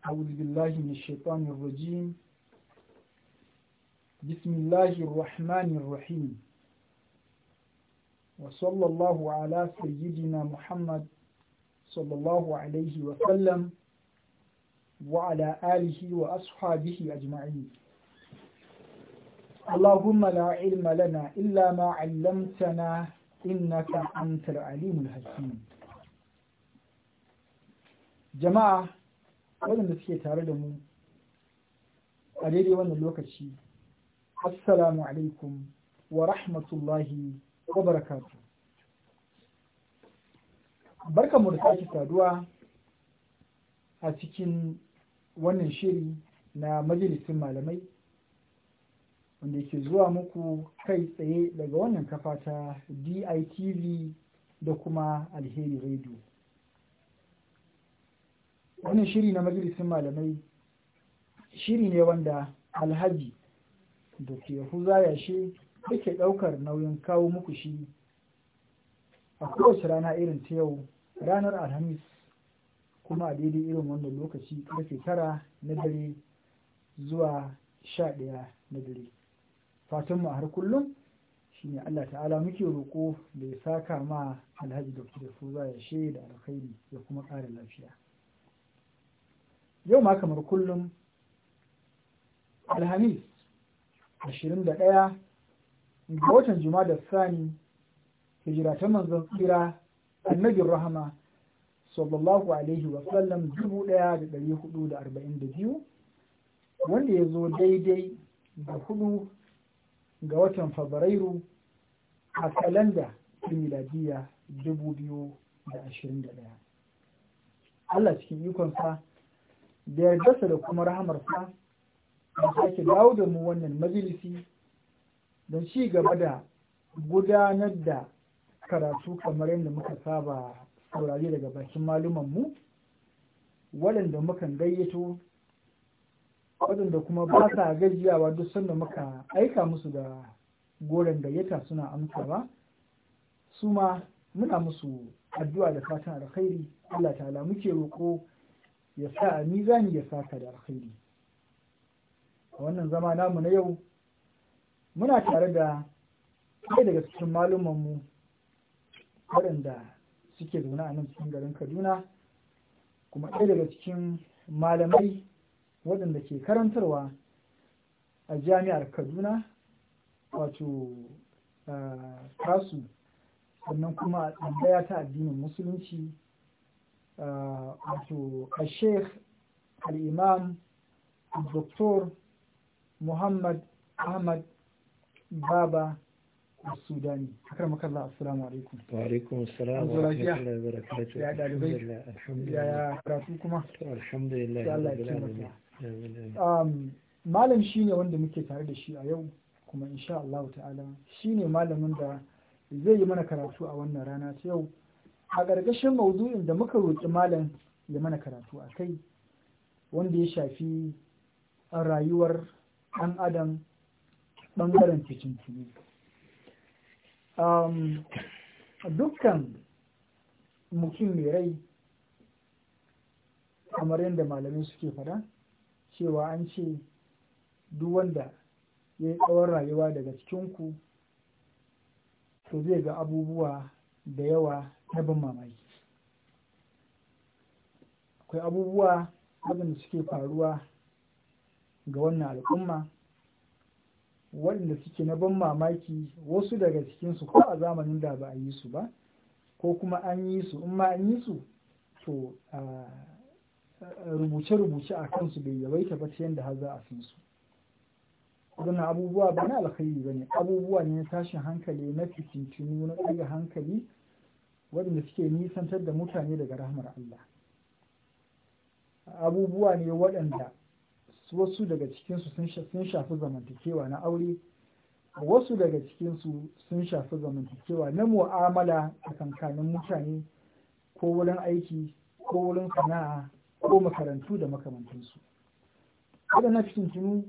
أعوذ بالله من الشيطان الرجيم بسم الله الرحمن الرحيم وصلى الله على سيدنا محمد صلى الله عليه وسلم وعلى آله وأصحابه أجمعين اللهم لا علم لنا إلا ما علمتنا إنك أنت العليم الحكيم جماعة waɗanda suke tare da mu a daidai wannan lokaci assalamu alaikum wa rahmatullahi wa barakatu barkanmu da sake saduwa a cikin wannan shiri na majalisun malamai wanda ke zuwa muku kai tsaye daga wannan kafa ta DITV da kuma alheri radio wannan shiri na majalisun malamai shiri ne wanda alhaji da ke yahuza yashe yake ɗaukar nauyin kawo muku shi a kowace rana irin ta yau ranar alhamis kuma a daidai irin wanda lokaci karfe tara na dare zuwa sha ɗaya na dare fatanmu a har kullum shine Allah ta'ala muke roƙo da ya saka ma alhaji da fuza ya shaida alkhairi ya kuma ƙara lafiya yau ma kamar kullum alhamis 21 ga watan da sani hijira ta manzan tsira annabin rahama sallallahu alaihi sallam 1442 wanda ya zo daidai da hudu ga watan fabrairu a kalanda ta miladiya 2021 Allah cikin ikonsa da yardarsa da kuma rahamarsa da sake dawo da mu wannan majalisi don ci gaba da gudanar da karatu kamar yadda muka saba saurari daga bakin mu waɗanda mukan gayyato waɗanda kuma ba sa gajiyawa duk sanda muka aika musu da goron gayyata suna amsawa su ma muna musu addu'a da fatan alkhairi Allah ta'ala muke roƙo ya sa a mizani ya saka da alkhairi a wannan zama namu na yau muna tare da ɗaya daga cikin malumanmu waɗanda suke zaune a nan cikin garin kaduna kuma ɗaya daga cikin malamai waɗanda ke karantarwa a jami'ar kaduna wato ah, tasu sannan kuma a ta addinin musulunci wato al-sheikh al-imam doktor muhammad ahmad baba السوداني أكرمك الله السلام عليكم وعليكم السلام ورحمة الله وبركاته يا دالبي الحمد لله يا كراتوكما الحمد لله رب العالمين malam shine wanda muke tare da shi a yau kuma insha Allah ta'ala shine malamin da zai yi mana karatu a wannan rana ta yau a gargashin maudu'in da muka roƙi malam ya mana karatu a kai wanda ya shafi rayuwar ɗan adam ɓangaren cikin tuni dukkan mukin mai rai kamar yadda malamai suke fada cewa an ce duk wanda ya yi tsawon rayuwa daga cikinku to zai ga abubuwa da yawa na ban mamaki akwai abubuwa abin da suke faruwa ga wannan al'umma waɗanda suke na ban mamaki wasu daga cikinsu ko a zamanin da ba a yi su ba ko kuma an yi su in ma an yi su to rubuce-rubuce a kansu bai yawaita ba ta yadda har za a san su wannan abubuwa ba na alkhairi ba ne abubuwa ne na tashin hankali na fitintunu na ɗaga hankali waɗanda suke nisantar da mutane daga rahmar Allah abubuwa ne waɗanda wasu daga cikinsu sun shafi zamantakewa na aure wasu daga cikinsu sun shafi zamantakewa na mu'amala a kankanin mutane ko wurin aiki ko wurin sana'a ko makarantu da makamantansu waɗannan fitintunu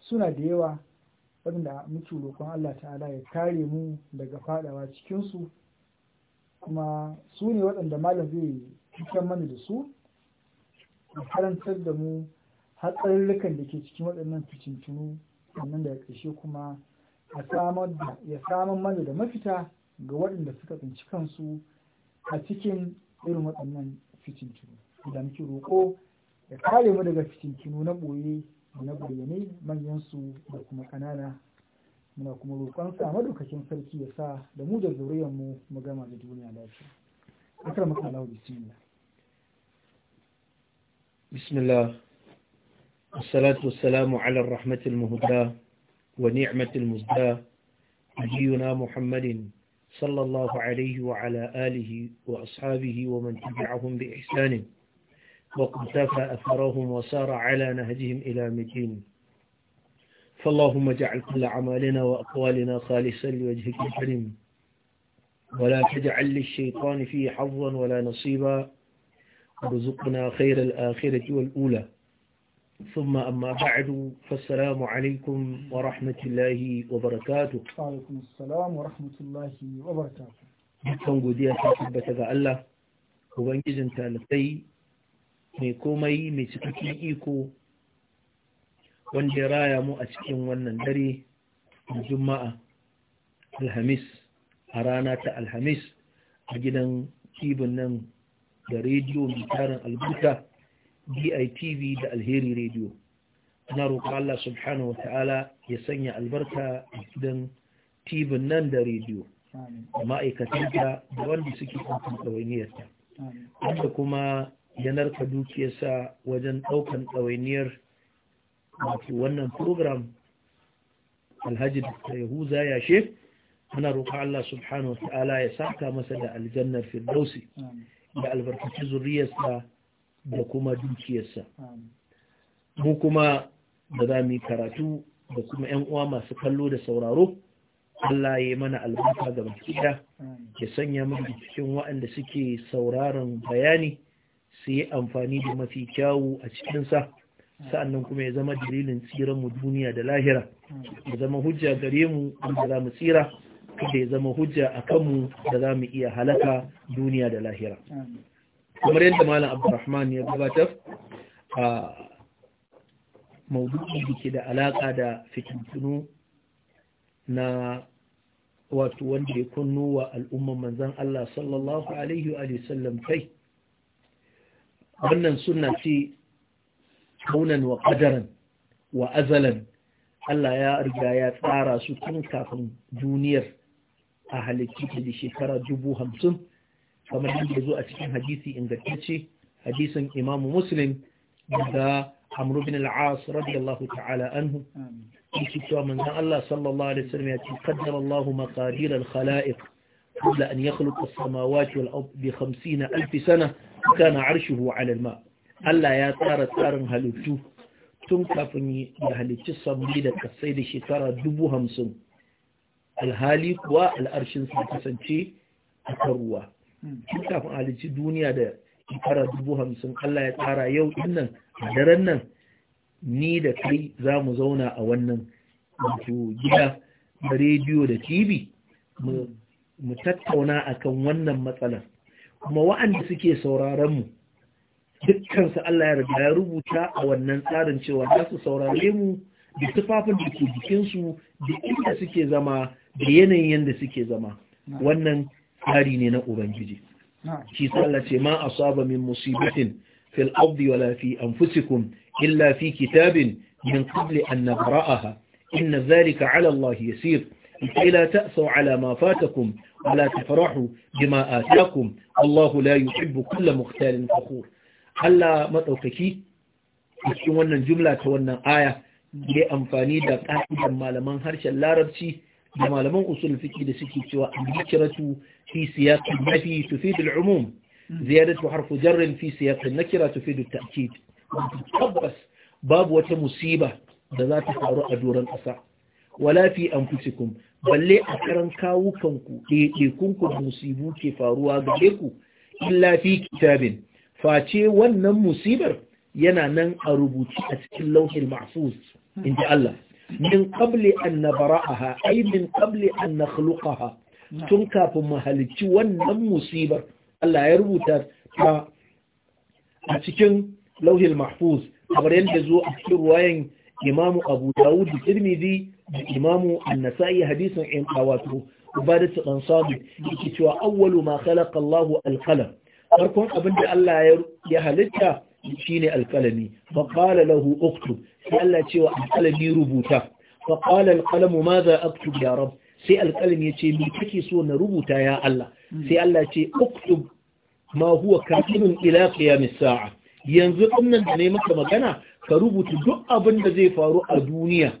suna da yawa waɗanda muke roƙon Allah ta'ala ya kare mu daga faɗawa cikinsu kuma su ne waɗanda malam zai cikin mana da su a karantar da mu hatsarurrukan da ke cikin waɗannan fitintunu sannan daga ƙarshe kuma ya samar mana da mafita ga waɗanda suka tsinci kansu a cikin irin waɗannan fitintunu da muke roƙo ya kare mu daga fitintunu na ɓoye da na bayyane manyansu da kuma ƙanana muna kuma roƙon sa madaukakin sarki ya sa da mu da zuriyar mu mu gama da duniya lafiya akram Allah bismillah bismillah assalatu wassalamu ala rahmatil muhda wa ni'matil muzda nabiyuna muhammadin صلى الله عليه وعلى آله وأصحابه ومن تبعهم بإحسان وقتفى أثرهم وسار على نهجهم إلى مدين فاللهم اجعل كل عمالنا وأقوالنا خالصا لوجهك الكريم ولا تجعل للشيطان فيه حظا ولا نصيبا ارزقنا خير الآخرة والأولى ثم أما بعد فالسلام عليكم ورحمة الله وبركاته وعليكم السلام ورحمة الله وبركاته بكم godiya ta tabbata ga Allah ubangijin talatai mai wanda ya raya mu a cikin wannan dare juma'a alhamis a rana ta alhamis a gidan tibin nan da rediyo mai tarin albuta DITV da alheri rediyo na roƙa Allah subhanahu ta'ala ya sanya albarka a gidan tibin nan da rediyo ma'aikatanta da wanda suke ɗaukan ɗawainiyarta wanda kuma ya narka dukiyarsa wajen ɗaukan ɗawainiyar wato wannan program alhaji da yahuza ya she ana roƙa Allah subhanahu wa ta'ala ya saka masa da aljannar firdausi da albarkaci zuriyarsa da kuma dukiyarsa mu kuma da za mu yi karatu da kuma 'yan uwa masu kallo da sauraro Allah ya mana albarka ga bakida ya sanya mana cikin waɗanda suke sauraron bayani su yi amfani da mafi kyawu a cikinsa sa'annan kuma ya zama dalilin tsiran mu duniya da lahira ya zama hujja gare mu da za mu tsira kada ya zama hujja a kanmu da za mu iya halaka duniya da lahira kamar yadda malam abdurrahman ya gabatar a maudu'i da ke da alaka da fitintunu na wato wanda ya kunnu wa al'umman manzan Allah sallallahu Alaihi wa sallam kai. Wannan sunna ce kaunan wa ƙadaran wa azalan Allah ya riga ya tsara su tun kafin duniyar a halittu da shekara dubu hamsin kamar yadda zo a cikin hadisi ingantacce hadisin imamu muslim daga amru bin al'as radiyallahu ta'ala anhu yake cewa manzon Allah sallallahu alaihi wasallam ya ce qaddara Allahu maqadir al-khalaiq قبل أن يخلق السماوات والأرض بخمسين ألف سنة وكان عرشه على الماء Allah ya tsara tsarin halittu tun kafin ya halicci sabbi da kasai da shekara dubu hamsin alhali kuwa al'arshin sun kasance a karuwa. tun kafin halicci duniya da shekara dubu hamsin Allah ya tsara yau dinnan a daren nan ni da kai za mu zauna a wannan wato gida da rediyo da tv mu tattauna akan wannan matsalar kuma wa'anda suke sauraron mu dukkansu Allah ya riga ya rubuta a wannan tsarin cewa za su saurare mu da tufafin da ke jikinsu da inda suke zama da yanayin yadda suke zama wannan tsari ne na ubangiji shi sallah ce ma saba min musibatin fil ardi wala fi anfusikum illa fi kitabin min qabli an nabra'aha inna zalika 'ala Allah yasir لكي لا تأسوا على ما فاتكم ولا تفرحوا بما آتاكم الله لا يحب كل مختال فخور Allah matsaukaki, a cikin wannan jumla ta wannan aya ya amfani da ƙa'idar malaman harshen larabci da malaman usul fiki da suke cewa al-nakiratu fi siyaqin nafi tufid al-umum hmm. ziyadatu harfu jarrin fi siyaqin nakira tufid at-ta'kid tabbas babu wata musiba da za ta faru a doron ƙasa wala fi anfusikum balle a karan kawukanku ɗaiɗaikunku da musibu ke faruwa gare ku illa fi kitabin face wannan musibar yana nan a rubuci a cikin lauhin mahfuz inji Allah min qabli an nabra'aha ay min qabli an nakhluqaha tun kafin mu halicci wannan musibar Allah ya rubuta ta a cikin lauhin mahfuz kamar yadda zo a cikin ruwayan Imam Abu Dawud da Tirmidhi da Imam An-Nasa'i hadisin in wato Ubadah dan Sabit cewa awwalu ma khalaqa Allahu al-qalam farkon abin da Allah ya halitta shine alkalami alƙalami. qala lahu sai Allah ce wa alkalami rubuta fa Kalamu alqalamu madha aktub ya rab sai alkalami ya ce me kake so na rubuta ya Allah sai Allah ce uktub ma huwa katibun ila qiyamis sa'a yanzu dinnan da ne maka magana ka rubuta duk abin da zai faru a duniya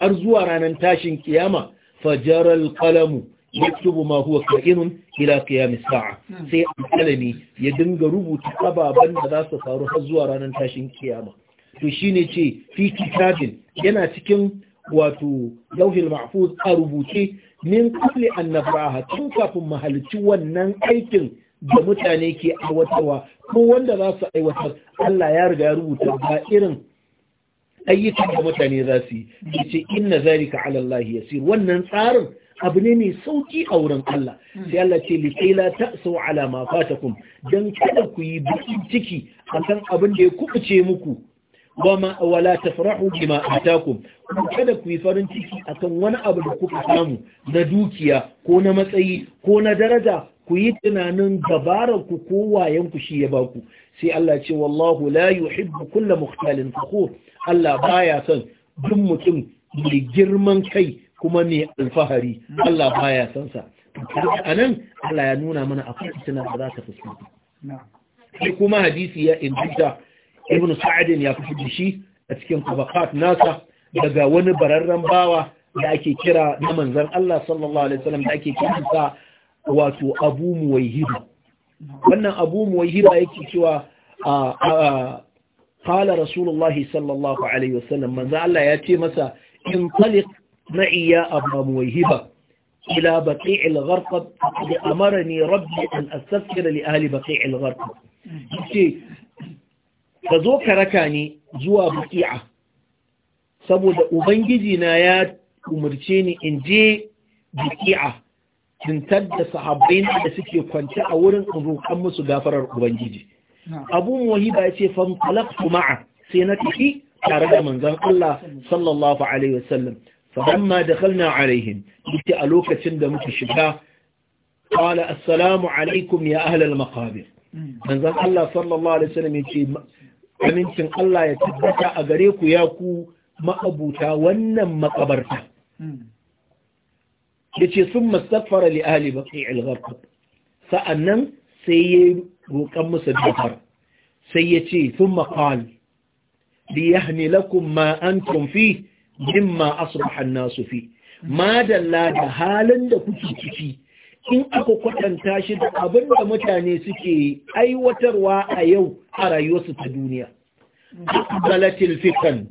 har zuwa ranar tashin kiyama fajaral qalamu yaktubu ma huwa ka'inun ila qiyamis sa'a hmm. sai alƙalami ya dinga rubuta ababan da za su faru har zuwa ranar tashin kiyama to shine ce fi kitabin yana cikin wato lauhil mahfuz a rubuce min qabli an nabraha tun kafin mahalicci wannan aikin da mutane ke aiwatarwa ko wanda za su aiwatar Allah ya riga ya rubuta ba irin ayyukan da mutane za su yi ce inna zalika ala Allah yasir wannan tsarin abu ne mai sauki a wurin Allah hmm. sai Allah ce likaila ta'su ala ma fatakum dan kada ku yi bakin ciki akan abin da ya kubuce muku wama wala tafrahu bima atakum kada ku yi farin ciki akan wani abu da kuka samu na dukiya ko na matsayi ko na daraja ku yi tunanin dabarar ku ko wayan ku shi ya baku sai Allah ce wallahu la yuhibbu kulla mukhtalin fakhur Allah baya son duk mutum mai girman kai kuma mai alfahari Allah baya san sa a nan Allah ya nuna mana akwai fitina da za ta fuskanta sai kuma hadisi ya indita ibn sa'ad ya fi da a cikin tabaqat nasa daga wani bararren bawa da ake kira na manzon Allah sallallahu alaihi wasallam da ake kira wato Abu Muwayhiba wannan Abu Muwayhiba yake cewa a قال رسول الله صلى الله عليه وسلم من ذا الله ياتي مسا انطلق معي يا أبا مويهبة إلى بقيع الغرقب فقد أمرني ربي أن أستذكر لأهل بقيع الغرقب فذو كركاني زوا بقيعة saboda Ubangijina ya umarce ni in je biki'a tuntar da sahabbai da suke kwance a wurin roƙon musu gafarar Ubangiji. Abu Muwahiba ya ce fan talaqtu ma'a sai na tafi tare da Allah sallallahu فلما دخلنا عليهم قلت ألوك تندم في الشباب قال السلام عليكم يا أهل المقابر من ذلك الله صلى الله عليه وسلم يقول amincin Allah ya tabbata a gare ku ya ku ma'abuta wannan makabarta da ce sun mastafara li ahli baki al-gharqab sai ya roƙan musu dafar sai ya ce sun lakum ma antum fi mimma asbaha an-nasu fi ma dalla da halin da kuke ciki in aka kwatanta shi da abin da mutane suke aiwatarwa a yau a rayuwarsu ta duniya aqbalatil fikan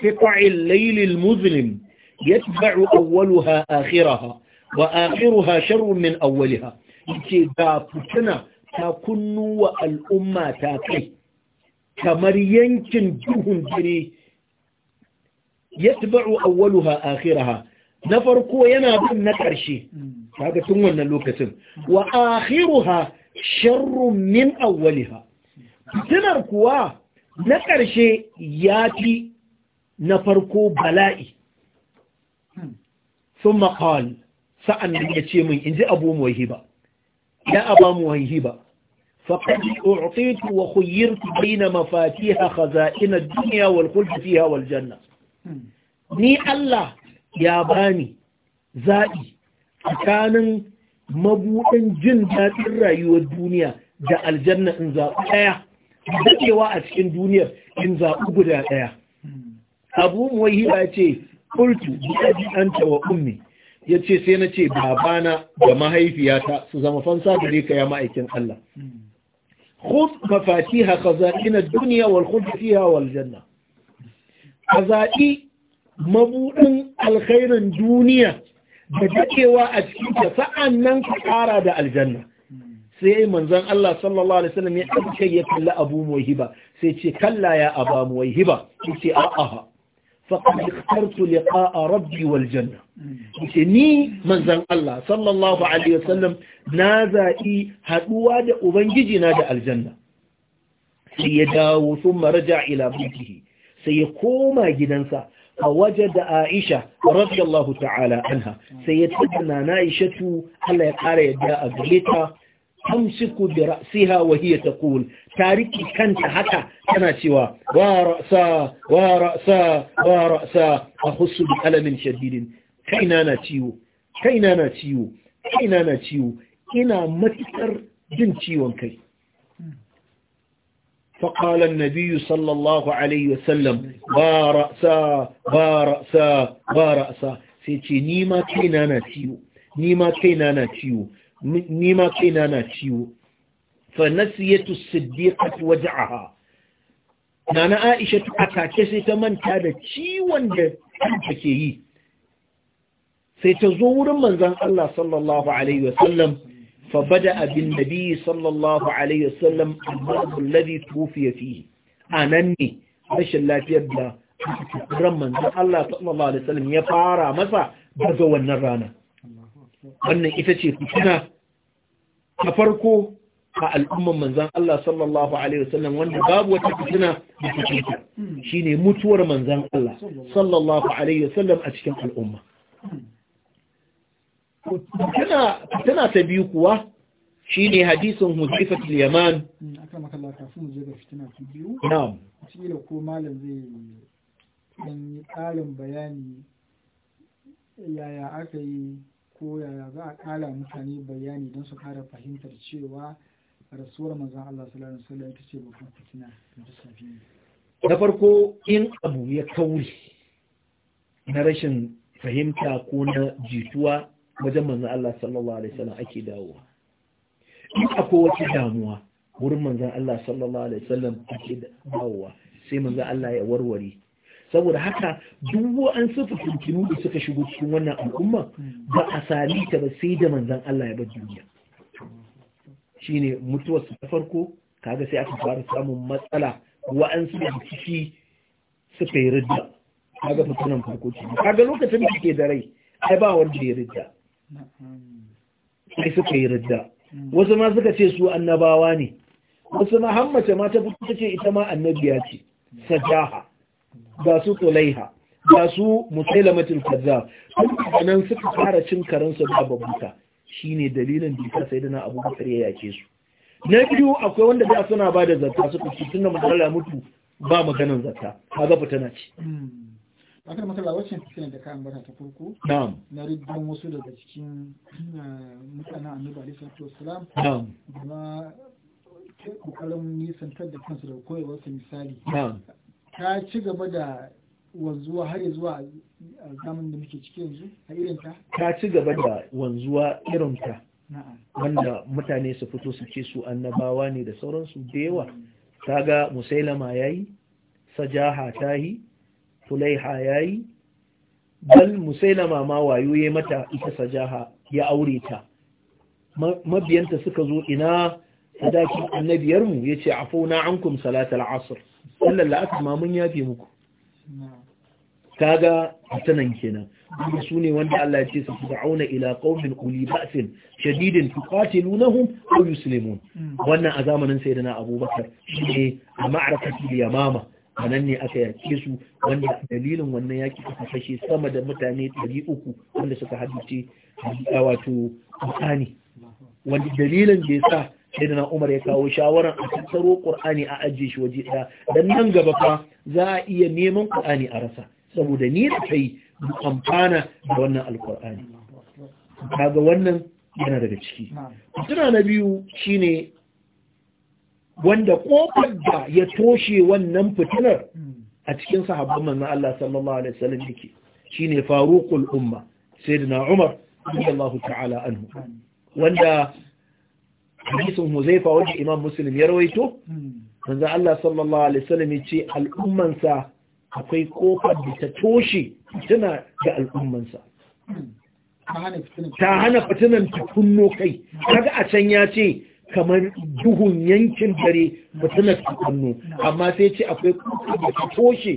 fiqa'il laylil muzlim yatba'u awwalaha akhiraha wa akhiruha sharrun min awwaliha yace ga fitina ta kunnu wa al'umma ta kai kamar yankin duhun dare yatba'u awwaluha akhiraha na farko yana bin na ƙarshe mm. kaga tun wannan lokacin wa akhiruha sharrun min awwaliha fitinar kuwa na ƙarshe yafi na farko bala'i mm. thumma qala sa'an ya ce min inji abu muwahiba ya aba muwahiba فقد أعطيت وخيرت بين مفاتيح خزائن الدنيا والخلد فيها والجنة ni Allah ya bani zaɓi tsakanin mabuɗin jin daɗin rayuwar duniya da aljanna in zaɓi ɗaya daɗewa a cikin duniyar in zaɓi guda ɗaya abu muwahi ya ce kultu bi an wa ummi ya ce sai na ce babana da mahaifiyata su zama fansa da ka ya ma'aikin Allah hmm. khudh mafatiha khaza'in ad-dunya wal khuldi fiha wal janna a zaɓi mabuɗin alkhairin duniya da daɗewa a cikinta sa'an nan ka ƙara da aljanna sai manzan Allah sallallahu Alaihi wasallam ya ɗauke ya kalli abu hiba sai ce kalla ya aba muhiba ya ce a'aha faƙar ikhtartu liqa'a rabbi wal janna ce ni manzan Allah sallallahu Alaihi wasallam na zaɓi haɗuwa da ubangiji na da aljanna sai ya dawo sun maraja ila bikihi sai ya koma gidansa a waje da Aisha radiyallahu ta'ala anha sai ya tabbana na Aishatu Allah ya kara yadda a gare ta tamsiku bi ra'siha wa hiya taqul tariki kanta haka tana cewa wa ra'sa wa ra'sa wa ra'sa ahussu bi alamin shadidin kaina na ciwo kaina na ciwo kaina na ciwo ina matukar jin ciwon kai فقال النبي صلى الله عليه وسلم با رأسا با رأسا با رأسا سيتي نيما كينا نتيو نيما كينا نتيو نيما كينا نتيو فنسيت الصديقة وجعها نانا عائشة أتاكي سيتمن تادا تيوان دا تكيه سيتزور من ذن الله صلى الله عليه وسلم فبدأ بالنبي صلى الله عليه وسلم المرض الذي توفي فيه أنني رش الله تبدا رمان الله صلى الله عليه وسلم يفارى مسا wannan rana. wannan ita ce fitina ta farko a al'umman manzan Allah sallallahu Alaihi wasallam wanda babu wata fitina da take ta shine mutuwar manzan Allah sallallahu Alaihi wasallam a cikin al'umma tana ta biyu kuwa shi ne hadisun huzaifat yaman hmm, aka makalla kafin je ga fitina ta biyu na'am kila ko malam zai yi ƙarin bayani yaya aka yi ko yaya za a ƙara mutane bayani don su ƙara fahimtar cewa rasuwar mazan Allah sallallahu alaihi wasallam ita ce babban fitina ta safi na farko in abu ya kauri na rashin fahimta ko na jituwa wajen manzan Allah sallallahu alaihi wasallam ake dawowa in akwai wata damuwa wurin manzan Allah sallallahu alaihi wasallam ake dawowa sai manzan Allah ya warware saboda haka duk wa'an sufa da suka shigo cikin wannan al'umma ba a sami ta ba sai da manzan Allah ya bar duniya shine mutuwar su farko kaga sai aka fara samun matsala wa'an su da ciki suka yi ridda kaga fitanan farko ce kaga lokacin da ke da rai ai ba wanda ya ridda sai suka yi ridda mm. wasu ma suka ce su annabawa ne wasu ma hammace ma ta fito ta ce ita ma annabiya ce sajaha ga su tulaiha ga su musailamatul kazzab nan suka fara cin karansu da shi shine dalilin da ta abu abubakar ya yake su na biyu akwai wanda da suna ba da zakka suka ci tunda mutum mutu ba maganin zakka kaga fitana ce mm. kan matsala wacce cikin da kayan bata ta farko na riddon wasu daga cikin eh, mutanen annabi alaihi salatu wassalam kuma kokarin nisantar da kansu da koyarwar su misali ta ci gaba da wanzuwa har zuwa zamanin da muke ciki yanzu a irin ta ta ci gaba da wanzuwa irin ta wanda mutane su fito su ce su annabawa ne da sauransu da yawa ta mm. ga musailama yi, sajaha ta yi. sulaiha yayi bal musailama ma wayo ya mata ita sajaha ya aure ta mabiyanta suka zo ina sadakin annabiyarmu ya ce afona an kum salatar asir sallar la'asar ma mun yafe muku kaga tanan kenan kuma su ne wanda Allah ya ce su da'auna ila qaumin uli ba'sin shadidin tuqatilunahum aw yuslimun hmm. wannan a zamanin na Abubakar shine a ma'arakati yamama a nan ne aka yake su wanda dalilin wannan yaki aka kashe sama da mutane 300 wanda suka haddace a wato Qur'ani wanda dalilin da sa sai da Umar ya kawo shawaran a tattaro Al-Ƙur'ani a ajiye shi waje ɗaya dan nan gaba fa za a iya neman Ƙur'ani a rasa saboda ni da kai mu amfana da wannan alkur'ani kaga wannan yana daga ciki tuna na biyu shine wanda kofar da ya toshe wannan fitinar a cikin sahabban manzon Allah sallallahu alaihi wasallam yake shine faruqul umma sayyidina Umar radiyallahu ta'ala anhu wanda hadisin Huzaifa wanda Imam Muslim ya rawaito manzon Allah sallallahu alaihi wasallam yace al'ummansa akwai kofar da ta toshe tana da al'ummansa ta hana fitinan ta kunno kai kaga a can ya ce kamar duhun yankin dare fitinar ta hannu amma sai ce akwai kuka da ta toshe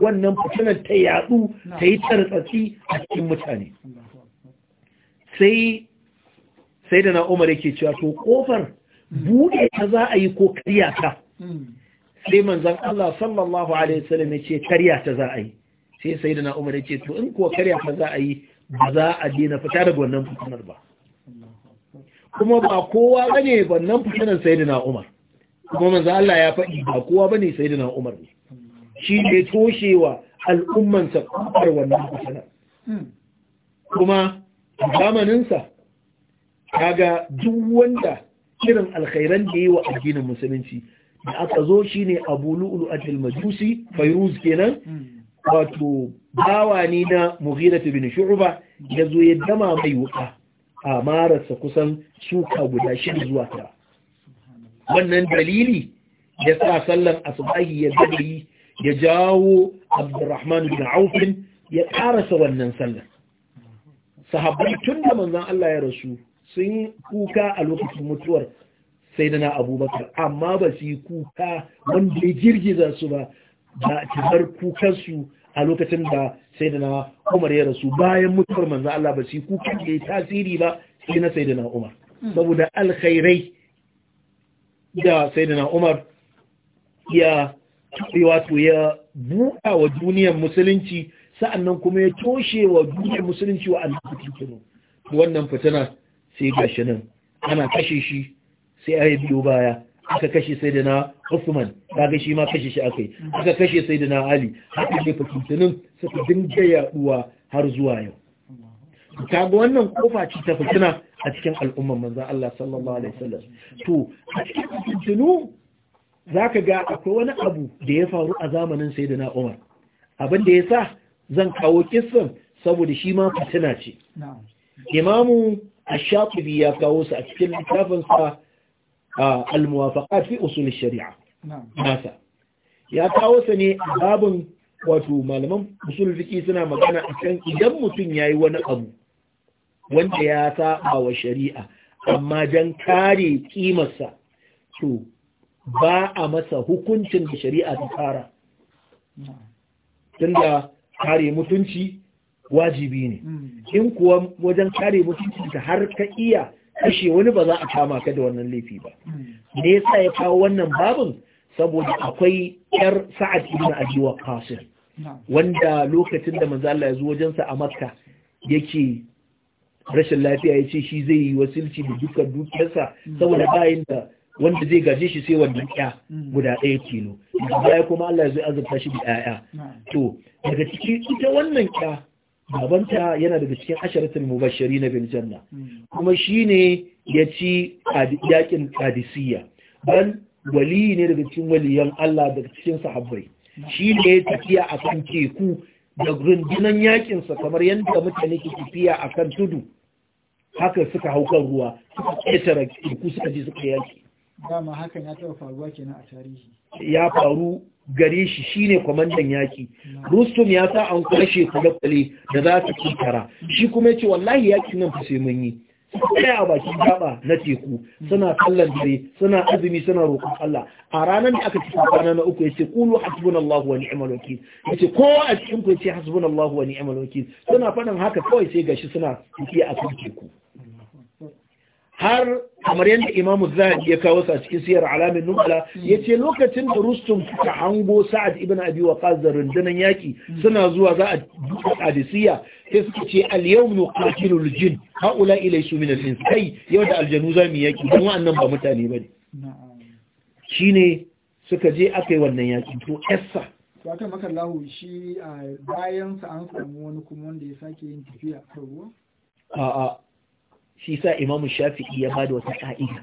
wannan fitinar ta yadu ta yi tartsatsi a cikin mutane sai sai da na yake cewa to kofar buɗe ta za a yi ko karya ta sai manzan Allah sallallahu alaihi wasallam ya ce karya ta za a yi sai sai da na yake to in ko karya ta za a yi ba za a dina fita daga wannan fitinar ba kuma ba kowa bane wannan fitanan sayyidina Umar kuma manzo Allah ya faɗi ba kowa bane sayyidina Na'umar ne shi ne toshewa al'umman sa kafar wannan fitanan hmm. kuma zamanin sa ga duk wanda kiran alkhairan da yi wa addinin musulunci da aka zo shine Abu Lu'lu al-Majusi Fayruz kenan hmm. wato bawa ne na Mughirah bin Shu'ba yazo ya dama mai wuka a mararsa kusan suka guda shida zuwa tara wannan dalili ya sa sallar asubahi ya yi ya jawo abdurrahman bin aufin ya karasa wannan sallar sahabbai tun da manzan Allah ya rasu sun yi kuka a lokacin mutuwar sai da na abubakar amma ba su yi kuka wanda ya girgiza su ba ba a bar kukansu a lokacin da na Umar ya rasu bayan mutuwar manzo Allah ba shi kuka da tasiri ba sai na na Umar saboda alkhairai da na Umar ya wato ya buɗa wa duniyar musulunci sa'annan kuma ya toshe wa duniyar musulunci wa annabi kiro wannan fitina sai gashi nan ana kashe shi sai ayi biyo baya aka kashe na usman. kaga shi ma kashe shi aka yi aka kashe sai da na ali haka ne fitintunin suka dinga yaɗuwa har zuwa yau kaga wannan kofa ce ta fitina a cikin al'umman manzan Allah sallallahu alaihi wasallam to a cikin za zaka ga akwai wani abu da ya faru a zamanin sayyidina Umar abin da ya sa zan kawo kisan saboda shi ma fitina ce imamu a shafii ya kawo su a cikin littafinsa al-muwafaqat fi usul shari'a nasa ya kawo sa ne babin wato malaman usul suna magana a akan idan mutum ya yi wani abu wanda ya saba wa shari'a amma dan kare kimarsa to ba a masa hukuncin da shari'a ta tun tunda kare mutunci wajibi ne hmm. in kuwa wajen kare mutunci ta har ka iya kashe wani ba za a kama ka da wannan laifi ba hmm. me yasa ya kawo wannan babin saboda akwai yar sa'ad ibn abi waqqas wanda lokacin da manzo Allah ya zo wajen sa a Makka yake rashin lafiya ya ce shi zai yi wasilci da dukkan dukiyarsa mm. saboda bayin da wanda zai gaje shi sai wanda ya mm. guda ɗaya kilo baya kuma Allah ya zo azurta shi da 'ya'ya. to daga ciki ita wannan ya babanta yana daga cikin asharatul mubashshari na bil janna mm. kuma shine ya ci yakin qadisiyya dan wali ne daga cikin waliyan Allah daga cikin sahabbai shi ne ya tafiya a kan teku da rundunan yakinsa kamar yadda mutane ke tafiya a kan tudu haka suka hau kan ruwa suka ƙetare teku suka je suka yaki dama hakan ya taɓa faruwa kenan a tarihi ya faru gare shi ne kwamandan yaki rustum ya sa an kwashe kwale-kwale da za su kitara shi kuma ya ce wallahi yakin nan fa sai mun yi tsaya a bakin gaba na teku suna kallon dare suna azumi suna roƙon Allah a ranar da aka ci kwana na uku yace qulu hasbunallahu wa ni'mal wakeel yace ko a cikin ku yace hasbunallahu wa ni'mal wakeel suna faɗin haka kawai sai gashi suna tafiya a kan teku har kamar yadda imamu zahabi ya kawo sa cikin siyar alamin nubala ya ce lokacin da rustum ta hango sa'ad ibn abi wa da rundunan yaki suna zuwa za a duka sai suka ce al-yawm nuqatilu al-jin haula ilaysu min al-ins kai yau da aljanu za mu yaki don wannan ba mutane bane shine suka je akai wannan yaki to essa Wata makallahu shi bayan sa an samu wani kuma wanda ya sake yin tafiya a ruwa? A'a, shi sa imamu shafi'i ya bada wata ƙa'ida.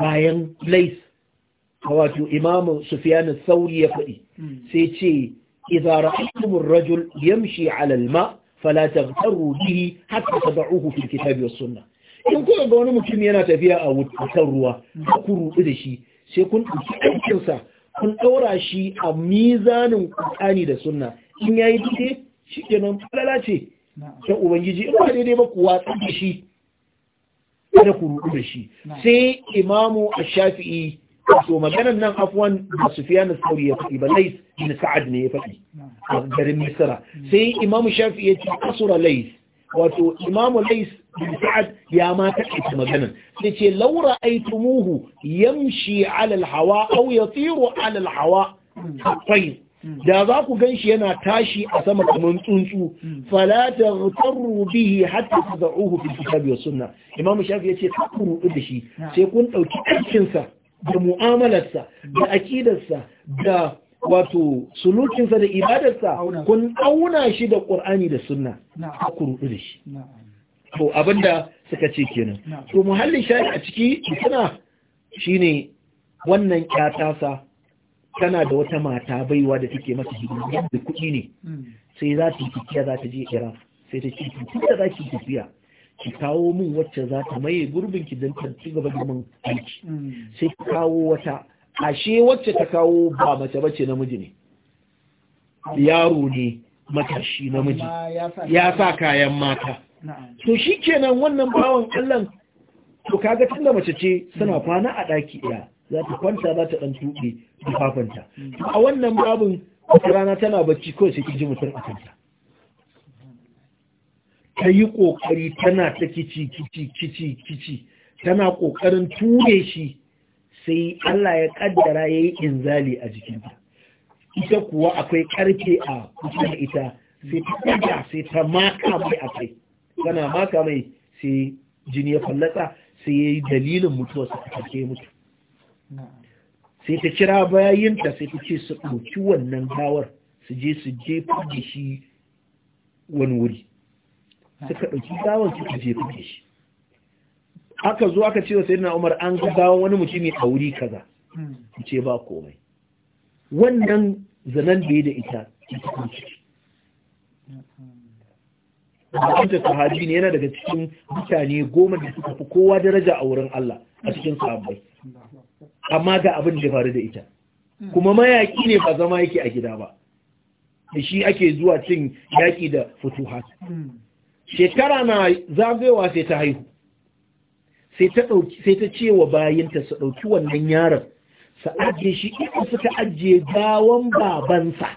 Bayan lais, wato imamu Sufiyanu Sauri ya faɗi, hmm. sai ce, "Iza ra'aytumur rajul yamshi 'ala al-ma fala tabtaru bihi hatta tad'uhu fil kitabi was sunnah in kuka ga wani mutum yana tafiya a wutar ruwa ku rubu da shi sai kun ɗauki sa kun ɗaura shi a mizanin qur'ani da sunna in yayi yi daidai shi kenan falala ce ta ubangiji in ba daidai ba ku watsa da shi kada ku rubu da shi sai imamu a shafi'i so maganan nan afwan da Sufyan al-Thawri ya faɗi ba Lais bin Sa'ad ne ya faɗi a garin Misra sai Imam Shafi ya ce asura Lais wato Imam Lais bin Sa'ad ya ma taƙaita maganan sai ce laura aitumuhu yamshi ala al-hawa aw yatiru ala al-hawa tsayin da za ku gan shi yana tashi a sama kamar tsuntsu fala taghtaru bihi hatta tad'uhu fil kitabi was sunnah Imam Shafi yace ce ku da shi sai kun dauki aikin sa da mu'amalarsa da akidarsa da wato sulukinsa da ibadarsa kun auna shi da ƙur'ani da sunna a kurudu da shi to abinda suka ce kenan to muhallin shayi a ciki suna shine wannan ƙyatasa tana da wata mata baiwa da take masa hidima da kuɗi ne hmm. sai za ta yi tafiya za ta je kira sai ta ce tafiya za ta yi tafiya ki kawo min wacce za ta maye gurbin ki don ta ci gaba girman aiki mm. sai ki kawo wata ashe wacce ta kawo ba mace bace namiji ne yaro ne matashi namiji ya sa kayan mata to shi kenan wannan bawan kallon, to kaga tunda mace ce suna mm. kwana a ɗaki ɗaya za ta kwanta za ta dan tuɗe tufafanta mm. a wannan babin rana tana bacci kawai sai ki ji mutum a kanta ta yi ƙoƙari tana ta kici kici kici kici tana ƙoƙarin ture shi sai Allah ya ƙaddara ya yi inzali a jikinta ita kuwa akwai ƙarfe a kusa ita sai ta ɗaga sai ta maka mai a kai tana maka mai sai jini ya fallasa sai ya yi dalilin mutuwarsa a mutu sai ta kira bayayinta sai ta ce su ɗauki wannan gawar su je su jefa da shi wani wuri suka ɗauki gawar suka je kuke shi aka zo aka ce wa sayyidina Umar an ga gawar wani mutumi a wuri kaza ce ba komai wannan zanen da ya da ita ita kuma ciki wanda sahabi ne yana daga cikin mutane goma da suka fi kowa daraja a wurin Allah a cikin sahabbai amma ga abin da faru da ita kuma mayaki ne ba zama yake a gida ba da shi ake zuwa cin yaƙi da futuhat shekara na zagayowa sai ta haihu sai ta ce wa bayinta su ɗauki wannan yaron su ajiye shi ina suka ajiye gawan babansa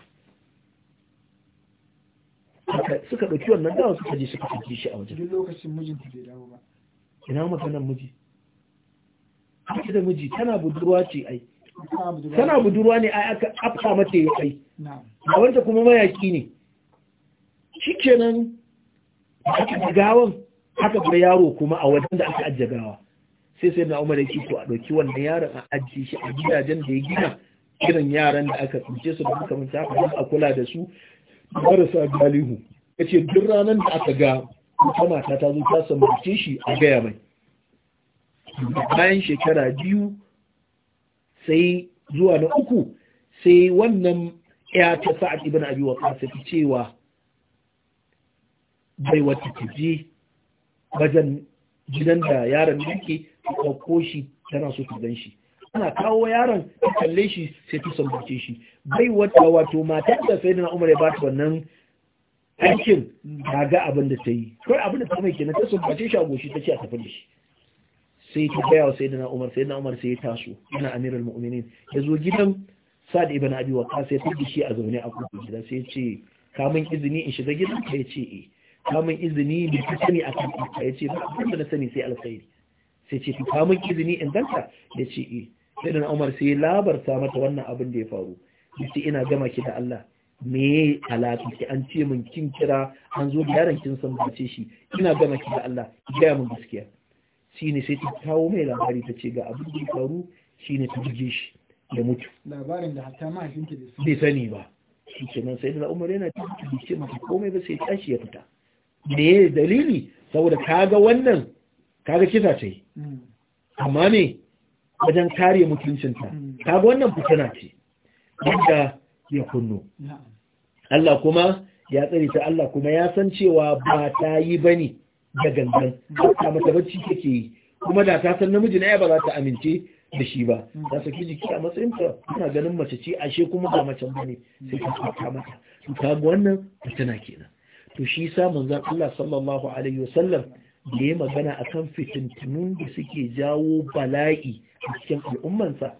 suka ɗauki wannan gawan suka je suka ajiye shi a wajen lokacin mijinta bai dawo ba ina maganar miji haka da miji tana budurwa ce ai tana budurwa ne ai aka afka mata ya kai a wanda kuma mayaki ne shikenan aka gawan haka bai yaro kuma a wajen da aka ajiye gawa sai sai na umar yake to a ɗauki wannan yaron a ajiye shi a gidajen da ya gina irin yaran da aka tsince su da suka mun ta don a kula da su marasa galihu yace duk ranar da aka ga wata mata ta zo ta sambace shi a gaya mai bayan shekara biyu sai zuwa na uku sai wannan ya ta sa'ad ibn abi waqas ta cewa bai wata taje wajen gidan da yaron yake ta shi tana so ta gan shi ana kawo yaron ta kalle shi sai ta sambace shi bai wata wato mata da sai na umar ya ba ta wannan aikin ta ga abin da ta yi kawai abin da ta mai kenan ta sambace shi a goshi ta ce a tafi da shi sai ta gaya wa sai da na'umar umar da umar sai ya taso yana amirul mu'minin ya zo gidan sa'ad ibn abi waqas sai ta shi a zaune a kofar gida sai ya ce ka min izini in shiga gidan ka ya ce eh kamun izini da ta sani a kan ya ce ba abin na sani sai alkhairi sai ce kamun izini in ganta ya ce e sai da umar sai labarta mata wannan abin da ya faru ya ce ina gama ki da Allah me alaƙa ki an ce min kin kira an zo da yaron kin san bace shi ina gama ki da Allah ki gaya min gaskiya shine sai ta kawo mai labari ta ce ga abin da ya faru shine ta buge shi ya mutu labarin da hatta mahaifinki bai sani ba shi kenan sai da Umar yana ta ce komai ba sai tashi ya fita me dalili saboda kaga wannan kaga kisa ce amma ne wajen kare mutuncinta kaga wannan fitina ce wanda ya kunno Allah kuma ya tsare ta Allah kuma ya san cewa ba ta yi ba ne da gangan ta mata bacci take yi kuma da ta san namiji na ba za ta amince da shi ba ta saki jiki a matsayin ta tana ganin mace ce ashe kuma ba mace sai ta mata kaga wannan fitina kenan to shi sa manzon Allah sallallahu alaihi wasallam da ya magana akan fitintunun da suke jawo bala'i a cikin al'ummansa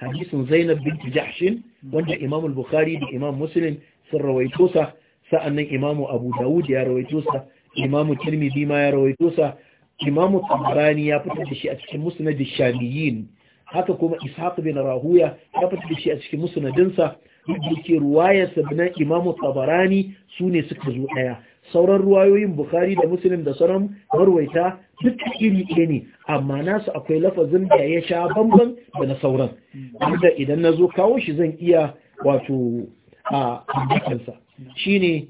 hadisin Zainab bin Jahshin wanda Imam bukhari da Imam Muslim sun rawaito sa sa'annan Imam Abu Dawud ya rawaito sa Imam Tirmidhi ma ya rawaito sa Imam Tabarani ya fitar da shi a cikin Musnad shamiyyin haka kuma Ishaq bin Rahuya ya fitar da shi a cikin musnadinsa duk da ke ruwayarsa imamu tabarani su ne suka zo ɗaya sauran ruwayoyin bukhari da muslim da sauran marwaita duk iri ɗaya ne amma nasu akwai lafazin da ya sha bambam da na sauran wanda idan na zo kawo shi zan iya wato a Shi shine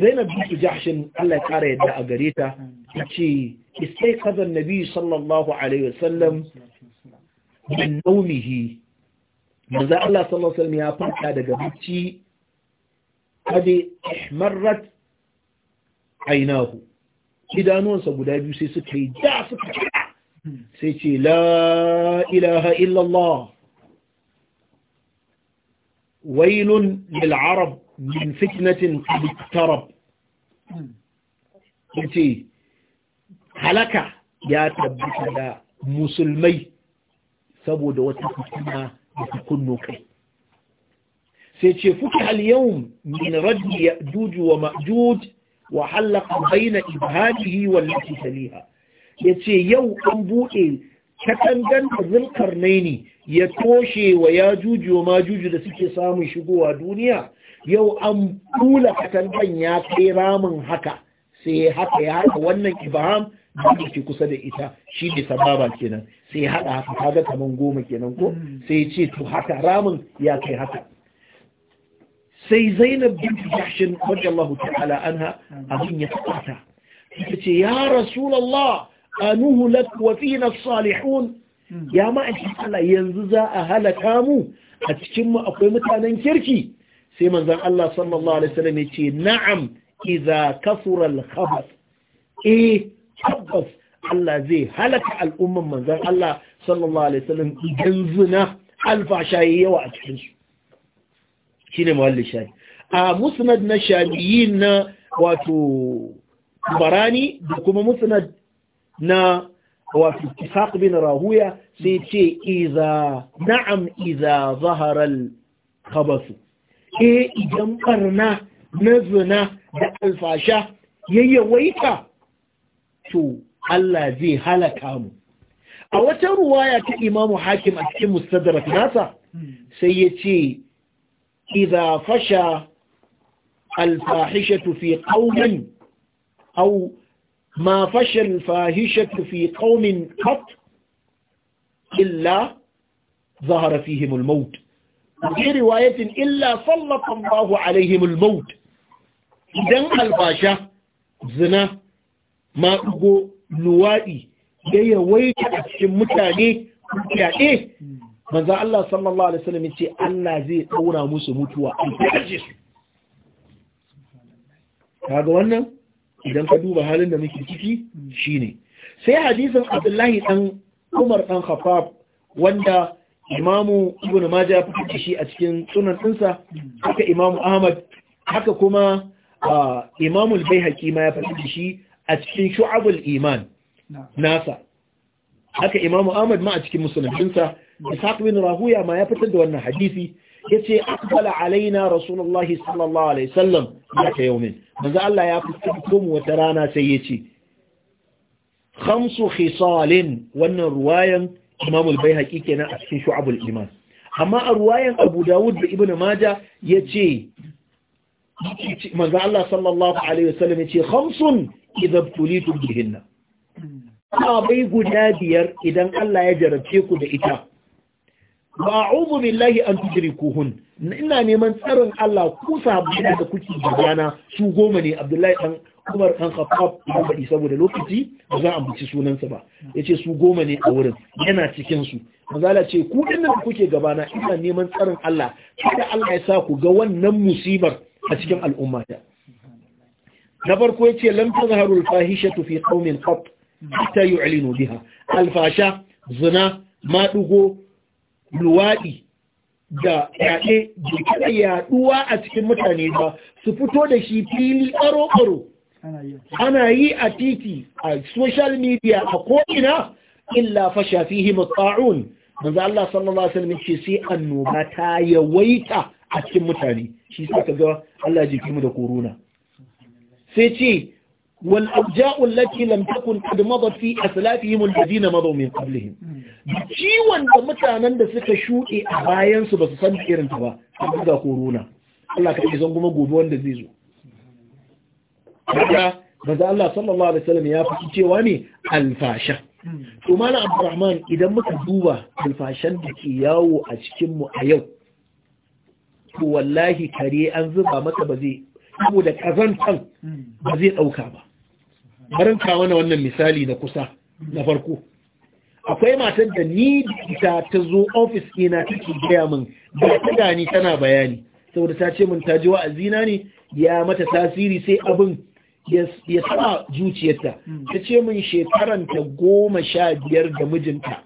zainab bin jahshin Allah ya kara yadda a gare ta ce istai kazan nabi sallallahu alaihi wasallam min naumihi manzo Allah sallallahu alaihi wasallam ya farka daga bacci kade ihmarrat ainahu idanuwansa guda biyu sai suka yi da suka kira sai ce la ilaha illallah wailun lil arab min fitnatin qad tarab yace halaka ya tabbata da musulmai saboda wata fitina da kunno kai sai ce fuki al-yawm min raddi ya'juj wa ma'juj wa halaqa bayna ibhadihi wallati taliha yace yau an bude katangan zulkar naini ya toshe wa ya juju ma da suke samun shigowa duniya yau an kula katangan ya kai ramin haka sai haka ya haka wannan ibham wanda ke kusa da ita shi ne sababa kenan sai ya haɗa haka kaga kaman goma kenan ko hmm. sai ya ce to haka ramin ya kai haka sai zainab bin jahshin radiyallahu ta'ala anha hmm. abin ya tsata ta ce ya rasulullah anuhu lak wa fina salihun hmm. ya ma'aikin Allah yanzu za a halaka mu a cikin mu akwai mutanen kirki sai manzon Allah sallallahu alaihi wasallam ya ce na'am idza kasura al-khabath eh tabbas Allah zai halaka al'umman manzan Allah sallallahu alaihi wasallam idan zina alfasha yayi yawa a cikin Shi ne muhallin shayi a musnad na shabiyin na wato barani da kuma musnad na wato ishaq bin rahuya sai ce iza na'am iza zaharar al-khabas eh idan barna na zina da alfasha yayyawaita to Allah zai halaka mu a wata ruwaya ta imamu hakim a cikin mustadrak nasa sai ya ce idza fasha alfahishatu fi qaumin aw ma fasha alfahishatu fi qaumin qat illa ظهر فيهم الموت وفي رواية إلا سلط الله عليهم الموت إذن الفاشا زنا maɗugo luwaɗi ya yawaita a cikin mutane fyaɗe manzan Allah sallallahu alaihi wasallam ce Allah zai ɗaura musu mutuwa a kaje su kaga wannan idan ka duba halin da muke ciki ne. sai hadisin Abdullahi ɗan Umar ɗan Khafaf wanda Imamu Ibn Majah ya fi shi a cikin sunan ɗinsa haka Imamu Ahmad haka kuma ah, Imamu Al-Baihaqi ma ya fi da shi a cikin shu'abul iman nasa haka imamu ahmad ma a cikin musuluncinsa ishaq bin rahuya ma ya fitar da wannan hadisi yace aqbala alaina rasulullahi sallallahu alaihi wasallam haka yaumin manzo Allah ya fuskanto mu wata rana sai yace khamsu khisalin wannan ruwayan imamu al-baihaqi kenan a cikin shu'abul iman amma a ruwayan abu dawud da ibnu majah yace manzo Allah sallallahu alaihi wasallam yace khamsun idza tulitu bihinna guda biyar idan Allah ya jarabce ku da ita ba a'udhu billahi an tudrikuhun ina neman tsarin Allah ku sahabbai da kuke gabana su goma ne Abdullahi dan Umar dan Khattab ya faɗi saboda lokaci ba za a ambaci sunansa ba Ya ce su goma ne a wurin yana cikin su manzala ce ku dinnan da kuke gabana ina neman tsarin Allah kada Allah ya sa ku ga wannan musibar a cikin al'ummata. na farko yace ce, tazharu al-fahishatu fi qaumin qat hatta yu'linu biha al zina maɗigo, luwaɗi da yaɗe da kada yaɗuwa a cikin mutane ba su fito da shi fili aro-aro ana yi a titi a social media a ko'ina illa fasha fihi matsa'un manzo Allah sallallahu alaihi wasallam ce sai annoba ta yawaita a cikin mutane shi sa kaga Allah ya jike mu da corona sai ce wal abja'u allati lam takun qad madat fi aslafihim alladhina madu min ciwon da mutanen da suka shuɗe a ba su basu san irin ta ba a ga corona Allah ka yi zan kuma gobe wanda zai zo kaga manzo Allah sallallahu alaihi wasallam ya fi cewa ne alfasha to malam Abdurrahman idan muka duba alfashan da ke yawo a cikinmu a yau to wallahi kare an zuba masa ba zai saboda kazantan ba zai ɗauka ba barin wani wannan misali na kusa na farko akwai matan da ni ita ta zo ofis ina take gaya min ba ta gani tana bayani saboda ta ce min ta ji wa'azina ne ya mata tasiri sai abin ya saba zuciyarta ta ce min ta goma sha biyar da mijinta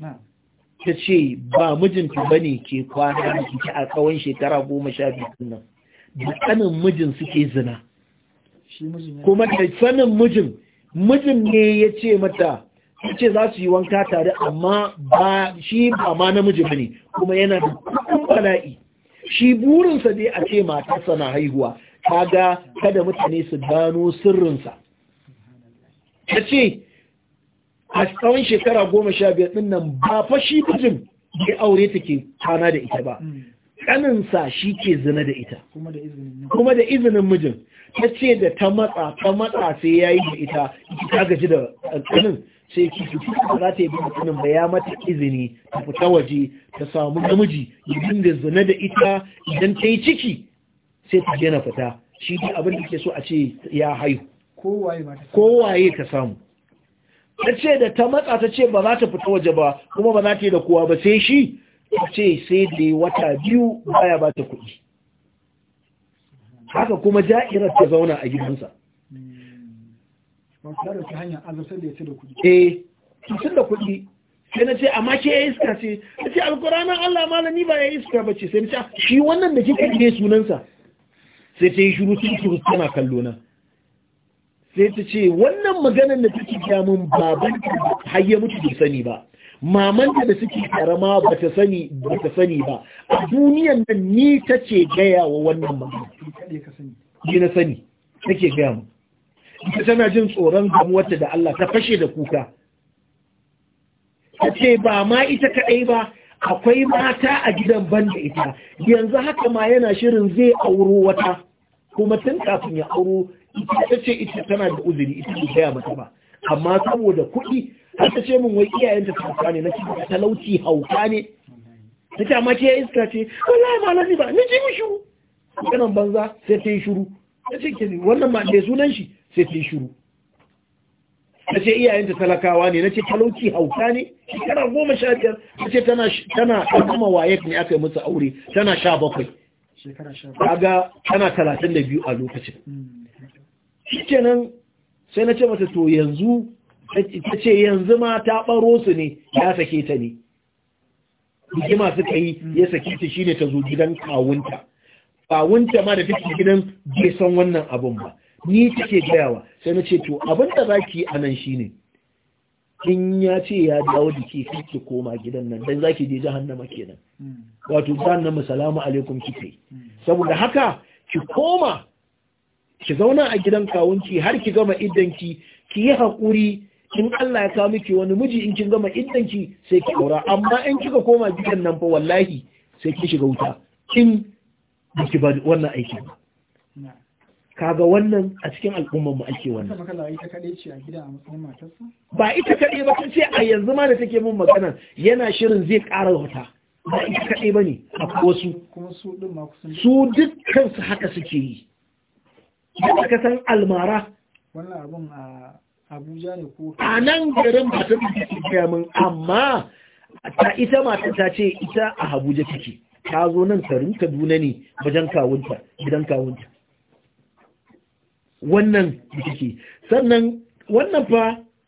ta ce ba mijinta ba ne ke kwana da a tsawon shekara goma sha biyar nan da tsanin mijin suke zina kuma da sanin mijin mijin ne ya ce mata Ya ce za su yi wanka tare amma ba shi ba ma namiji ne kuma yana da kukun bala'i shi burinsa dai a ce matarsa na haihuwa kaga kada mutane su gano sirrinsa ta ce a tsawon shekara goma sha biyar ɗin ba fashi shi mijin ya aure take kwana da ita ba hmm. kaninsa shi ke zina da ita kuma da izinin mijin ta ce da ta matsa ta matsa sai ya yi da ita ta gaji da kanin sai ki su ba za ta yi bin ba ya mata izini ta fita waje ta samu namiji ya dinga zina da ita idan ta yi ciki sai ta gina fita shi dai abin da ke so a ce ya haihu kowaye ta samu ta ce da ta matsa ta ce ba za ta fita waje ba kuma ba za ta yi da kowa ba sai shi ya ce sai da yi wata biyu baya ba ta kuɗi haka kuma ja'irar ta zauna a gidansa eh tutun da kuɗi sai na ce amma ke ya iska ce na ce alkuranin allah malami ba ya iska ba ce sai na ce ah, shi wannan da kika ne sunansa sai ta yi shuru tun turus tana kallona sai ta ce wannan maganar da ta take jamun baban har ya mutu da sani ba mamanta da suke karama ba ta sani ba ta sani ba a duniyan nan ni ta ce gaya wa wannan magana ni na sani take gaya mu ita tana jin tsoron gamuwarta da Allah ta fashe da kuka ta ce ba ma ita kaɗai ba akwai mata a gidan banda ita yanzu haka ma yana shirin zai auro wata kuma tun kafin ya auro ita ce ita tana da uzuri ita bai gaya mata ba amma saboda kuɗi har ta ce min wai iyayenta ta ne na cikin talauci hauka ne ta ce amma ke iska ce wallahi ma nasi ba ni ji mu shiru kanan banza sai ta yi shiru ta ce ke wannan ma mai sunan shi sai ta yi shiru ta ce iyayenta talakawa ne na ce talauci hauka ne shekara goma sha biyar ta ce tana tana kuma wayek ne aka yi musu aure tana sha bakwai kaga tana talatin da biyu a lokacin hmm. shi kenan sai na ce mata to yanzu ta ce yanzu ma ta ɓaro su ne ya sake ta ne hikima suka yi ya sake ta shi ne ta zo gidan kawunta kawunta ma da ta ke gidan bai san wannan abin ba ni ta ke gayawa sai na ce to abin da za ki a nan shine in ya ce ya dawo da ke ki koma gidan nan dan ki je jahannama kenan hmm. wato jahannama salamu alaikum kike saboda haka ki koma ki zauna a gidan kawunki har ki gama iddanki ki yi haƙuri kin Allah ya kawo miki wani miji in kin gama iddanki sai ki aura amma in kika koma gidan nan fa wallahi sai ki shiga wuta kin ki ba wannan aiki ba kaga wannan a cikin al'ummar mu ake wannan ba ita kade ba ce a yanzu ma da take mun magana yana shirin zai ƙara wuta ba ita kade ba ne a wasu su dukkan su haka suke yi da ka san almara wannan abun a Abuja ne ko a nan garin ba ta take gaya min amma ta ita mata ta ce ita a Abuja take ta zo nan rinka Kaduna ne bajan kawunta gidan kawunta wannan take sannan wannan fa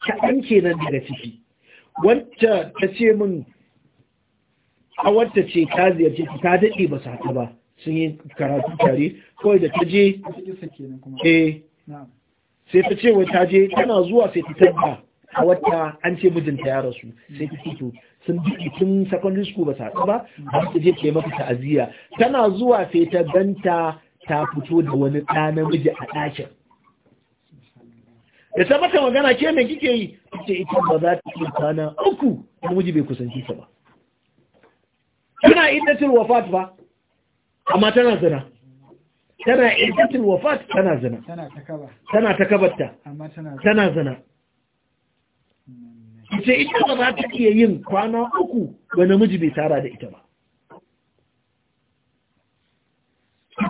ta kaɗan kenan daga ciki wacce ta ce min a wacce ce ta ziyarce ta dade ba sa ba sun yi karatu tare kawai da ta je eh sai ta ce wai ta je tana zuwa sai ta tabba a wata an ce mijinta ya rasu sai ta fito sun duki tun secondary school ba sa ba ba ta je ke maka ta'aziyya tana zuwa sai ta ganta ta fito da wani ɗa namiji a ɗakin da ta mata magana ke mai kike yi ce ita ba za ta iya kwana uku namiji bai kusanci ta ba tana iddatul wafat ba amma tana zina tana iddatul wafat tana zina tana takabarta tana zina ce ita ba za ta iya yin kwana uku ga namiji bai tara da ita ba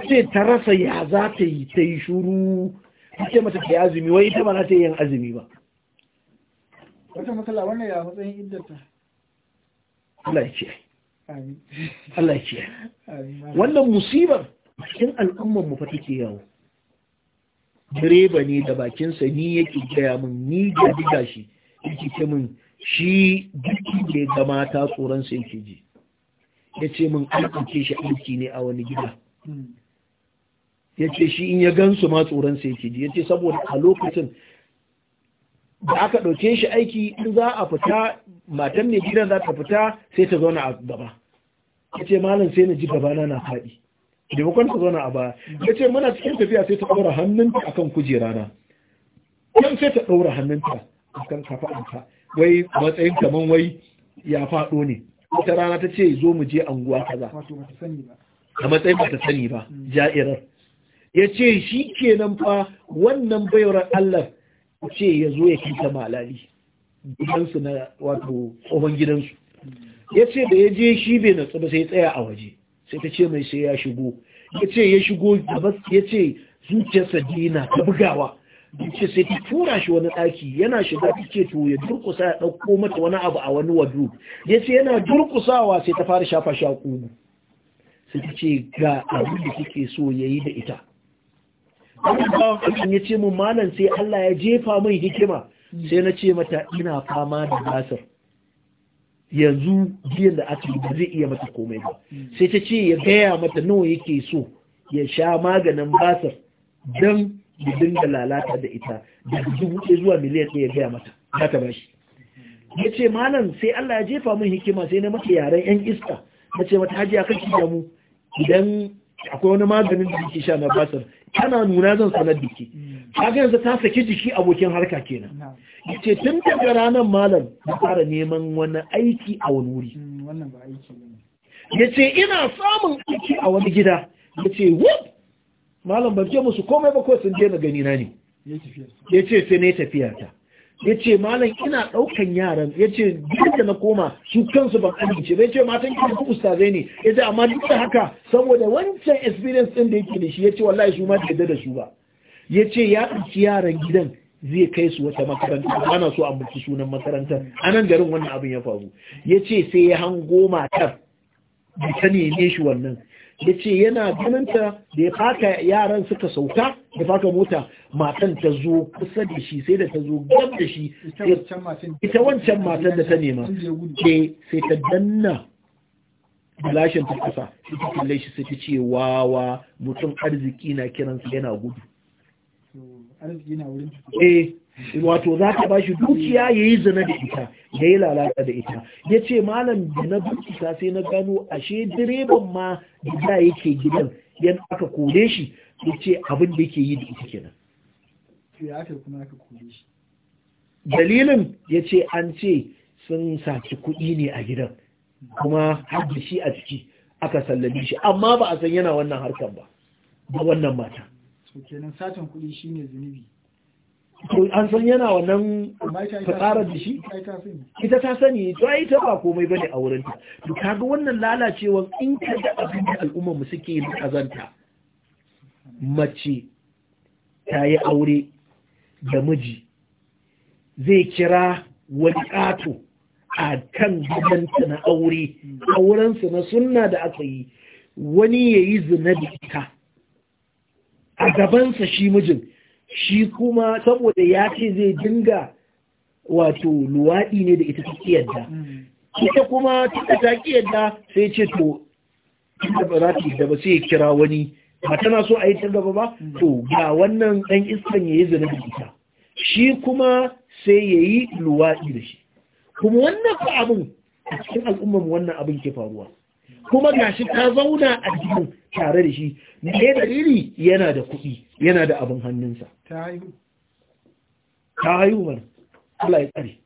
ce ta rasa ya za ta yi ta yi shuru ce mata ta yi azumi wai ita ba za ta yi yin azumi ba wata matsala wannan ya matsayin iddata Allah ya ce Allah ya ce wannan musibar cikin al'ummar mu fa take yawo direba ne da sa ni yake gaya min ni da diga shi yake ce min shi duki ne ga mata tsoronsa yake ji ya ce min an shi aiki ne a wani gida ya ce shi in ya gansu ma tsoronsa yake ji ya ce saboda a lokacin da aka ɗauke shi aiki in za a fita matan mai gidan za ta fita sai ta zauna a gaba ya ce malam sai na ji gabana na faɗi maimakon ta zauna a baya ya ce muna cikin tafiya sai ta ɗaura hannunta a kan kujerana yan sai ta ɗaura hannunta a kan kafa'anta wai matsayin kaman wai ya faɗo ne wata rana ta ce zo mu je anguwa kaza a matsayin ba ta sani ba ja'irar ya ce shi ke nan fa wannan bayar Allah ya ce ya zo ya kinta malali gidansu na wato tsohon gidansu ya ce da ya je shi bai natsu ba sai tsaya a waje sai ta ce mai sai ya shigo ya ce ya shigo ya ce zuciyarsa dina ta bugawa ya ce sai ta tura shi wani ɗaki yana shiga ta to ya durkusa ya ɗauko mata wani abu a wani wadu ya ce yana durkusawa sai ta fara shafa shi a sai ta ce ga abin da kike so ya yi da ita ya ce mun malam sai Allah ya jefa mai hikima sai na ce mata ina fama da basir yanzu biyan da aka yi ba zai iya mata komai ba sai ta ce ya gaya mata nawa yake so ya sha maganin basar don ya dinga lalata da ita da dubu ɗaya zuwa miliyan ɗaya ya gaya mata ba ta bashi ya ce malam sai Allah ya jefa min hikima sai na mata yaren yan iska na ce mata hajiya kan damu mu idan akwai wani maganin da yake sha na basar tana nuna zan sanar da ke kaga yanzu ta saki jiki abokin harka kenan yace tun daga ranar malam na fara neman wani aiki a wani wuri hmm, yace ina samun aiki a wani gida yace wup malam ban ce musu komai ba ko sun je na gani na ne yace sai ne tafiya ta ya ce malam ina ɗaukan yaran ya ce da na koma su kansu ban amince bai ce matan ki ku ustazai ne ya ce amma duk da haka saboda wancan experience ɗin da yake da shi ya ce wallahi su ma da da su ba ya ce ya ɗauki yaran gidan zai kai su wata makaranta ana so a mutu sunan makarantar a nan garin wannan abin ya faru ya ce sai ya hango matar da ta neme shi wannan ya ce yana ganinta da ya faka yaran suka sauka da faka mota matan ta zo kusa da shi sai da ta zo gab da shi ita wancan matan da ta nema ke eh, sai ta danna lashin ta kasa sai ta kalle shi sai ta ce wawa mutum arziki na kiransa yana gudu wato za ta ba shi dukiya ya yi zina da ita ya yi lalata da ita ya ce malam da na bincika sai na gano ashe direban ma gida yake gidan yan aka kore shi ya ce abin da yake yi da ita kenan dalilin ya ce an ce sun saki kuɗi ne a gidan kuma har da shi a ciki aka sallabi shi amma ba a san yana wannan harkar ba da wannan mata kenan satan kuɗi shine zunubi to an san yana wannan tsara da shi ita ta sani to ai ta ba komai bane a wurin ta to kaga wannan lalacewan in ka ga abin da al'umma mu suke yin kazanta mace ta yi aure da miji zai kira wani kato a kan ta na aure aurensa na sunna da aka yi wani ya yi zina da ita a gabansa shi mijin shi kuma saboda ya ce zai dinga wato luwaɗi ne da ita ta yadda mm-hmm. ita kuma ta ta yadda sai ce to tunda ba za ta yadda ba sai kira wani ba tana so a yi ta gaba ba mm-hmm. to ga wannan ɗan iskan ya yi zina da ita shi kuma sai ya yi luwaɗi da shi kuma wannan fa abin a cikin al'ummar wannan abin ke faruwa kuma gashi ta zauna a cikin tare da shi da dalili yana da kuɗi yana da abin hannunsa ta haihu ta mana Allah ya tsari.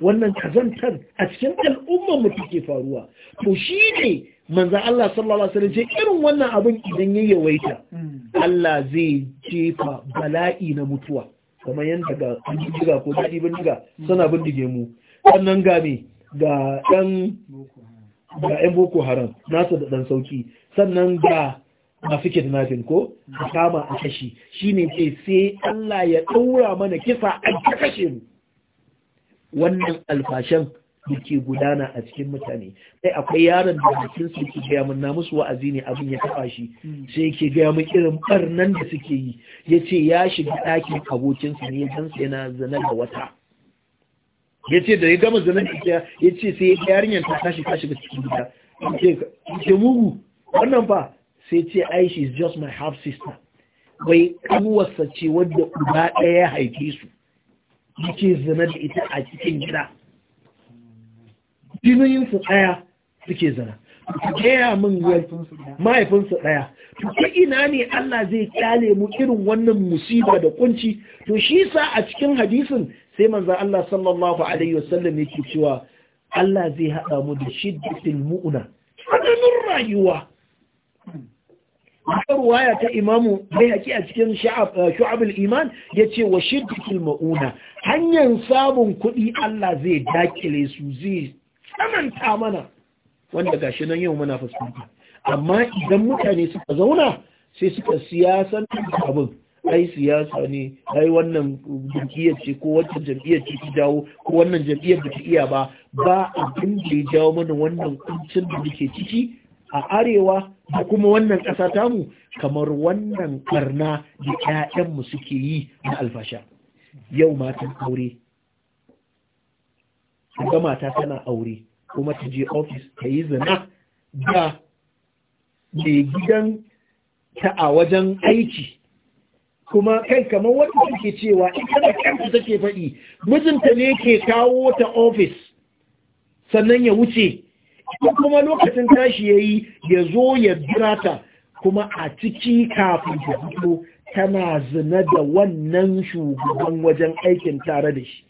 wannan kazantar a cikin al'umman mutu ke faruwa to shi ne manza Allah sallallahu alaihi wasallam ce irin wannan abin idan ya yawaita hmm. Allah zai jefa bala'i na mutuwa kamar yadda ga bindiga ko daɗi bindiga suna bindige mu sannan ga ga ɗan boko haram nasu da ɗan sauki sannan ga masu kidnapping ko a kama a kashi ne ce sai Allah ya ɗaura mana kisa a kashe mu wannan alfashan da ke gudana a cikin mutane sai akwai yaron da cikin su ke gaya min na musu wa'azi ne abin ya taɓa shi sai ke gaya min irin barnan da suke yi ya ce ya shiga ɗakin abokinsa ne ya gansa yana zana da wata ya ce da ya gama da ita ya ce sai ya yarinyar ta tashi ta shiga cikin gida ya ce mugu wannan fa sai ce aishi is just my half sister bai kanuwarsa ce wadda uba ɗaya ya haife su yake zana da ita a cikin gida jininsu ɗaya suke zana ku gaya min mahaifinsu ɗaya to ta ina ne Allah zai kyale mu irin wannan musiba da kunci to shi sa a cikin hadisin sai manzan Allah sallallahu alaihi wasallam yake cewa Allah zai haɗa mu da shiddatin mu'una tsananin rayuwa wata waya ta imamu bai haƙi a cikin eh, shu'abul iman ya ce wa shirkikin ma'una hanyar samun kuɗi Allah zai dakile su zai tsananta mana wanda gashi nan yau muna fuskanta amma idan mutane suka zauna sai suka siyasan abin ai siyasa ne ai wannan jam'iyyar ce ko wata jam'iyyar ce ta jawo ko wannan jam'iyyar ba ta iya ba ba abin da ya jawo mana wannan kuncin da muke ciki a arewa da kuma wannan ƙasa tamu kamar wannan ƙarna da mu suke yi na alfasha yau matan aure ga mata tana aure kuma ta je ofis ta yi zina da mai gidan ta a wajen aiki kuma kai kamar wata suke cewa ita da kanta take faɗi mijinta ne ke kawo ta ofis sannan ya wuce kuma lokacin tashi ya ya zo ya birata kuma a ciki kafin ta fito tana zina da wannan shugaban wajen aikin tare da shi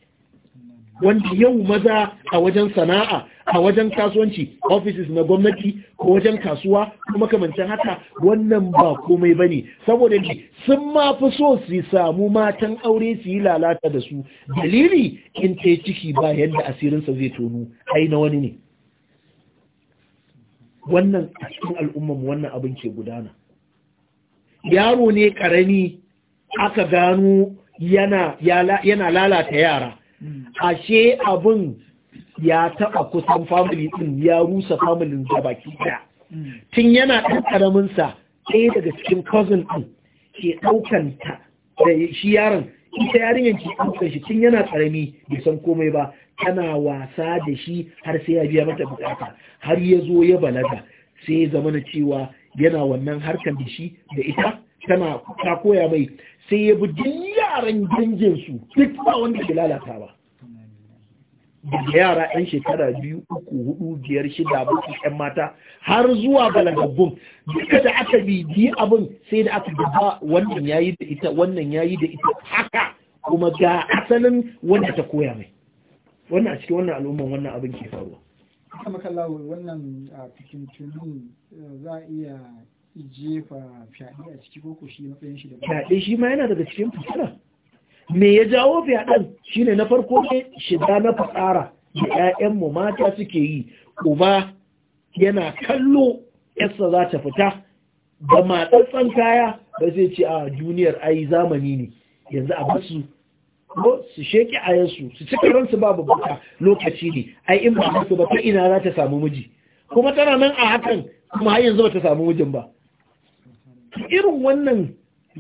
wanda yau maza a wajen sana'a a wajen kasuwanci offices na gwamnati ko wajen kasuwa kuma kamancin haka wannan ba komai bane saboda ne sun ma fi so su samu matan aure su yi lalata da su dalili in ta ciki ba yadda asirinsa zai tono ai na wani ne wannan a cikin al'umman wannan abin ke gudana yaro ne karami aka gano yana lalata yara ashe abin ya taba kusan family din ya rusa familin din baki daya tun yana ɗan karamin sa ɗaya daga cikin cousin din ke ɗaukan ta da shi yaron ita yarinyar ke ɗaukar shi tun yana ƙarami bai san komai ba tana wasa da shi har sai ya biya mata bukata har ya zo ya balaga sai ya zama na cewa yana wannan harkar da shi da ita tana ta koya mai sai ya bi yaran dangin su duk ba wanda ke lalata ba daga yara 'yan shekara biyu uku hudu biyar shida bakwai 'yan mata har zuwa balagabbun duka da aka bibi abin sai da aka gaba wannan yayi da ita wannan yayi da ita haka kuma ga asalin wanda ta koya mai wannan a cikin wannan al'umman wannan abin ke faruwa kama kallawo wannan fitintunin eh, za a iya jefa fyaɗe a ciki koko shi matsayin shi da fyaɗe shi ma yana daga cikin fitina me ya jawo fyaɗen shine na farko ne shiga na fasara da 'ya'yanmu mata suke yi uba yana kallo yasa za ta fita da matsatsan kaya ba zai ce a duniyar ai zamani ne yanzu a basu ko su sheki ayansu su cika ransu babu baka lokaci ne ai in ba su ba ta ina za ta samu miji kuma tana nan a hakan kuma har yanzu ba ta samu mijin ba irin wannan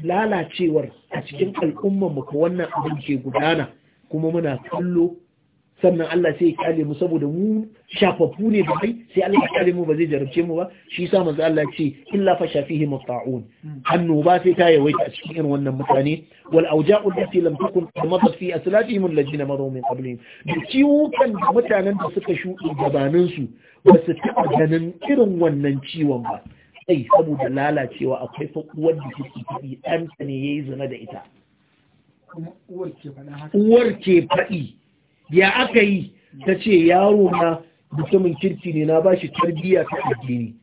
lalacewar a cikin al'ummar mu ka wannan abin ke gudana kuma muna kallo sannan Allah sai ya kyale mu saboda mu shafaffu ne da kai sai Allah ya kyale mu ba zai jarabce mu ba shi yasa manzo Allah ce illa fa shafihi mutta'un hannu ba sai ta yawaita a cikin irin wannan mutane wal awja'u allati lam takun madat fi aslatihim alladhina madu min qablihim da ciwukan da mutanen da suka shuɗe gabanin su ba su taɓa ganin irin wannan ciwon ba sai saboda lalacewa akwai fa uwar da take tafi ɗanta ne yayi zina da ita uwar ke faɗi ya aka yi ta ce yaro na mutumin kirki ne na bashi tarbiyya ta addini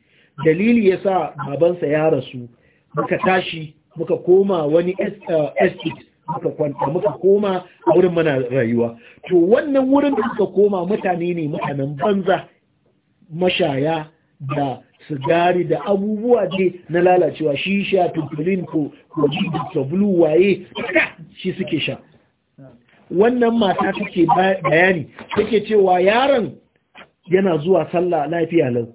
dalili ya sa babansa ya rasu muka tashi muka koma wani eh, estate muka kwanta muka koma a wurin mana rayuwa to wannan wurin da muka koma mutane ne mutanen banza mashaya da sigari da abubuwa ne na lalacewa shi sha tutulin ko koji da tablu waye shi suke sha wannan mata take bayani take cewa yaron yana zuwa sallah lafiya lau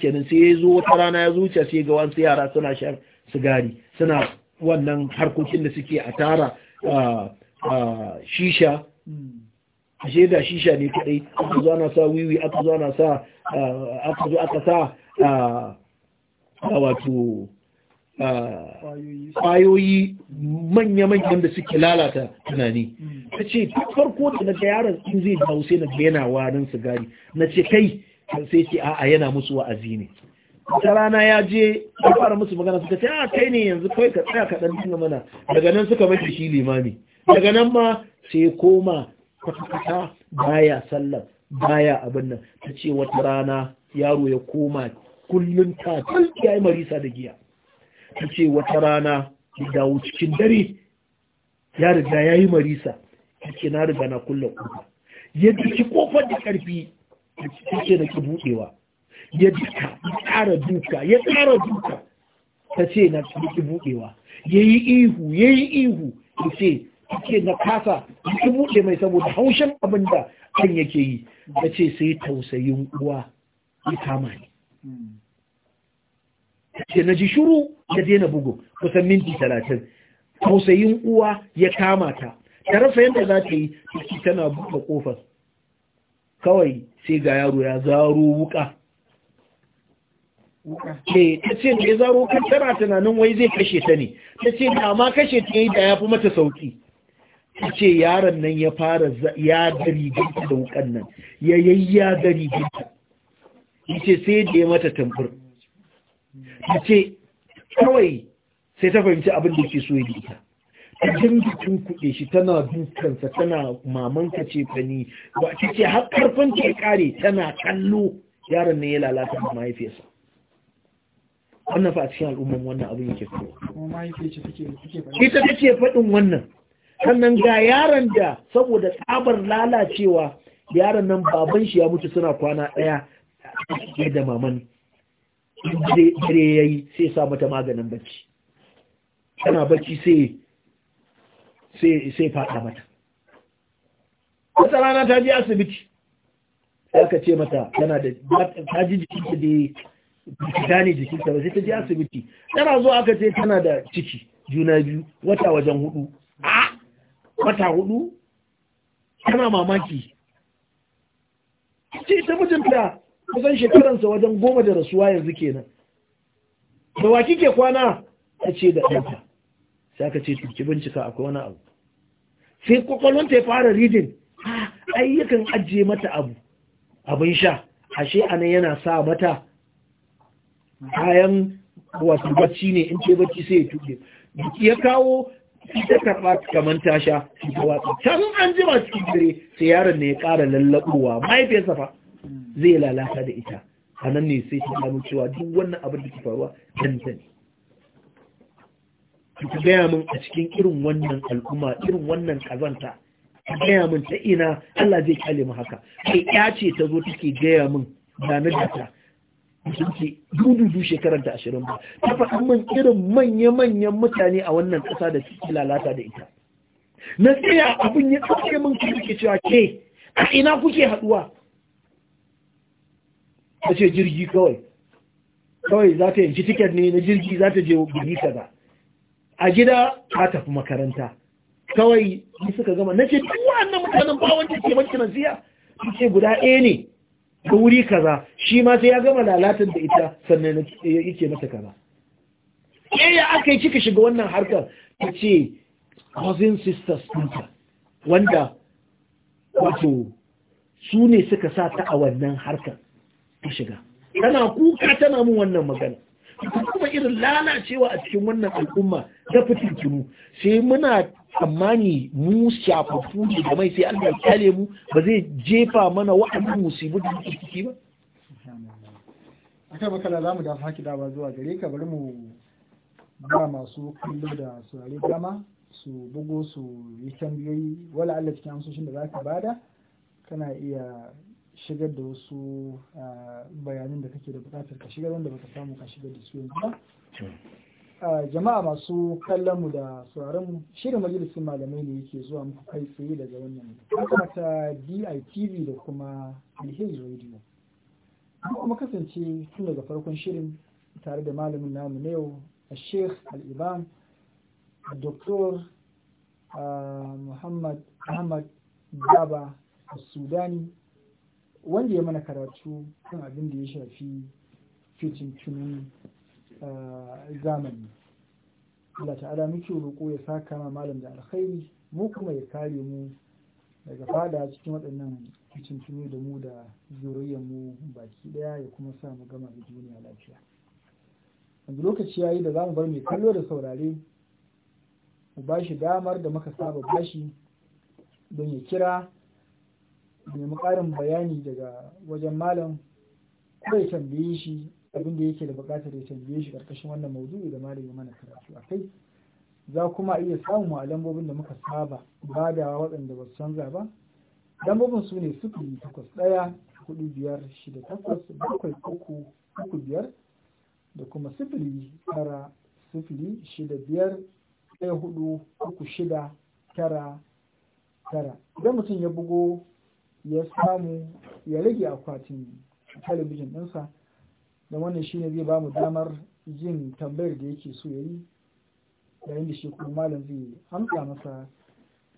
kenan sai ya zo wata rana ya zuciya sai ga wasu yara suna shan sigari suna wannan harkokin da suke a tara shisha ashe da shisha ne kadai aka zo ana sa wiwi aka zo ana sa aka zo aka sa wato kwayoyi manya-manyan da suke lalata tunani mm. ta ce duk farko da na ga yaron in zai dawo sai na ga yana warin sigari na ce kai kan sai ce a'a yana musu wa'azi ne ta rana ya je a fara musu magana suka ce a kai ne yanzu kawai ka tsaya kaɗan tuna mana daga nan suka mace shi limami daga nan ma sai koma kwata-kwata baya sallar baya abin nan ta ce wata rana yaro ya koma kullum ta ya yi marisa da giya ta ce wata rana ya dawo cikin dare ya riga ya yi marisa ta ce na riga na kulle kuka ya ki kofar da ƙarfi ta ce na ki buɗewa ya ya ƙara duka ya ƙara duka ta ce na ki buɗewa ya yi ihu ya yi ihu Ta ce ce na kasa ya buɗe mai saboda haushin abin da an yake yi ta ce sai tausayin uwa ya kama ni hmm. sai na ji shuru ya daina bugu kusan minti talatin tausayin uwa ya kama ta ta rasa yadda za ta yi ciki tana buɗe ƙofar kawai sai ga yaro ya zaro wuka ce ta ce mai zaro kan tara tunanin wai zai kashe ta ne ta ce na ma kashe ta yi da ya fi mata sauki ta ce yaron nan ya fara ya da riginta da wukan nan ya yayya da riginta ya ce sai da ya mata tamfur mace kawai sai ta fahimci abin da ke so ya ita ta dinga kuɗe shi tana dukansa tana mamanka ce fani ba ta ce har karfin ta kare tana kallo yaron ne ya lalata da mahaifiyarsa wannan fa a cikin al'umman wannan abin yake fito ita ce faɗin wannan sannan ga yaron da saboda tsabar lalacewa yaron nan baban shi ya mutu suna kwana ɗaya da maman dare ya yi sai sa mata maganin bacci tana bacci sai faɗa mata wata rana ta ji asibiti sai ka ce mata tana da ta ji jikinta da ya gane jikinta ba sai ta ji asibiti tana zo aka ce tana da ciki juna biyu wata wajen hudu a wata hudu tana mamaki ce ta mutunta kusan shekaransa wajen goma da rasuwa yanzu kenan da wa kike kwana ta ce da ɗanta sai aka ce tuki bincika akwai wani abu sai kwakwalon ta ya fara ridin ai yakan ajiye mata abu abin sha ashe a nan yana sa mata kayan wasu bacci ne in ce bacci sai ya Biki ya kawo ta karɓa kamar ta sha ta watsa can an jima cikin dare sai yaron ne ya ƙara lallaɓowa mahaifiyarsa fa zai lalata da ita a nan ne sai ta gano cewa duk wannan abin da ke faruwa danta ne ta gaya min a cikin irin wannan al'umma irin wannan kazanta ka gaya min ta ina Allah zai kyale mu haka kai ya ce ta zo take gaya min da na data mutunci dudu shekarar ta ashirin ba ta faɗa min irin manya-manyan mutane a wannan ƙasa da suke lalata da ita na tsaya abin ya tsaye min ku ke cewa ke a ina kuke haɗuwa ta ce jirgi kawai kawai za ta yanki tiket ne na jirgi za ta je guri kaza a gida ta tafi makaranta kawai yi suka gama na ce tuwa wannan mutanen ba wanda ke banki naziya su ce guda ɗaya ne ga wuri kaza shi ma sai ya gama lalatar da ita sannan ya ke mata kaza yaya aka yi kika shiga wannan harkar ta ce cousin sisters tuta wanda wato su ne suka sa ta a wannan harkar shiga tana kuka tana mun wannan magana kuma irin lalacewa a cikin wannan al'umma ta fitintunu sai muna tsammani mu shafafu ne da mai sai Allah kyale mu ba zai jefa mana waɗannan musibu da suke ciki ba akan makala za mu da haki zuwa gare ka bari mu ba masu kallo da saurare dama su bugo su yi tambayoyi wala Allah cikin amsoshin da za ka bada kana iya shigar da wasu bayanin da kake da bukatar ka shigar wanda baka samu ka shigar da su yanzu ba jama'a masu kallon mu da sauraron mu shirin majalisun malamai ne yake zuwa muku kai tsaye daga wannan kuma ta DITV da kuma Alhaji Radio kuma kasance tun daga farkon shirin tare da malamin namu na yau Sheikh Al-Imam Dr. Muhammad Ahmad Baba Sudani wanda ya mana karatu kan abin da ya shafi fitin tunin eh, zamani Allah ta'ala muke roƙo ya saka ma malam da alkhairi mu kuma ya kare mu daga fada cikin waɗannan fitin fitintunu da mu da zuriyar mu baki ɗaya ya kuma sa mu gama da duniya lafiya yanzu lokaci yayi da zamu bar mai kallo da saurare mu bashi damar da muka saba bashi don ya kira nemi ƙarin bayani daga wajen malam ko ya tambaye shi abin da yake da buƙatar ya tambaye shi ƙarƙashin wannan maudu'i da malam ya mana karatu a kai za kuma iya samun a lambobin da muka saba ba da waɗanda ba su canza ba lambobin su ne sufuri takwas ɗaya hudu biyar shida takwas bakwai uku uku biyar da kuma sufuri tara sufuri shida biyar ɗaya hudu uku shida tara tara idan mutum ya bugo ya samu ya rage akwatin talabijin ɗinsa da wannan shi ne zai ba mu damar jin tambayar da yake so ya yi yayin da shi kuma malam zai amsa masa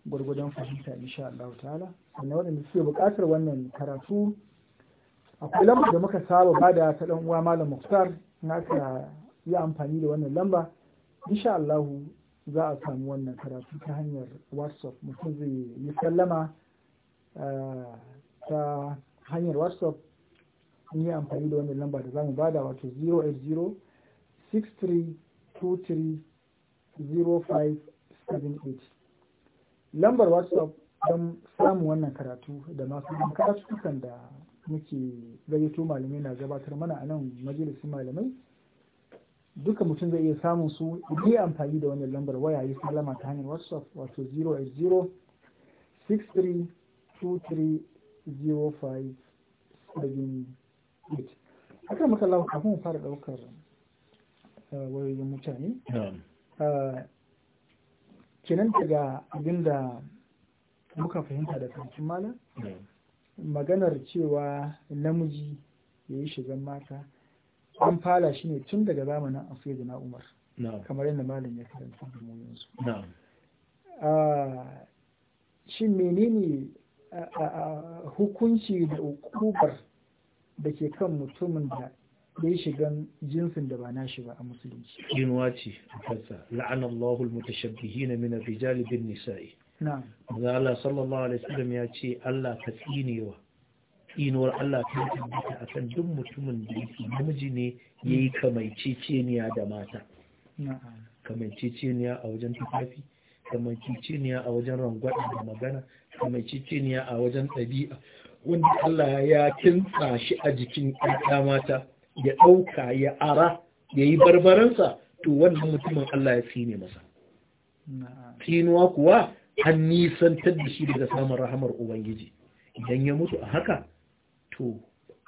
gwargwadon fahimta insha Allah ta'ala sannan waɗanda suke buƙatar wannan karatu akwai lamba da muka saba bada ta ɗan uwa malam Muktar na ka yi amfani da wannan lamba insha Allah za a samu wannan karatu ta hanyar WhatsApp mutum zai yi sallama Eh, ta hanyar whatsapp an yi amfani da wannan lamba da zamu bada wato 080 lambar whatsapp don samun wannan karatu da masu karatukan da muke gayyato malamai na gabatar mana a nan majalisun malamai duka mutum zai iya samun su yi amfani da wannan lambar waya yi salama ta hanyar whatsapp wato 080 63 2305 akan makallawa kafin fara ɗaukar eh, wayoyin mutane eh, kenan daga abinda muka fahimta da kancin malam maganar cewa namiji ya yi shigan mata an fala shi ne tun daga zamanin asiyar da na'umar umar kamar yadda malam ya karanta da yanzu eh, shi menene hukunci da hukubar da ke kan mutumin da ya shiga jinsin da ba shi ba a musulunci. Inuwa ce kansa la'anallahu almutashabbihina min ar-rijali bin nisa'i. Na'am. Allah sallallahu alaihi wasallam ya ce Allah ka tsinewa. Inuwar Allah ta tabbata akan duk mutumin da namiji ne yayi kamaiceceniya da mata. Na'am. Kamaiceceniya a wajen tufafi. da mai ciciniya a wajen rangwada da magana da mai ciciniya a wajen ɗabi'a wanda Allah ya kinsa shi a jikin ƴaƴa mata ya ɗauka ya ara ya yi barbaransa to wannan mutumin Allah ya tsine masa tsinuwa kuwa an nisan da shi daga samun rahamar ubangiji idan ya mutu a haka to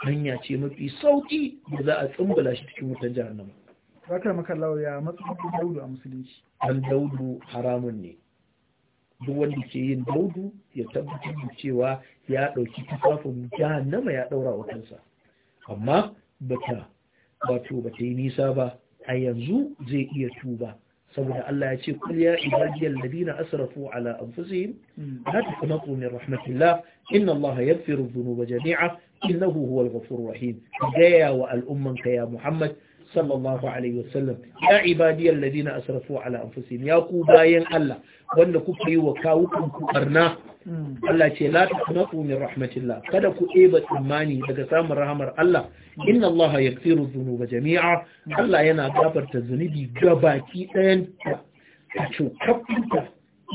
hanya ce mafi sauki da za a tsumbula shi cikin wutan jihar nan Bakar makallawa ya matsayin daudu a musulunci. dan daudu haramun ne. Duk wanda ke yin daudu ya tabbatar da cewa ya ɗauki tufafin jahannama ya ɗaura wa kansa. Amma bata wato bata yi nisa ba a yanzu zai iya tuba. saboda Allah ya ce kul ya ibadiyal ladina asrafu ala anfusihim hmm. la taqnatu min rahmatillah inna Allah yaghfiru dhunuba jami'a innahu huwal ghafurur rahim gaya wa al'umman ka ya Muhammad sallallahu alaihi wasallam ya ibadiyal ladina asrafu ala anfusihim ya ku bayan Allah wanda kuka yi wa kawukan ku barna hmm. Allah ce la taqnatu min rahmatillah kada ku eba imani daga samun rahmar Allah inna Allah yaghfiru dhunuba jami'a Allah yana gafarta zunubi gabaki ɗayan a cokafta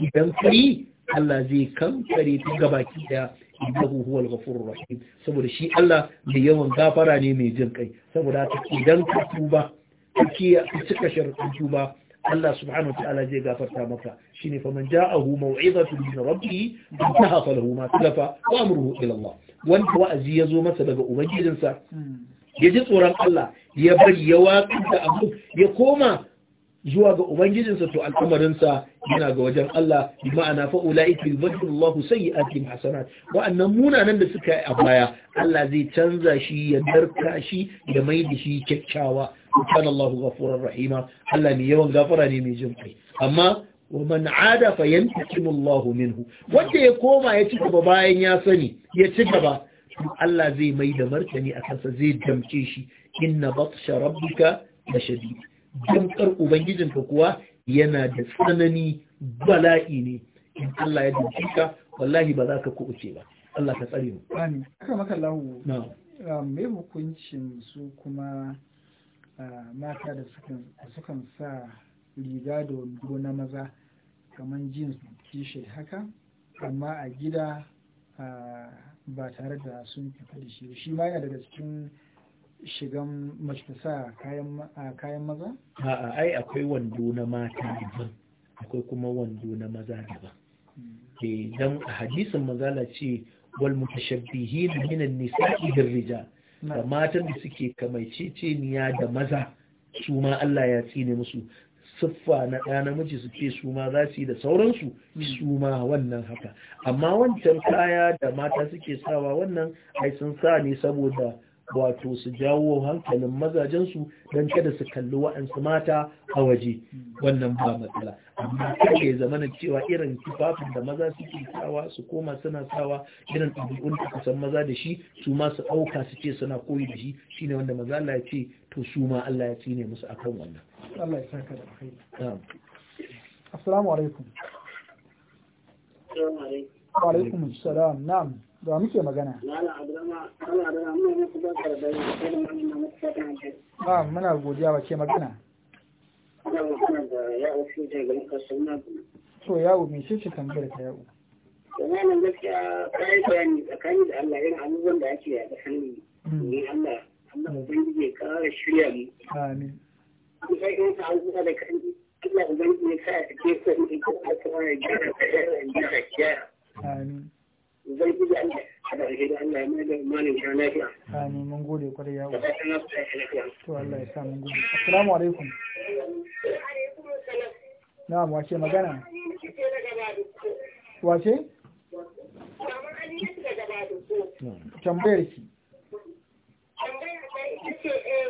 idan kai Allah zai kankare ta gabaki ɗaya innahu huwal ghafurur rahim saboda shi Allah mai yawan gafara ne mai jin kai saboda idan ka tuba kake cika sharuɗin tuba Allah subhanahu wataala zai gafarta maka shine fa man ja'ahu maw'izatun min rabbih intaha falahu ma talafa wa amruhu ila Allah wanda wa'azi yazo masa daga ubangijinsa hmm. ya ji tsoron Allah ya bari ya waƙi da abu ya koma zuwa ga ubangijinsa to al'amarinsa yana ga wajen Allah bi ma'ana fa ulaika yubaddilu Allahu sayyi'atihim hasanat munanan da suka yi a baya Allah zai canza shi ya narka shi ya mai da shi kyakkyawa kana Allahu ghafurur rahima Allah mai yawan gafara ne mai jin kai amma wa man ada fa yantakimu Allahu minhu wanda ya koma ya ci gaba bayan ya sani ya ci gaba Allah zai mai da martani a kansa zai damce shi inna batsha rabbika lashadid jamkar ubangijinka kuwa yana da tsanani bala'i ne in Allah ya dace ka wallahi ba za ka kubuce ba Allah ka tsare mu amin aka maka lahu ah, me hukuncin su kuma ah, mata da sukan sa riga da wando na maza kamar jeans t-shirt haka amma a gida ah, ba tare da sun fita da shi shi ma yana daga cikin shigan majalisa kayan maza? A'a, ai akwai wando na mata daban, akwai kuma wando na maza daban. Ke hmm. eh, don a hadisin mazala ce wal mutashabbihi minan nisa'i idan rija, Da matan da suke kamaiceceniya da maza su ma Allah ya tsine musu siffa na ɗa namiji su ce su ma za su yi da sauransu hmm. su ma wannan haka amma wancan kaya da mata suke sawa wannan ai sun sa ne saboda wato su jawo hankalin mazajensu don kada su kalli wa'ansu mata a waje wannan ba matsala amma kai ya zama na cewa irin kifafin da maza suke sawa su koma suna sawa irin ɗabi'un da kusan maza da shi su ma su ɗauka su ce suna koyi da shi shine wanda maza Allah ya ce to su ma Allah ya tsine musu akan wannan Allah ya saka da alkhairi assalamu alaikum assalamu alaikum wa alaikum assalam na'am da muke magana ba muna godiya ba ke magana so yawo mai ce ce tambayar ta yawo wannan gaskiya kayan bayani tsakani da Allah yana abubuwan da ake yaɗa hannu ne Allah Allah ubangiji ya kara shirya mu amin in ka abubuwa da Allah ubangiji ya sa ko kuma gyara gyara amin ubangiji Allah a ƙarshe da Allah ya maida malin ta lafiya amin mun gode kwarai ya uwa to Allah ya sa mun gode assalamu alaikum wace magana wace tambayar ki ta ita ce eh,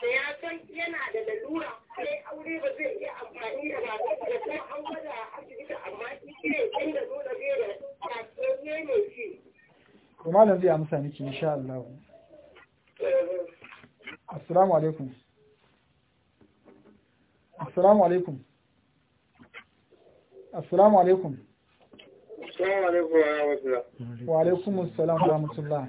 ya yana da lalura sai aure ba zai iya amfani da ba an gwada asibiti amma shi ne inda zo da zai kuma zai amsa miki insha Allah assalamu alaikum assalamu alaikum assalamu alaikum assalamu alaikum wa alaikum assalam wa rahmatullah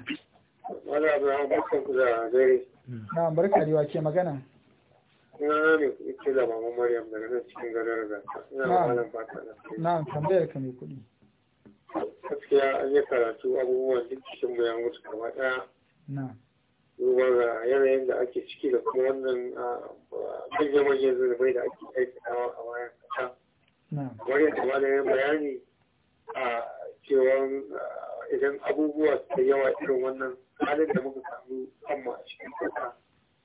Wala abu na barkan ku da dare na barka da wake magana na ne ita da mama maryam daga cikin garin da na malam na tambayar ka mai kuɗi gaskiya an yi karatu abubuwan duk cikin bayan wasu kama ɗaya duba ga yanayin da ake ciki da kuma wannan manya-manyan zurfai da ake aikatawa a bayan kasa wani yadda ma da yin bayani a cewa idan abubuwa da yawa irin wannan halin da muka samu amma a cikin kasa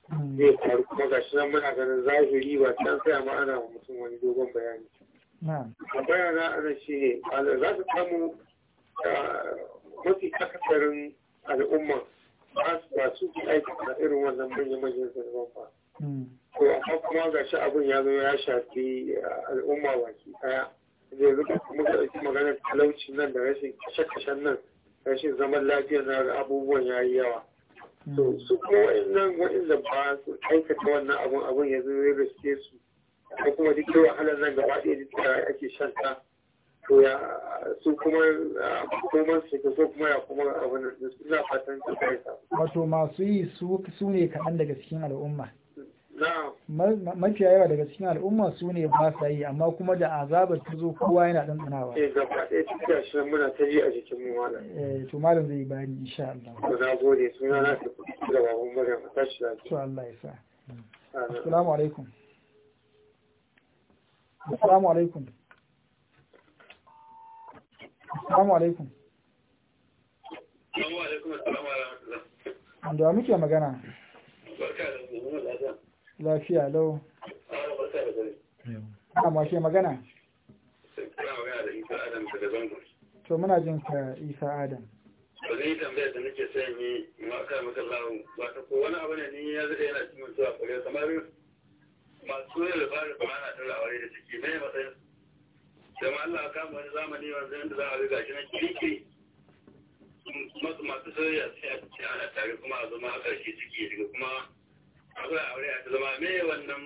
hmm. zai faru kuma gashi nan muna ganin zahiri ba can sai ma ana mutum wani dogon bayani tambaya na ana shi ne za su samu ah, mafi akasarin al'umma ba su fi aiki na irin wannan manya-manyan zarafan ba hmm. to amma kuma ga shi abin ya zo ya shafi ah, al'umma baki daya zai zuka muka ɗauki maganar talauci nan da rashin kashe-kashen nan rashin zaman lafiya na abubuwan ya yi yawa hmm. to su kuma wa'in nan wa'in da ba su aikata wannan abun abun ya zo ya riske su ko kuma duk da wahalar nan gaba ɗaya duk da ake shan ta to ya su kuma koman su ko kuma ya kuma abin da su na fatan su kai wato masu yi su ne kaɗan daga cikin al'umma mafiya yawa daga cikin al'umma su ne ba sa yi amma kuma da azabar ta zo kowa yana ɗanɗanawa eh gaba ɗaya cikin shi muna ta yi a jikin mu malam eh to malam zai bani insha Allah na gode suna na da babban mura ta shi Allah ya sa assalamu alaikum Assalamu alaikum. Assalamu alaikum. Assalamu alaikum assalamu alaikum. Da muke magana? Barka da lafiya. Ah, barka da Ana To muna jin ka Isa Adam. To yi tambaya da nake son yi maka maka ba. wata ko wani abu ne ni ya zai yana cikin zuwa kamar masu yin labarin kuma ana tara aure da ciki mai matsayin da ma Allah kama wani zamani wanzu yadda za a bi gashi na kirki masu masu soyayya sai a ciki ana tare kuma a zama a ƙarshe ciki daga kuma akwai aure a ta zama mai wannan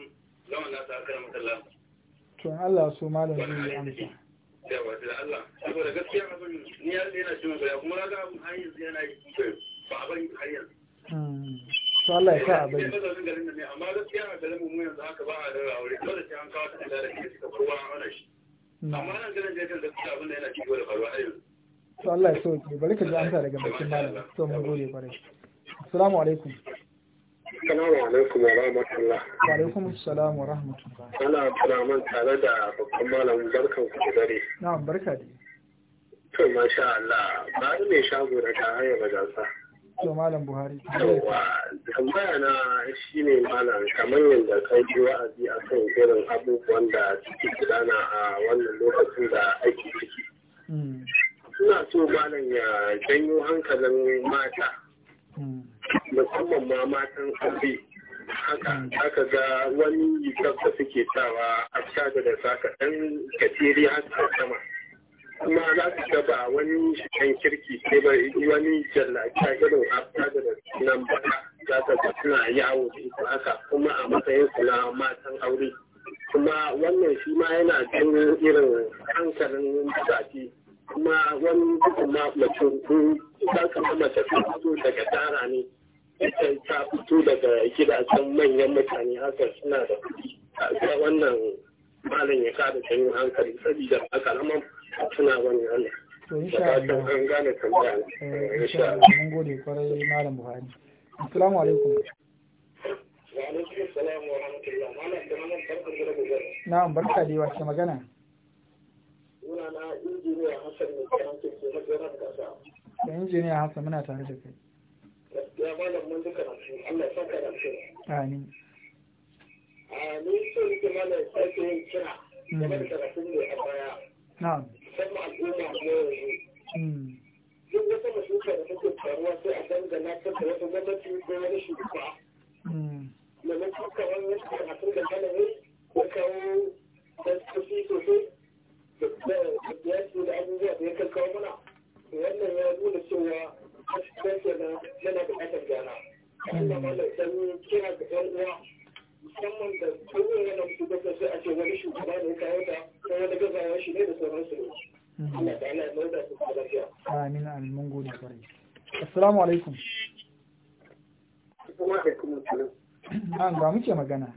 zaman na ta akara matsala. Tun Allah su malam zai yi amsa. Yawa da Allah, saboda gaskiya abin ni ya yana shi magana kuma na ga abin har yanzu yana yi ba abin har yanzu. Hmm. to Allah ya sa a bari amma gaskiya a garin mu yanzu haka ba a da aure dole sai an kawo ta da ke ta farwa a wannan shi amma nan garin da da abin da yana cikin da farwa ayo to Allah ya sauke bari ka ji amsa daga bakin malam to mun gode kwarai assalamu alaikum Assalamu alaikum wa rahmatullah. Wa alaikum assalam wa rahmatullah. Ana Abdulrahman tare da babban malamin barkan ku dare. Na'am barka dai. To masha Allah, ba ne shago da ta haya gasa. to malam buhari tambaya na shi ne malam kamar yadda kai ji wa'azi a kan irin abubuwan da suke gudana a wannan lokacin da ake ciki suna hmm. so malam ya janyo hankalin mata hmm. musamman ma matan aure haka hmm. aka ga wani yikar da suke sawa a da saka ɗan katiri har sama kuma za su ga ba wani shigan kirki sai ba wani jallaka irin hafta da nan ba za ta ga suna yawo da ita haka kuma a matsayin su na matan aure kuma wannan shi ma yana jin irin hankalin mutane kuma wani dukkan ma mace za ka mace ta daga tara ne ita ta fito daga gidajen manyan mutane haka suna da kuɗi a wannan malin ya kada canyin hankali saboda haka suna bane Allah to an gane tambaya eh, mun gode kwarai malam Buhari assalamu alaikum Na'am barka da wace magana? Muna injiniya Hassan muna tare da kai. Ya malam mun duka shi, Allah ya saka da shi. Amin. A ni so yake malam sai kira. Hmm. da Na'am. musamman al'umma na yanzu. Duk wata masuka da muke faruwa sai a dangana ta da wata gwamnati ko wani shugaba. wani kawo tasoshi sosai da yaki da abubuwa da ya kawo mana. Wannan ya nuna cewa a yana buƙatar gyara. Hmm. Allah ga 'yan uwa musamman da kawai da su da su a ce wani shugaba ne kawo ta ko wani gazawa shi ne da sauran ne mhm. Allah ta Allah ya mai da su lafiya amin amin mun gode kwarai assalamu alaikum assalamu alaikum an ba muke magana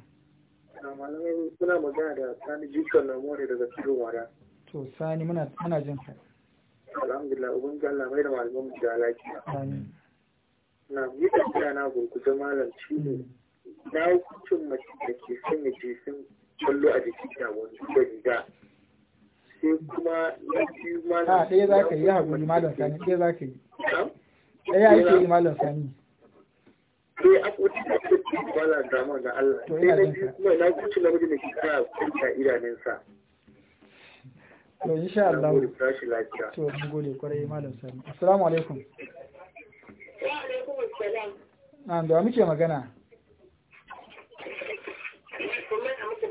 malamai suna magana da sani jikin lamore daga cikin wada to sani muna jin ka alhamdulillah ubin Allah mai da malamai mu da alaƙi. amin na yi tafiya na gurkuta malam shi ne mhm. na yi kucin mace da ke sanya jesin kwallo a jikin ta wani da riga sai kuma na biyu malam a ah, ɗaya za ka yi haƙuri malam sani ɗaya za ka yi ɗaya ake yi malam sani sai a cikin da kuci malam dama ga Allah sai na biyu kuma na kuci namiji da ke sa kwanta idanunsa to insha Allah to mun gode kwarai malam sani assalamu alaikum wa alaikum assalam an da muke magana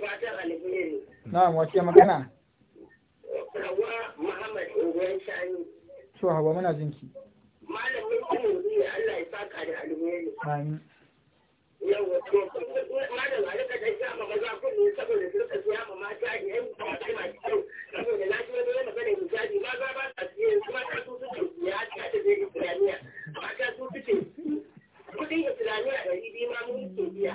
fatan alheri. Na'am wace magana? Hawa Muhammad Unguwar Shani. To Hawa muna jinki. Malamin Tunuri Allah ya saka da alheri. Amin. Yawwa to malam Alika ta sha ma maza kullu saboda su ka siya ma mata da yan mata masu kyau saboda na shiga dole magana hijabi maza ba ta siya su mata su suke ya ta da zai Islamiya mata su suke kuɗin Islamiya ɗari biyu ma mun ke biya.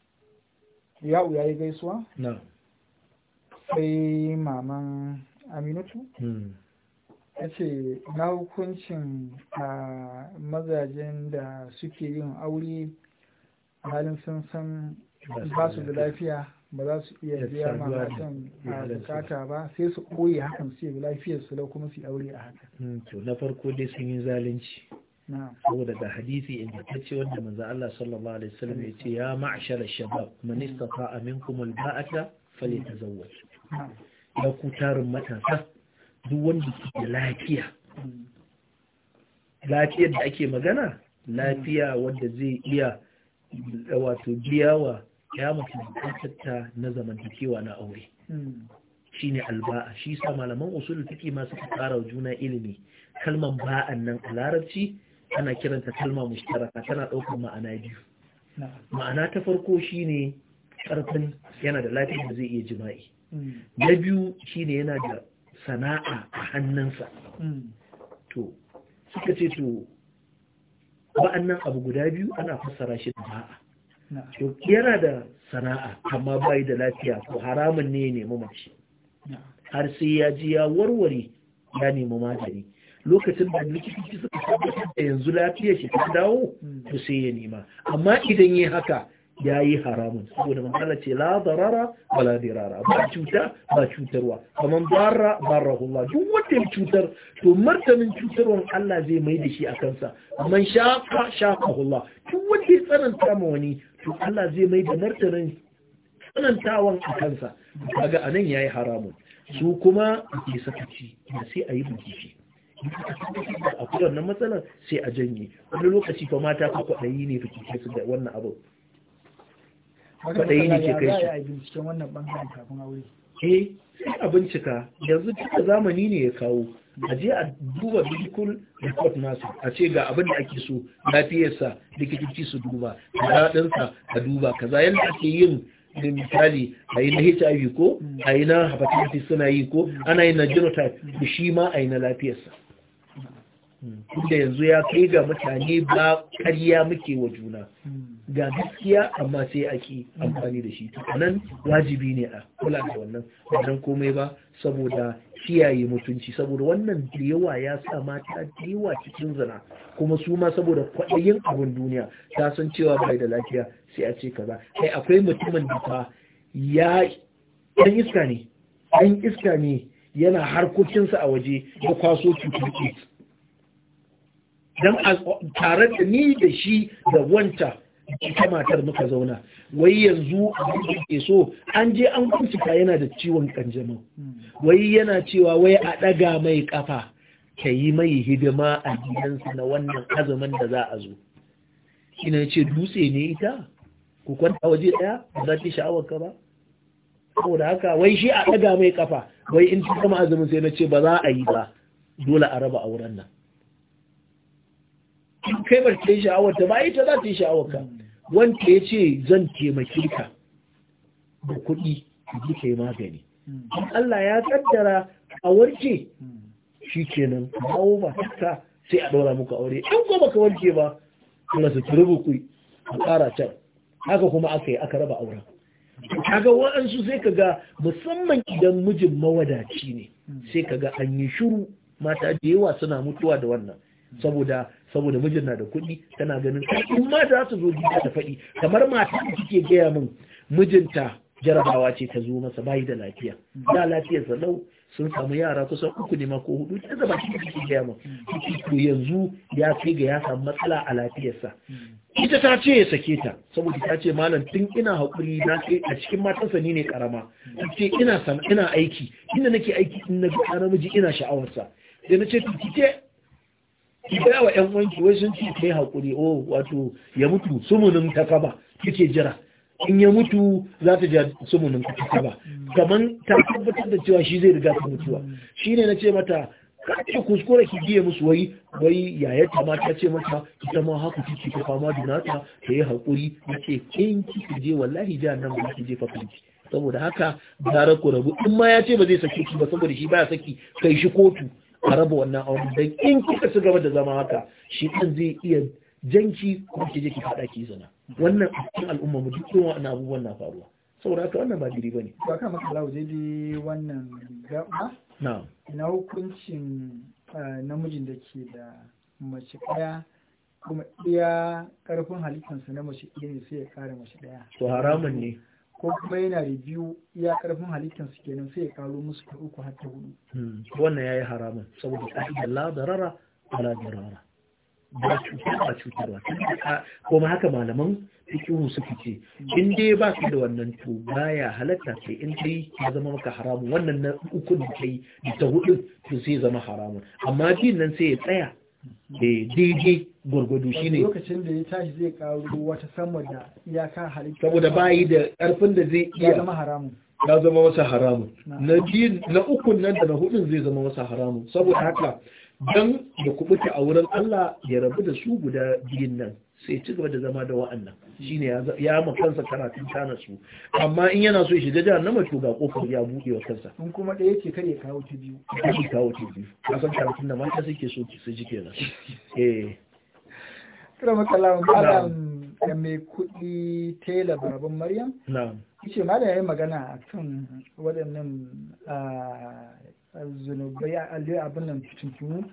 ya'u ya yi gaisuwa sai maman aminatu ya hmm. ce na hukuncin a mazajen da suke yin aure halin sun san ba su da lafiya ba za su iya biya ma matan a bukata ba sai su ɓoye hakan su yi lafiyar su kuma su yi aure a haka. Hmm, na farko dai sun yi zalunci saboda da hadisi ce wanda manzo Allah sallallahu alaihi wasallam ya ce ya ma'ashara shabab man istata'a fale alba'ata falyatazawwaj ya ku tarin matasa duk wanda ke da lafiya hmm. lafiyar da ake magana lafiya hmm. wanda zai iya eh, wato biyawa ya mace bukatarta na zamantakewa na aure hmm. shi ne alba'a shi sa malaman usul ma masu ƙara juna ilimi kalman ba'an nan a larabci ana kiranta kalma mushtaraka tana ɗaukar ma'ana biyu ma'ana ta farko shine ƙarfin yana da lafiya da zai iya jima'i mm. na biyu shine yana da sana'a a hannunsa mm. to suka ce to ba'annan abu guda biyu ana fassara shi da ba'a to yana da sana'a amma bai da lafiya ko haramun ne ya nemi mace har sai ya ji ya warware ya nemi magani lokacin da likitoci suka tabbatar da yanzu lafiya shi ta dawo hmm. to sai ya nema amma idan yi haka ya yi haramun saboda manzala ce la darara ba la dirara ba cuta ba cutarwa kamar barra barra hula duk wanda ya cutar to martanin cutarwar Allah zai mai da shi a kansa Amma shafa shafa Allah duk wanda ya tsananta ma wani to Allah zai mai da martanin tsanantawan a kansa kaga anan yayi haramun su kuma ke sakaci da sai a yi bincike a akwai na matsalar sai a janye wani lokaci fa mata ko kwaɗayi ne fice su da wannan abu kwaɗayi ne ke kai shi eh sai a bincika yanzu duka zamani ne ya kawo a je a duba medical report nasu a ce ga abin da ake so lafiyarsa likitoci su duba da daɗinsa a duba kaza yadda ake yin da misali a yi na hiv ko a yi na hepatitis suna yi ko ana yi na genotype da shi ma a yi na lafiyarsa inda yanzu ya kai ga mutane ba ƙarya muke wa juna ga gaskiya amma sai ake amfani da shi nan wajibi ne a kula da wannan wannan komai ba saboda kiyaye mutunci saboda wannan da yawa ya sa mata da yawa cikin zina kuma su ma saboda kwaɗayin abin duniya ta san cewa bai da lafiya sai a ce kaza kai akwai mutumin da ta. ya ɗan iska ne ɗan iska ne yana harkokinsa a waje ya kwaso cutar don tare da ni da shi da wanta ita matar muka zauna wai yanzu abin da ke so an je an bincika yana da ciwon kanjamau wai yana cewa wai a ɗaga mai kafa ka yi mai hidima a gidansa na wannan azumin da za a zo ina ce dutse ne ita ku kwanta waje ɗaya ba za ki sha'awar ka ba saboda haka wai shi a ɗaga mai kafa wai in ci kama azumin sai na ce ba za a yi ba dole a raba auren nan kaimar ta yi sha'awar ta ba ita za ta yi sha'awar ka wanda ya ce zan taimaki ka da kuɗi ji ka yi magani in Allah ya kaddara a warke shi kenan kawo ba ta sai a ɗora muku aure in goma ka warke ba kuma su turubu ku a ƙara can haka kuma aka yi aka raba auren kaga wa'ansu sai ka ga musamman idan mijin mawadaci ne sai ka ga an yi shiru mata da yawa suna mutuwa da wannan saboda saboda mijin na da kuɗi tana ganin in ma za su zo gida da faɗi kamar mata da kike gaya min mijinta jarabawa ce ta zo masa bayi da lafiya da lafiyar sa lau sun samu yara kusan uku ne ma ko hudu ta zaba shi kike gaya min to yanzu ya kai ga ya samu matsala a lafiyarsa ita ta ce ya sake ta saboda ta ce malam tun ina haƙuri na kai a cikin matansa ni ne karama ce ina ina aiki inda nake aiki in na ga namiji ina sha'awarsa sai na ce tukice ki ba wa ƴan wanki wai sun ce kai hakuri O wato ya mutu sumunin ta kaba kike jira in ya mutu za ta ja sumunin ta kaba kaman ta tabbatar da cewa shi zai riga ta mutuwa shine ce mata ka ce kuskure ki biye musu wai wai yaya ta ma ta ce mata ta ma haka kike ta fama da nata ta yi hakuri ce in ki je wallahi nan ba ki je fa kanki saboda haka gara ku rabu in ma ya ce ba zai sake ki ba saboda shi baya saki kai shi kotu a raba wannan auren dan in kika su gaba da zama haka shi ɗan zai iya janki kuma ki je ki fada ki zina wannan a cikin al'umma mu duk kowa na abubuwan na faruwa saboda haka wannan ba diri ne. ba ka maka lawo da wannan gaba Na. Na hukuncin eh, namijin da ke da mace ɗaya kuma iya ƙarfin halittarsa na mace ɗaya ne sai ya kare mace ɗaya to haramun ne ko kuma yana da biyu ya karfin halittar su kenan sai ya karo musu ta uku hatta hudu hmm. wannan yayi haramun saboda ka'idar la darara ala darara ba cutar ba cutarwa ma haka malaman fikihu su fice in dai ba su da wannan to baya halatta sai in dai ya zama maka haramun wannan na uku da kai da ta hudu to sai zama haramun amma jin nan sai ya tsaya E, daidai shi shine lokacin da ya tashi zai karu wata samun da iyaka halittu saboda bayi da karfin da zai iya zama haramu ya zama wasa haramun na biyu na ukun nan da na hudun zai zama wasa haramu saboda haka don da kubuta a wurin Allah ya rabu da su guda biyun nan sai ci gaba da zama da wa'annan ne ya ma kansa karatun tana su amma in yana so ya shiga jahannama to ga kofar ya buɗe wa kansa in kuma ɗaya ce kare kawo ta biyu kare kawo ta biyu ka san karatun da mata suke so su jike na eh kira maka lawan malam da eh, mai kuɗi tela babban maryam na'am ce ma da yayin magana akan waɗannan zunubai a abin nan fitintunu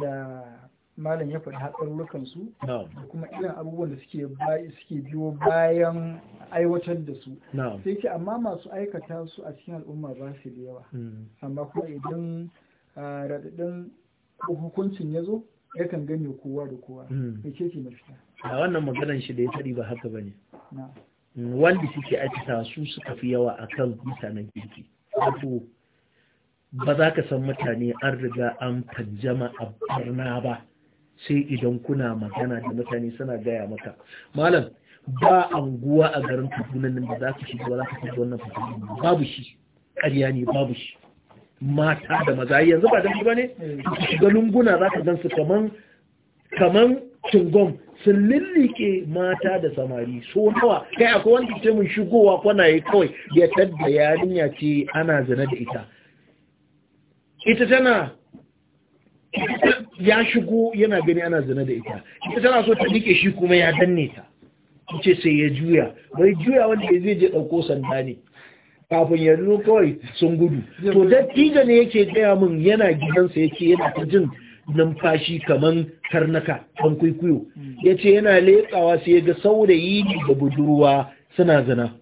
da malam ya faɗi hatsarurrukan su da kuma irin abubuwan da suke suke biyo bayan aiwatar da su sai ce amma masu aikata su a cikin al'umma ba su da yawa mm. amma kuma idan ah, raɗaɗin hukuncin ya zo yakan gani kowa da kowa ya mm. ce ce mafita a wannan maganan shi da ya taɗi ba haka ba ne mm, wanda suke aikata su suka fi yawa akan mutanen kirki ba za ka san mutane an riga an fanjama a barna ba sai idan kuna magana da mutane suna gaya maka malam ba anguwa a garin kaduna nan da za ka shiga ba za ka shiga wannan babu shi ƙarya ne babu shi mata da maza yanzu ba dan ba ne shiga lunguna za ka gansu kaman kaman cingom sun lillike mata da samari so nawa kai akwai wanda ce mun shigowa kwana kwanaye kawai ya tadda yarinya ce ana zina da ita ita tana ya shigo yana gani ana zina da ita ita tana so ta rike shi kuma ya danne ta ce sai ya juya bai juya wanda ya zai je ɗauko sanda ne kafin ya zo kawai sun gudu to dattijo ne yake gaya min yana gidansa yake yana ta jin numfashi kaman karnaka kan kwaikwayo hmm. ya ce yana leƙawa sai ya ga saurayi da budurwa suna zina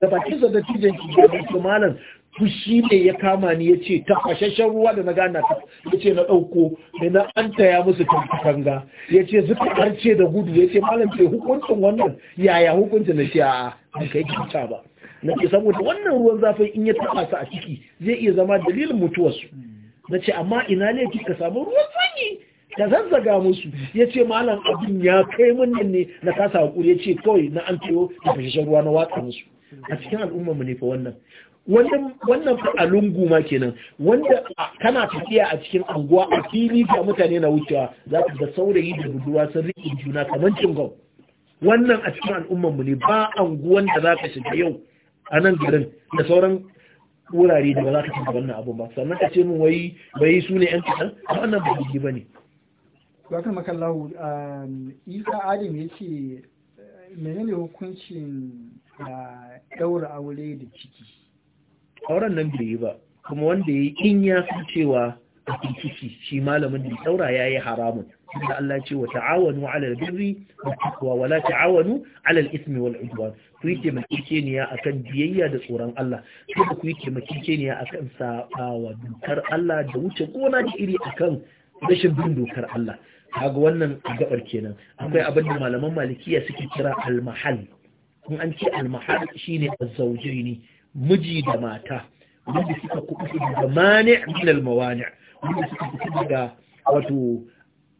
da bakin sa dattijon ki ga malam fushi ne ya kama ni ya ce tafashashen ruwa da na gana ta ya ce na ɗauko da na an taya musu tafakanga ya ce suka karce da gudu ya ce malam ce hukuncin wannan yaya hukuncin na shi a an kai kyauta ba na ce saboda wannan ruwan zafin in ya taɓa su a ciki zai iya zama dalilin mutuwarsu na ce amma ina ki ka samu ruwan sanyi ka zazzaga musu ya ce malam abin ya kai mun ne na kasa hakuri ya ce kawai na an ciwo da ruwa na watsa musu a cikin al'umma mu ne fa wannan wannan Lungu ma kenan wanda kana tafiya a cikin anguwa a fili ga mutane na wucewa za ka ga saurayi da budurwa sun riƙe juna kamar cingam wannan a cikin al'ummar mu ne ba anguwan da za ka shiga yau a nan garin da sauran wurare da ba za ka shiga wannan abu ba sannan ka ce min wai bai su ne yan kasan wannan ba gidi bane wakar makallahu um, isa adam ya ce menene hukuncin daura uh, aure da ciki auren nan bai yi ba kuma wanda ya in ya san cewa a ciki shi malamin da ya yayi haramun inda Allah ce wa ta'awanu 'alal birri taqwa wa ta'awanu 'alal ismi wal 'udwan ku yi taimakekeniya akan biyayya da tsoron Allah kuma ku yi taimakekeniya akan sabawa dokar Allah da wuce gona da iri akan rashin bin dokar Allah kaga wannan gabar kenan akwai abin da malaman malikiya suke kira al mahal kun an ce al-mahall shine az-zawjaini miji da mata wanda suka kuɓuta daga mani minal mawani wanda suka kuɓuta daga wato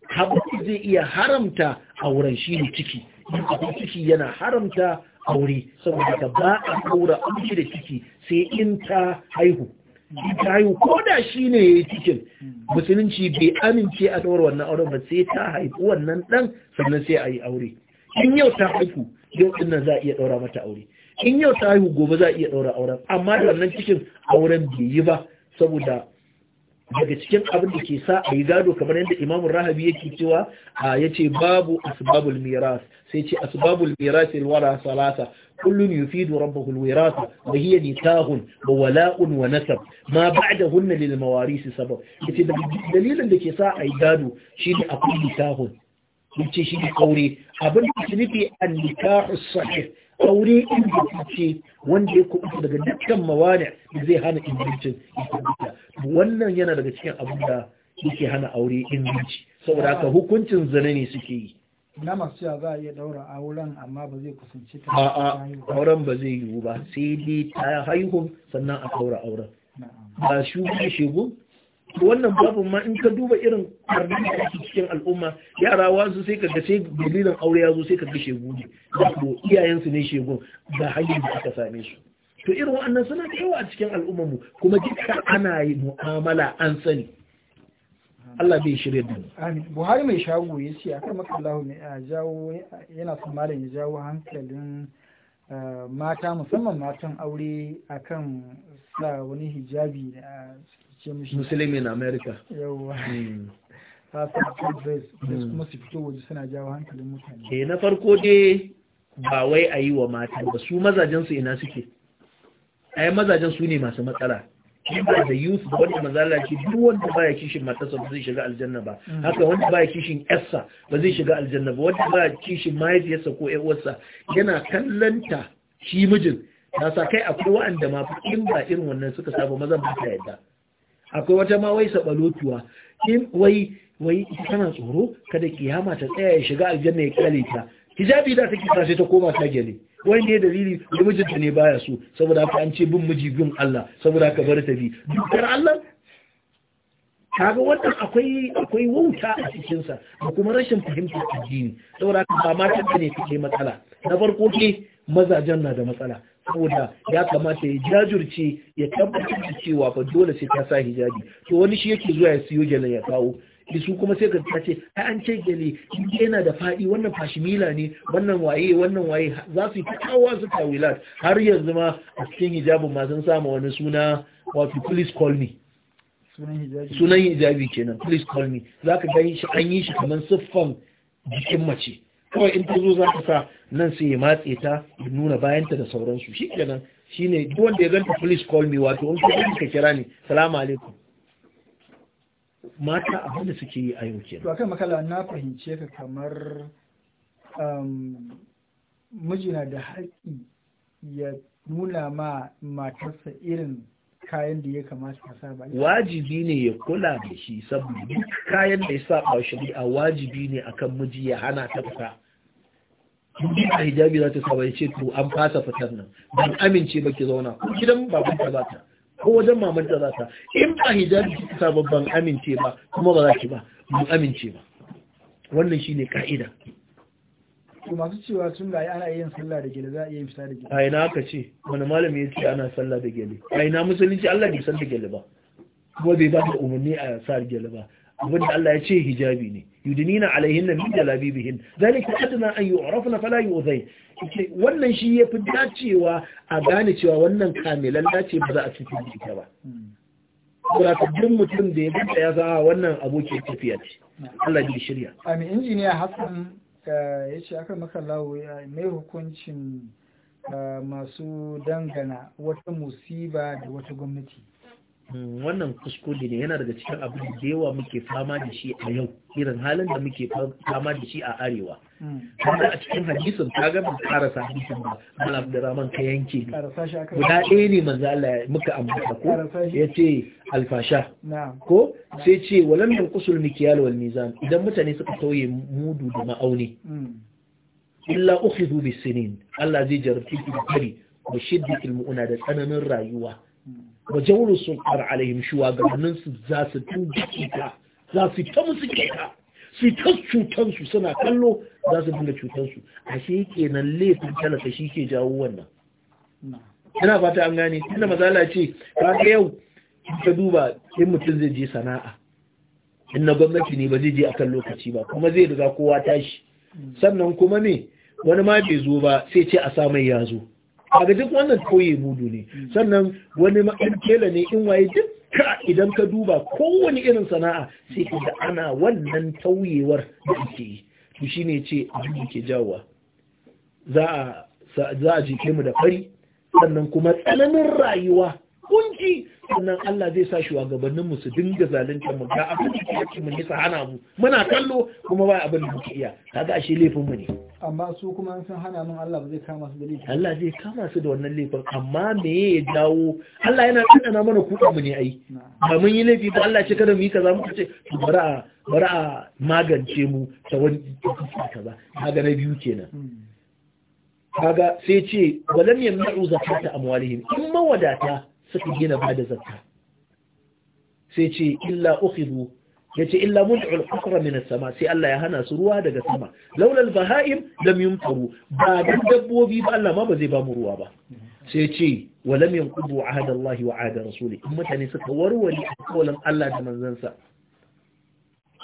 haɓuki zai iya haramta auren shi ne ciki yin ciki yana haramta aure saboda ka ba a ɗaura da ciki sai in ta haihu in ta haihu ko da shi ne ya yi cikin musulunci bai amince a ɗaura wannan auren ba sai ta haihu wannan ɗan sannan sai a yi aure in yau ta haihu yau ɗin nan za a iya ɗaura mata aure in yau ta haihu gobe za a iya ɗaura auren amma da wannan cikin auren bai yi ba saboda daga cikin abin da ke sa a yi gado kamar yadda imamu rahabi yake cewa ya ce babu asbabul miras sai ce asbabul miras wara salasa kullum yufidu rabbahul wirasa wa hiya nikahun wa wala'un wa nasab ma ba'dahunna lil mawaris sabab yace dalilin da ke sa a yi gado shine akwai nikahun yace shi Kaure. abin da ke nufi an nikahu sahih aure ingantacce wanda ya kuɓuta daga dukkan mawane da zai hana ingancin ya wannan yana daga cikin abin da yake hana aure inganci saboda haka hukuncin zane ne suke yi na masu ya za a iya daura auren amma ba zai kusanci ta a'a auren ba zai yiwu ba sai dai ta haihu sannan a daura auren ba shugun shegun wannan babu ma in ka duba irin karnin da ake cikin al'umma yara wasu sai ka ga sai dalilin aure ya zo sai ka ga shegu ne ko iyayensu ne shegun ga hanyar da aka same su to irin wannan suna da yawa a cikin al'umma mu kuma duka ana yi mu'amala an sani Allah bai shirya da Amin. Buhari mai shago ya ce akan makallahu ne a jawo yana son malam ya jawo hankalin eh, mata musamman matan aure akan sa wani hijabi eh, musulmi in america yawwa kuma hmm. su fito waje suna jawo hankalin mutane ke eh, na farko dai ba wai a yi wa mata ba su mazajen su ina suke a yi mazajen su ne masu matsala ba da yusu da wanda mazala ce duk wanda ba ya kishin matarsa ba zai shiga aljanna ba hmm. haka wanda ba ya kishin yarsa ba zai shiga aljanna ba wanda ya kishin mahaifiyarsa ko yarwarsa yana kallanta shi mijin ta sa kai akwai wa'anda ma in ba irin wannan suka saba mazan ba ta yadda akwai wata ma wai sabalotuwa in wai wai tana tsoro kada kiyama ta tsaya ya shiga aljanna ya kyale ta hijabi da take sa sai ta koma ta gele wai ne dalili da mijinta ne baya so saboda haka an ce bin miji bin Allah saboda ka bar ta bi dukkan Allah kaga wannan akwai akwai wauta a cikin sa da kuma rashin fahimtar addini saboda haka ba ta ne take matsala na farko ke mazajen na da matsala saboda ya kamata ya jajirce ya tabbatar da cewa fa dole sai ta sa hijabi to wani shi yake zuwa ya siyo gyalen ya kawo su kuma sai ka ce ai an ce gyale yana da fadi wannan fashimila ne wannan waye wannan waye za su yi ta kawo su wilat har yanzu ma a cikin hijabin ma sun samu wani suna wato please call me sunan hijabi kenan please call me za ka gani shi an yi shi kamar siffan jikin mace kawai in ta zo za ta sa nan sai ya matse ta ya nuna bayanta da sauransu shi kenan shi ne duwanda ya ganta police call me wato in ka ka kira ni salamu alaikum mata abin da suke yi a yau kenan. to akan makala na fahimce ka kamar um, mijina da haƙƙi ya nuna ma matarsa irin kayan da ya kamata a saba wajibi ne ya kula da shi saboda duk kayan da ya saba shari'a wajibi ne akan miji ya hana ta fita duk a hijabi za ta saba ya ce to an fasa fitar nan ban amince ba ki zauna ko gidan baban ta za ta ko wajen maman ta za ta in ba hijabi ki saba ban amince ba kuma ba za ki ba ban amince ba wannan shine ka'ida to masu cewa sun layi ana yin sallah da gele za a iya fita da gele a ina aka ce wani malami ya ce ana sallah da gele a musulunci Allah bai san da gele ba kuma bai ba da umarni a sa da gele ba abin da Allah ya ce hijabi ne yudinina na min jalabibihin ka adana an na fala yu'zain wannan shi ya fi dacewa a gane cewa wannan kamilan dace ba za a cutar da ba kura duk mutum da ya ya za ah, wannan abokin tafiya ce hmm. Allah bai shirya injiniya Hassan ya ce aka maka lawo mai hukuncin masu dangana wata musiba da wata gwamnati hmm, wannan kuskure ne yana daga cikin abin da yawa muke fama da shi a yau irin halin da muke fama da shi a arewa wanda a cikin hadisin ta ga ba karasa hadisin ba mal abdurrahman ka yanke ni. guda ɗaya ne manzo Allah muka ambata ko yace alfasha ko sai ce walam yanqusul mikyal wal mizan idan mutane suka tauye mudu da ma'auni hmm. illa ukhidhu bis sinin Allah zai jarabci su da kari wa shiddatil mu'una da tsananin rayuwa hmm. wa jawru sulqar alaihim shuwagabannin su za su tuki za su ta musu su ta su suna kallo za su dinga cutarsu ashe kenan laifin talaka shi ke jawo wannan ina fata an gane tunda mazala ce kaga yau ka duba in mutum zai je sana'a in na gwamnati ne ba zai je akan lokaci ba kuma zai riga kowa tashi hmm. sannan kuma ne wani ma bai zo ba sai ce a samai ya zo kaga duk wannan koye mudu ne hmm. sannan wani ma in kela ne in waye duk ka idan ka duba kowane irin sana'a sai ka ana wannan tauyewar da ake yi to ne ce abin da ke jawowa za a jike mu da fari sannan kuma tsananin rayuwa kunji sannan Allah zai sa shuwagabannin mu su dinga zalunta mu ga abin da yake mu ne hana mu muna kallo kuma ba abin da muke iya kaga ashe laifin mu ne amma su kuma sun hana min Allah ba zai kama su da laifi Allah zai kama su da wannan laifin amma me ya dawo Allah yana tsana mana kuɗa mu ne ai ba mun yi laifi ba Allah ce kada mu yi kaza mu ce bari a magance mu ta wani kaza kaga na biyu kenan hmm. kaga sai ce walam yamna'u zakata amwalihim in mawadata suka gina ba da zakka sai ce illa ukhidhu yace illa mul'ul hasra min sama sai Allah ya hana su ruwa daga sama laula bahaim lam yumtaru ba dan dabbobi ba Allah ma ba zai ba mu ruwa ba sai ce wa lam yanqudu ahada Allah wa ahada rasuli in mutane suka warware alƙawarin Allah da manzansa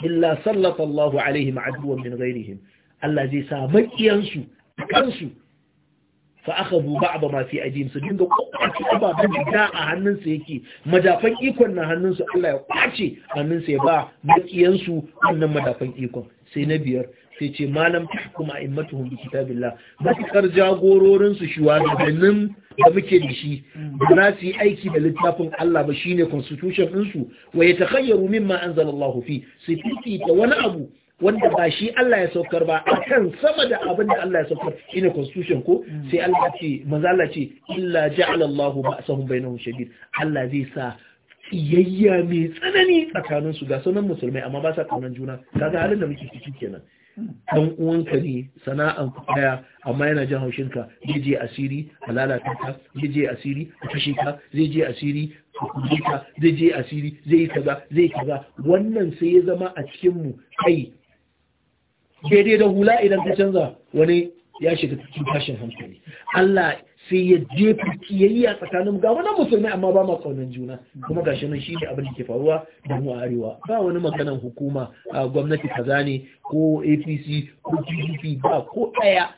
illa sallata Allah alaihim aduwan min ghairihim Allah zai sa makiyansu kansu fa akhadhu ba'd ma fi ajim su dinga kwace ababen da a hannunsu yake madafan ikon na hannun su Allah ya kwace hannunsu ya ba makiyansu wannan madafan ikon sai na biyar sai ce malam kuma immatuhum bi kitabillah matukar jagororin su shugabannin da muke da shi ba su yi aiki da littafin Allah ba shine constitution din su wa yatakayyaru mimma anzalallahu fi su fifita wani abu wanda ba shi Allah ya saukar ba akan sama da abin da Allah ya saukar ina constitution ko mm. sai Allah ce maza Allah ce illa ja'ala Allahu ba'sahum bainahum Allah zai sa tsiyayya mai tsanani tsakanin su ga sunan musulmai amma ba sa kaunan juna kaga halin da muke ciki kenan mm. dan uwanka ne sana'an kaya amma yana jin haushin ka zai je asiri a lalata ka zai je asiri a kashe ka zai je asiri a ka zai je asiri zai yi kaza zai kaza wannan sai ya zama a cikin mu kai daidai da hula idan ta canza wani ya shiga cikin fashin hankali Allah sai ya jefa kiyayya tsakanin ga wani musulmi amma ba ma kaunan juna kuma gashi nan shine abin da ke faruwa da mu arewa ba wani maganan hukuma a gwamnati kaza ne ko APC ko PDP ba ko ɗaya.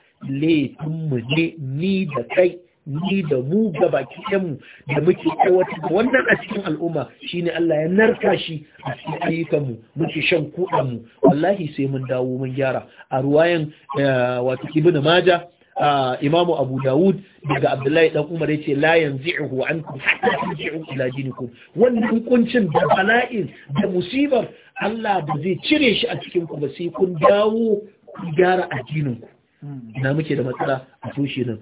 laifin mu ne ni da kai ni da mu ga baki ɗanmu da muke aiwatar da wannan a cikin al'umma shine Allah ya narka shi a cikin ayyukanmu muke shan kuɗanmu wallahi sai mun dawo mun gyara a ruwayan eh, wato ibnu maja eh, imamu abu dawud daga abdullahi dan umar yace la yanzi'uhu ankum hatta tarji'u ila dinikum wannan kuncin da bala'in da musibar Allah ba zai cire shi a cikin ku ba sai kun dawo ku gyara addinin ku Hmm. ina muke da matsala a tushe nan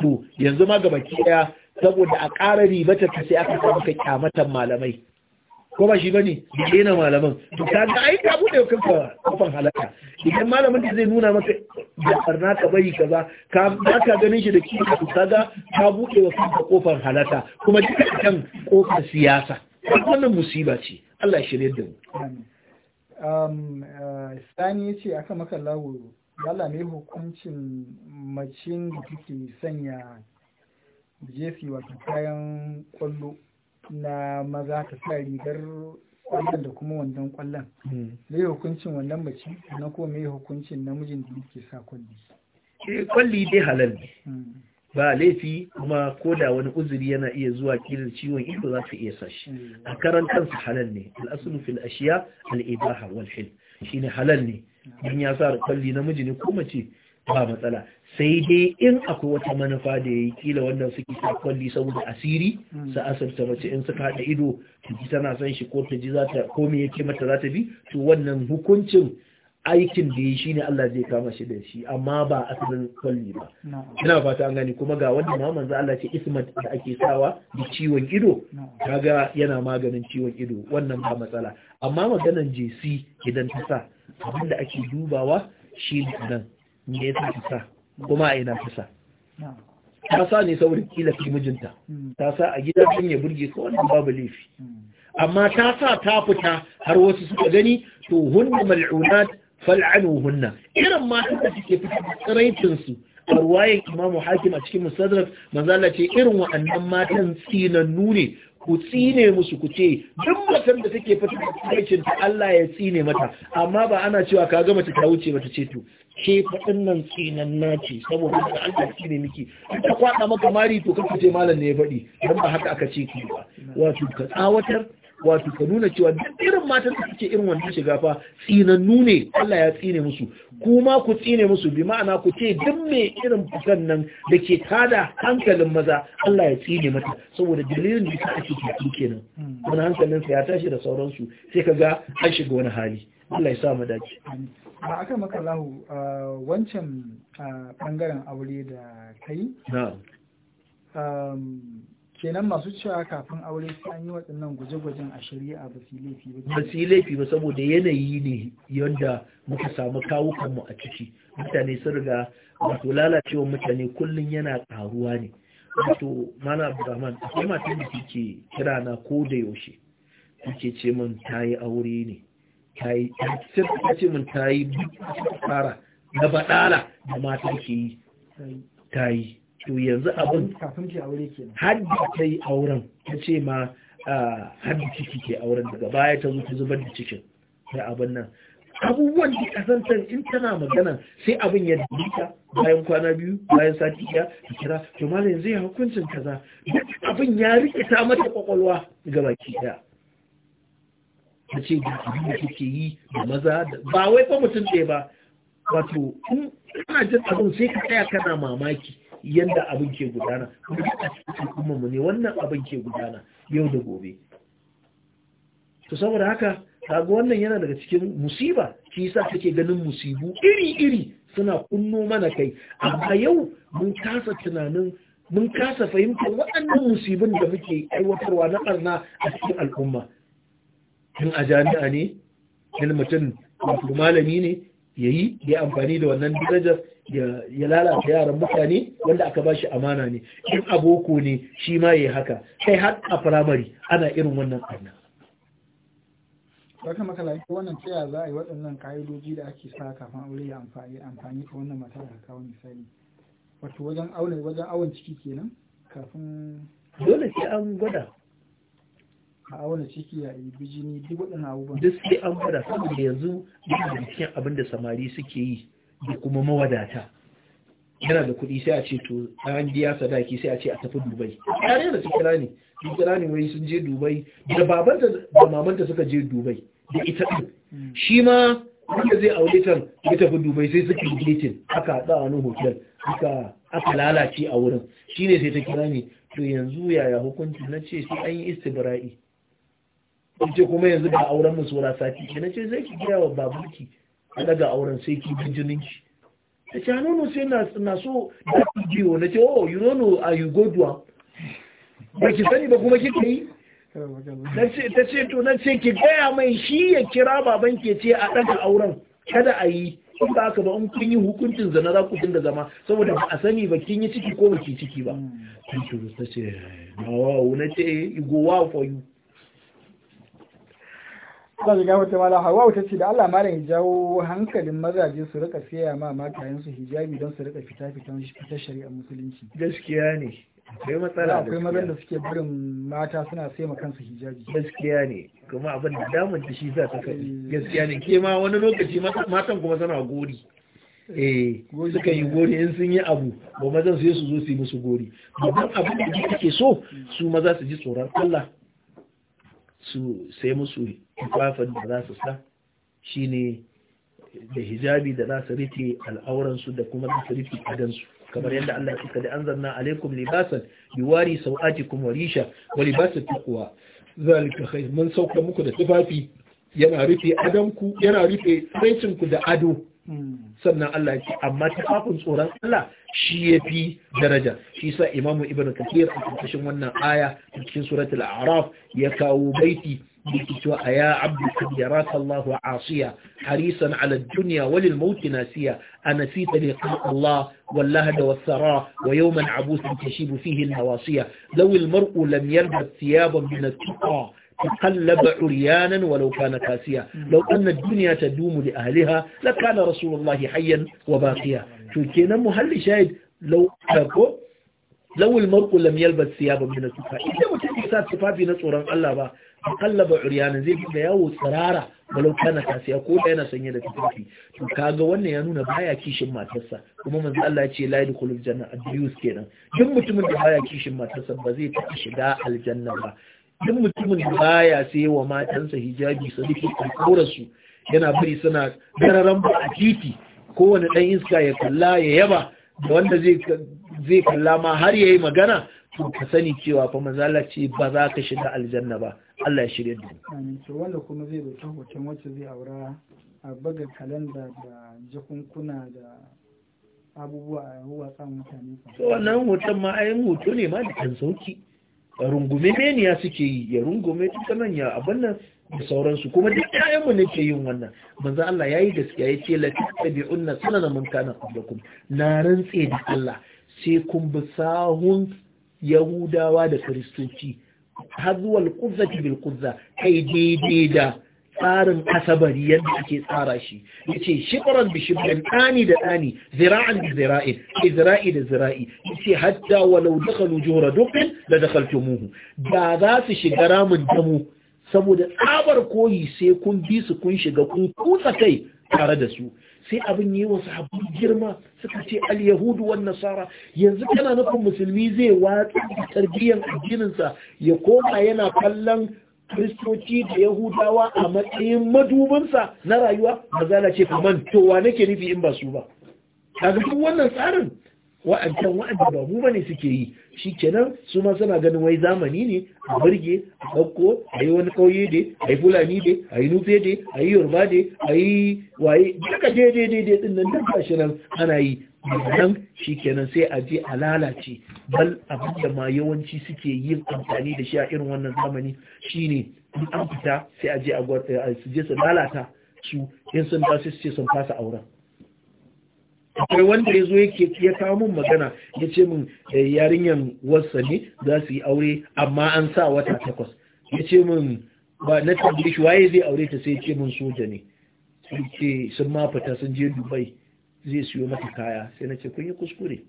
to yanzu ma gaba daya saboda a ƙara ribatar ta sai aka samu ka kyamatan malamai ko ba shi bane daina malaman to ga ai ka bude kanka kafan halaka idan malamin da zai nuna maka da barna ka bari kaza ka ka ganin shi da ka to ga ka bude wa kanka kofar halaka kuma duka kan kofar siyasa wannan musiba ce Allah ya shirye da mu amin Um, uh, sani ya ce aka maka lawo yala mai hukuncin macin da take sanya jesi wata kayan kwallo na maza ta sa rigar kwallon da kuma wannan kwallon mai hmm. hukuncin wannan mace na kuma mai hukuncin namijin da yake sa kwalli eh, kwalli dai halal hmm. ba laifi kuma ko da wani uzuri yana iya zuwa kirin ciwon ido za ka iya sashi a karan kansa halal ne al'asulu fil ashiya al'ibaha wal hil shine halal ne dan ya sa kwalli namiji ne ko mace ba matsala sai dai in akwai wata manufa da yayi kila wannan suke sa kwalli saboda asiri sa asarta mace in suka haɗa ido ta ji tana son shi ko ta ji za ta ko me yake mata za ta bi to wannan hukuncin aikin da ya shi ne Allah zai kama shi da shi amma ba asalin kwalli ba ina fata an gani kuma ga wanda ma manzo Allah ce ismat da ake sawa da ciwon ido ga yana maganin ciwon ido wannan ba matsala amma maganan JC idan ta sa abinda ake dubawa shi ne nan me yasa ta sa kuma ina ta sa ta sa ne saboda kila fi mijinta mm. ta sa a gida din ya burge ko wannan babu laifi mm. amma ta sa ta fita har wasu suka gani to hunna mal'unat fal'anuhunna irin matan da suke fitar da tsiraicin su a ruwayan Imam Hakim a cikin Mustadrak manzala ce irin waɗannan matan tsinannu ne ku tsine musu ku ce duk matan da take fitar da tsiraicin ta Allah ya tsine mata amma ba ana cewa ka ga mace ta wuce ba ta ce to ke faɗin nan tsinanna ce saboda da Allah tsine miki ta kwaɗa maka mari to kake je malam ne ya faɗi dan ba haka aka ce ki ba wato ka tsawatar wato ka nuna cewa duk irin matan da suke irin wannan shiga fa tsinannu ne Allah ya tsine musu kuma ku tsine musu bi ma'ana ku ce duk mai irin fitan nan da ke tada hankalin maza Allah ya tsine mata saboda dalilin da ka ake tuki kenan hmm. wani hankalin sa ya tashi da sauransu sai ka ga an shiga wani hali Allah ya sa mu dace a aka maka uh, wancan uh, bangaren aure da kai kenan masu cewa kafin aure sai an yi waɗannan guje-gujen a shari'a ba su laifi ba ba su laifi ba saboda yanayi ne yadda muka samu kawukan mu a ciki mutane sun riga wato lalacewar mutane kullum yana ƙaruwa ne wato mana abdurrahman akwai matan da ke kira na ko da yaushe Suke ce min ta yi aure ne ta yi ta ce min ta yi fara da baɗala da mata ke yi ta yi to yanzu abin hadda ta yi auren ta ce ma ah, hadda ciki ke auren daga baya ta zuci zubar da cikin da abin nan abubuwan da kasantar in tana magana sai abin ya dita bayan kwana biyu bayan sati ɗaya kira to ma yanzu ya hukuncin kaza abin ya rikita mata kwakwalwa ga baki ɗaya ta ce da abin da kake yi da maza ba wai fa mutum ɗaya ba wato in kana jin abin sai ka tsaya kana mamaki yadda abin ke gudana kuma a cikin al'ummarmu ne wannan abin ke gudana yau da gobe to saboda haka kaga wannan yana daga cikin musiba ki yasa kake ganin musibu iri-iri suna kunno mana kai amma yau mun kasa tunanin mun kasa fahimtar waɗannan musibin da muke aiwatarwa na ɓarna a cikin al'umma in a jami'a ne in mutum malami ne ya yi ya amfani da wannan darajar ya lalata yaran mutane wanda aka ba shi amana ne in aboko ne shi ma ya haka kai har a firamare ana irin wannan ɓarna wata makala ita wannan tsaya za a yi waɗannan ƙa'idoji da ake sa kafin aure ya amfani amfani ta wannan mata da kawo misali wato wajen aure wajen awon ciki kenan kafin dole sai an gwada a awon ciki ya yi bijini duk waɗannan abubuwan duk sai an gwada saboda yanzu duk da cikin abin da samari suke yi da kuma mawadata yana da kuɗi sai a ce to an biya sadaki sai a ce a tafi dubai yare da tikira ne tikira ne wai sun je dubai da babanta da mamanta suka je dubai da ita ɗin hmm. shi ma wanda zai aure ta ya tafi dubai sai suka yi datin aka haɗa a wani hotel aka lalace a wurin Shi ne sai ta kira ni to yanzu yaya hukunci na ce sai an yi istibra'i ce kuma yanzu ba auren musu wala sati Ina na ce zai ki gaya wa babanki a daga auren sai ki bi jinin shi ta ce ah, nono sai na so da ki biyo na ce oh you know are you ba ki sani ba kuma kika yi ta ce to na ce ki gaya mai shi ya kira baban ke ce a daga auren kada a yi in ba ka ba in kun yi hukuncin zana za ku dinga zama saboda ba a sani ba kin yi ciki ko ba ki ciki ba hmm. ta ce na na ce go wow for you su shiga ta mala hawa wata ce da Allah malam ya jawo hankalin mazaje su rika siya ma matayen su hijabi don su rika fita fitan fitar shari'ar musulunci. Gaskiya ne. Akwai matsala Da Akwai mazan da suke barin mata suna sai kansu hijabi. Gaskiya ne. Kuma abin da damar da shi za ta kai. Eh. Gaskiya ne. Ke ma wani lokaci matan kuma suna gori. eh suka yi gori in sun yi abu ba mazan su yi su zo su yi musu gori babban abin da kake so su maza su ji tsoron Allah su sai musu tufafin da za su sa shi ne da hijabi da za su rufe al'auransu da kuma za su rufe adansu kamar yadda Allah ya kika da zanna alaikum libasan yuwari sawatikum wa risha wa libasan tukuwa zalika khair mun sauka muku da tufafi yana rufe adanku yana rufe tsaicinku da ado sannan Allah ya ce amma tafafin tsoron Allah shi ya fi daraja shi sa imamu ibn kathir a karkashin wannan aya cikin suratul a'raf ya kawo baiti da cewa aya abdu kad a Allahu asiya harisan ala dunya walil maut nasiya anasita liqa Allah wal lahda wasara wa yawman abusan tashibu fihi al hawasiya law al mar'u lam yalbas thiyaban min تقلب عريانا ولو كان كاسيا لو أن الدنيا تدوم لأهلها لكان رسول الله حيا وباقيا فكنا مهل شاهد لو أكو لو المرء لم يلبس ثيابا من السفاة إذا متنسى السفاة في نصورا الله با تقلب عريانا زي كده يو سرارة ولو كان كاسيا كل أنا سنيدة تفاكي فكاغا وانا ينون بايا كيشن ما تسا وما من الله يتشي لا يدخل الجنة الديوس كنا جمت من بايا كيشن ما تسا بزي تشداء الجنة با duk mutumin da ya sai wa matansa hijabi su rufe alƙaurarsu yana bari suna gararan ba a titi kowane ɗan iska ya kalla ya yaba da wanda zai kalla ma har ya yi magana to ka sani cewa fa mazala ce ba za ka shiga aljanna ba Allah ya shirya da to wanda kuma zai roƙi hoton wacce zai aura a baga kalanda da jakunkuna da abubuwa a watsa mutane to wannan hoton ma ayin hoto ne ma da kan sauki rungume ya suke yi ya rungume ta manya abin nan da sauransu kuma duk ɗayanmu ne ke yin wannan manzo Allah yayi gaskiya yace la tabi'unna sanana man kana qablakum na rantse da Allah sai kun bi sahun Yahudawa da Kiristoci hazuwal quzzati bil quzza kai daidai da tsarin asabari yadda ake tsara shi yace shibran bi shibran ɗani da ɗani. zira'an bi zira'in ai zira'i da zira'i yace hatta walau dakhalu juhra duqin la dakhaltumuhu da za su shiga ramin damu saboda tsabar koyi sai kun bi su kun shiga kun kusa kai tare da su sai abin yi wasu abin girma suka ce al-yahudu wan nasara yanzu kana nufin musulmi zai watsa tarbiyyar addininsa ya koma yana kallon kristoci da yahudawa a matsayin madubansa na rayuwa ba za ce kaman towa nake nufi in ba su ba daga duk wannan tsarin wa'ancan wa'anda ba mu bane suke yi shi kenan su ma suna ganin wai zamani ne a burge a ɗauko a yi wani ƙauye de a yi fulani de a yi nufe de a yi yorba de a yi waye duka daidai daidai ɗin nan duk shi nan ana yi nan shi kenan sai a je a lalace bal abin da ma yawanci suke yin amfani da shi a irin wannan zamani shine in an fita sai a je a eh, su su lalata su in sun da su ce sun fasa auren akwai wanda ya zo yake ya kawo min magana ya ce min eh, yarinyan wasa ne za su yi aure amma an sa wata takwas ya ce min ba na tambayi shi waye zai aure ta sai ya ce min soja ne sun ma fita sun je dubai zai siyo maka kaya sai na ce kun yi kuskure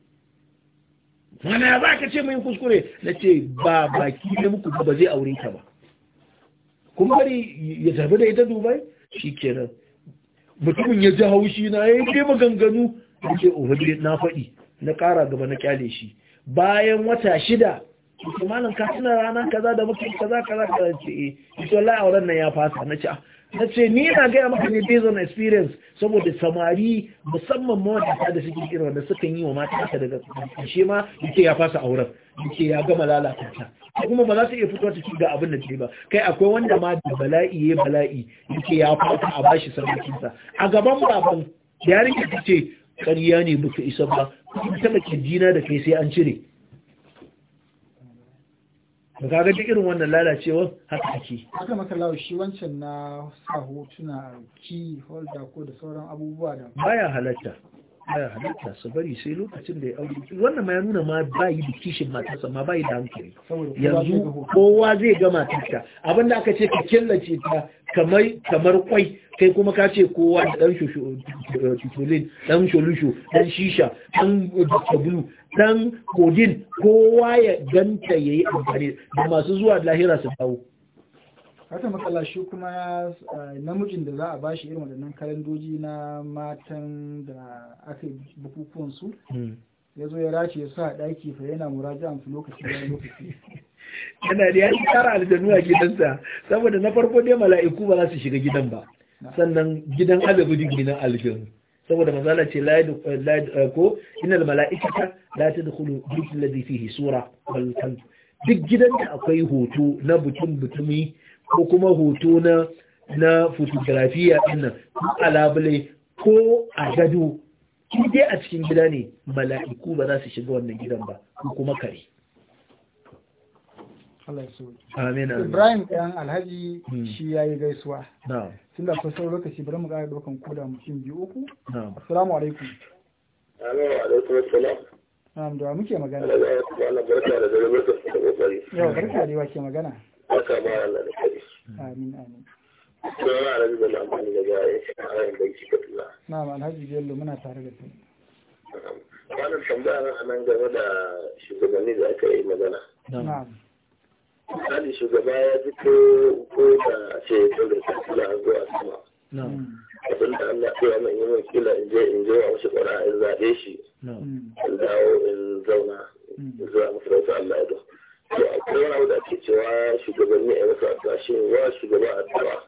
mana za ka ce mai kuskure na ce ba baki na muku ba zai aure ka ba kun bari ya tafi da ita dubai shi kenan mutumin ya ji haushi na ya yi maganganu na ce ohudi na faɗi na ƙara gaba na kyale shi bayan wata shida malam ka tuna rana kaza da muke kaza kaza kaza ce eh wallahi auren nan ya fasa na ce ah, na ce ni na gaya maka ne based on experience saboda samari musamman mawadata da suke irin wanda suka yi wa mata ta daga ƙarshe ma yake ya fasa auren yake ya gama lalata ta kuma ba za su iya fito ta ci ga abin da ta ba kai akwai wanda ma da bala'i ya bala'i yake ya fata a bashi sarrafinsa a gaban baban yarinka ta ce ƙarya ne baka isa ba kuma ta bakin jina da kai sai an cire to kaga duk irin wannan lalacewa haka ake haka makallawo shi wancan na sa hotuna ki holder ko da sauran abubuwa da baya halatta baya halatta su bari sai lokacin da ya auri. wannan ma ya nuna ma bayi da kishin matarsa ma bayi da hankali yanzu kowa zai ga matarsa abinda aka ce ka killace ta kamar kwai kai kuma ka ce kowa da dan tutulin dan sholusho dan shisha dan bulu dan kodin kowa ya ganta ya yi amfani da masu zuwa lahira su dawo haka matsala shi kuma eh, namijin da za a bashi irin waɗannan kalandoji na matan da aka bukukuwan su hmm. ya zo ya race su a ɗaki fa yana murajan su lokaci bayan lokaci yana da ya tara aljanu a gidansa saboda na farko dai mala'iku ba za su shiga gidan ba sannan gidan alabudin gidan aljanu saboda mazala ce eh, eh, ko inal mala'ikata la da bayt alladhi fihi sura wal kalb duk gidan akwai hoto na butun butumi ko kuma hoto na na fotografiya dinnan ko alabule ko a gado dai a cikin gida ne mala'iku ba za su shiga wannan gidan ba ko kuma kare Amin. Ibrahim ɗan Alhaji hmm. shi ya yi gaisuwa. Tunda ko sau lokaci bari mu ƙara ɗaukan koda mutum biyu uku. Assalamu alaikum. Assalamu alaikum assalam. Na'am da muke magana. Allah ya kuma barka da dare barka da kokari. Yau barka da wake magana. Barka ba Allah da kare. Amin amin. Sai ya rabi da amfani da gaya a ran da shi ka Na'am Alhaji Bello muna tare da kai. Wannan tambaya nan game da shugabanni da aka yi magana. Na'am. sani shugaba ya ji ko ko da ce dole ta kula an zuwa sama abin da Allah ya mai yi mai kila in je in je wa wasu ƙwara in zaɓe shi in dawo in zauna mm. zuwa masu rauta Allah ya zo. to akwai wani abu da ake cewa shugabanni a wasu addu'a shi wa shugaba addu'a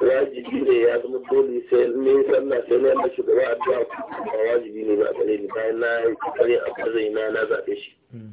wajibi ne ya zama dole sai ne sannan sai ne Allah shugaba addu'a ba wajibi ne ba gare ni bayan na yi kokari a kazai na na zaɓe shi mm.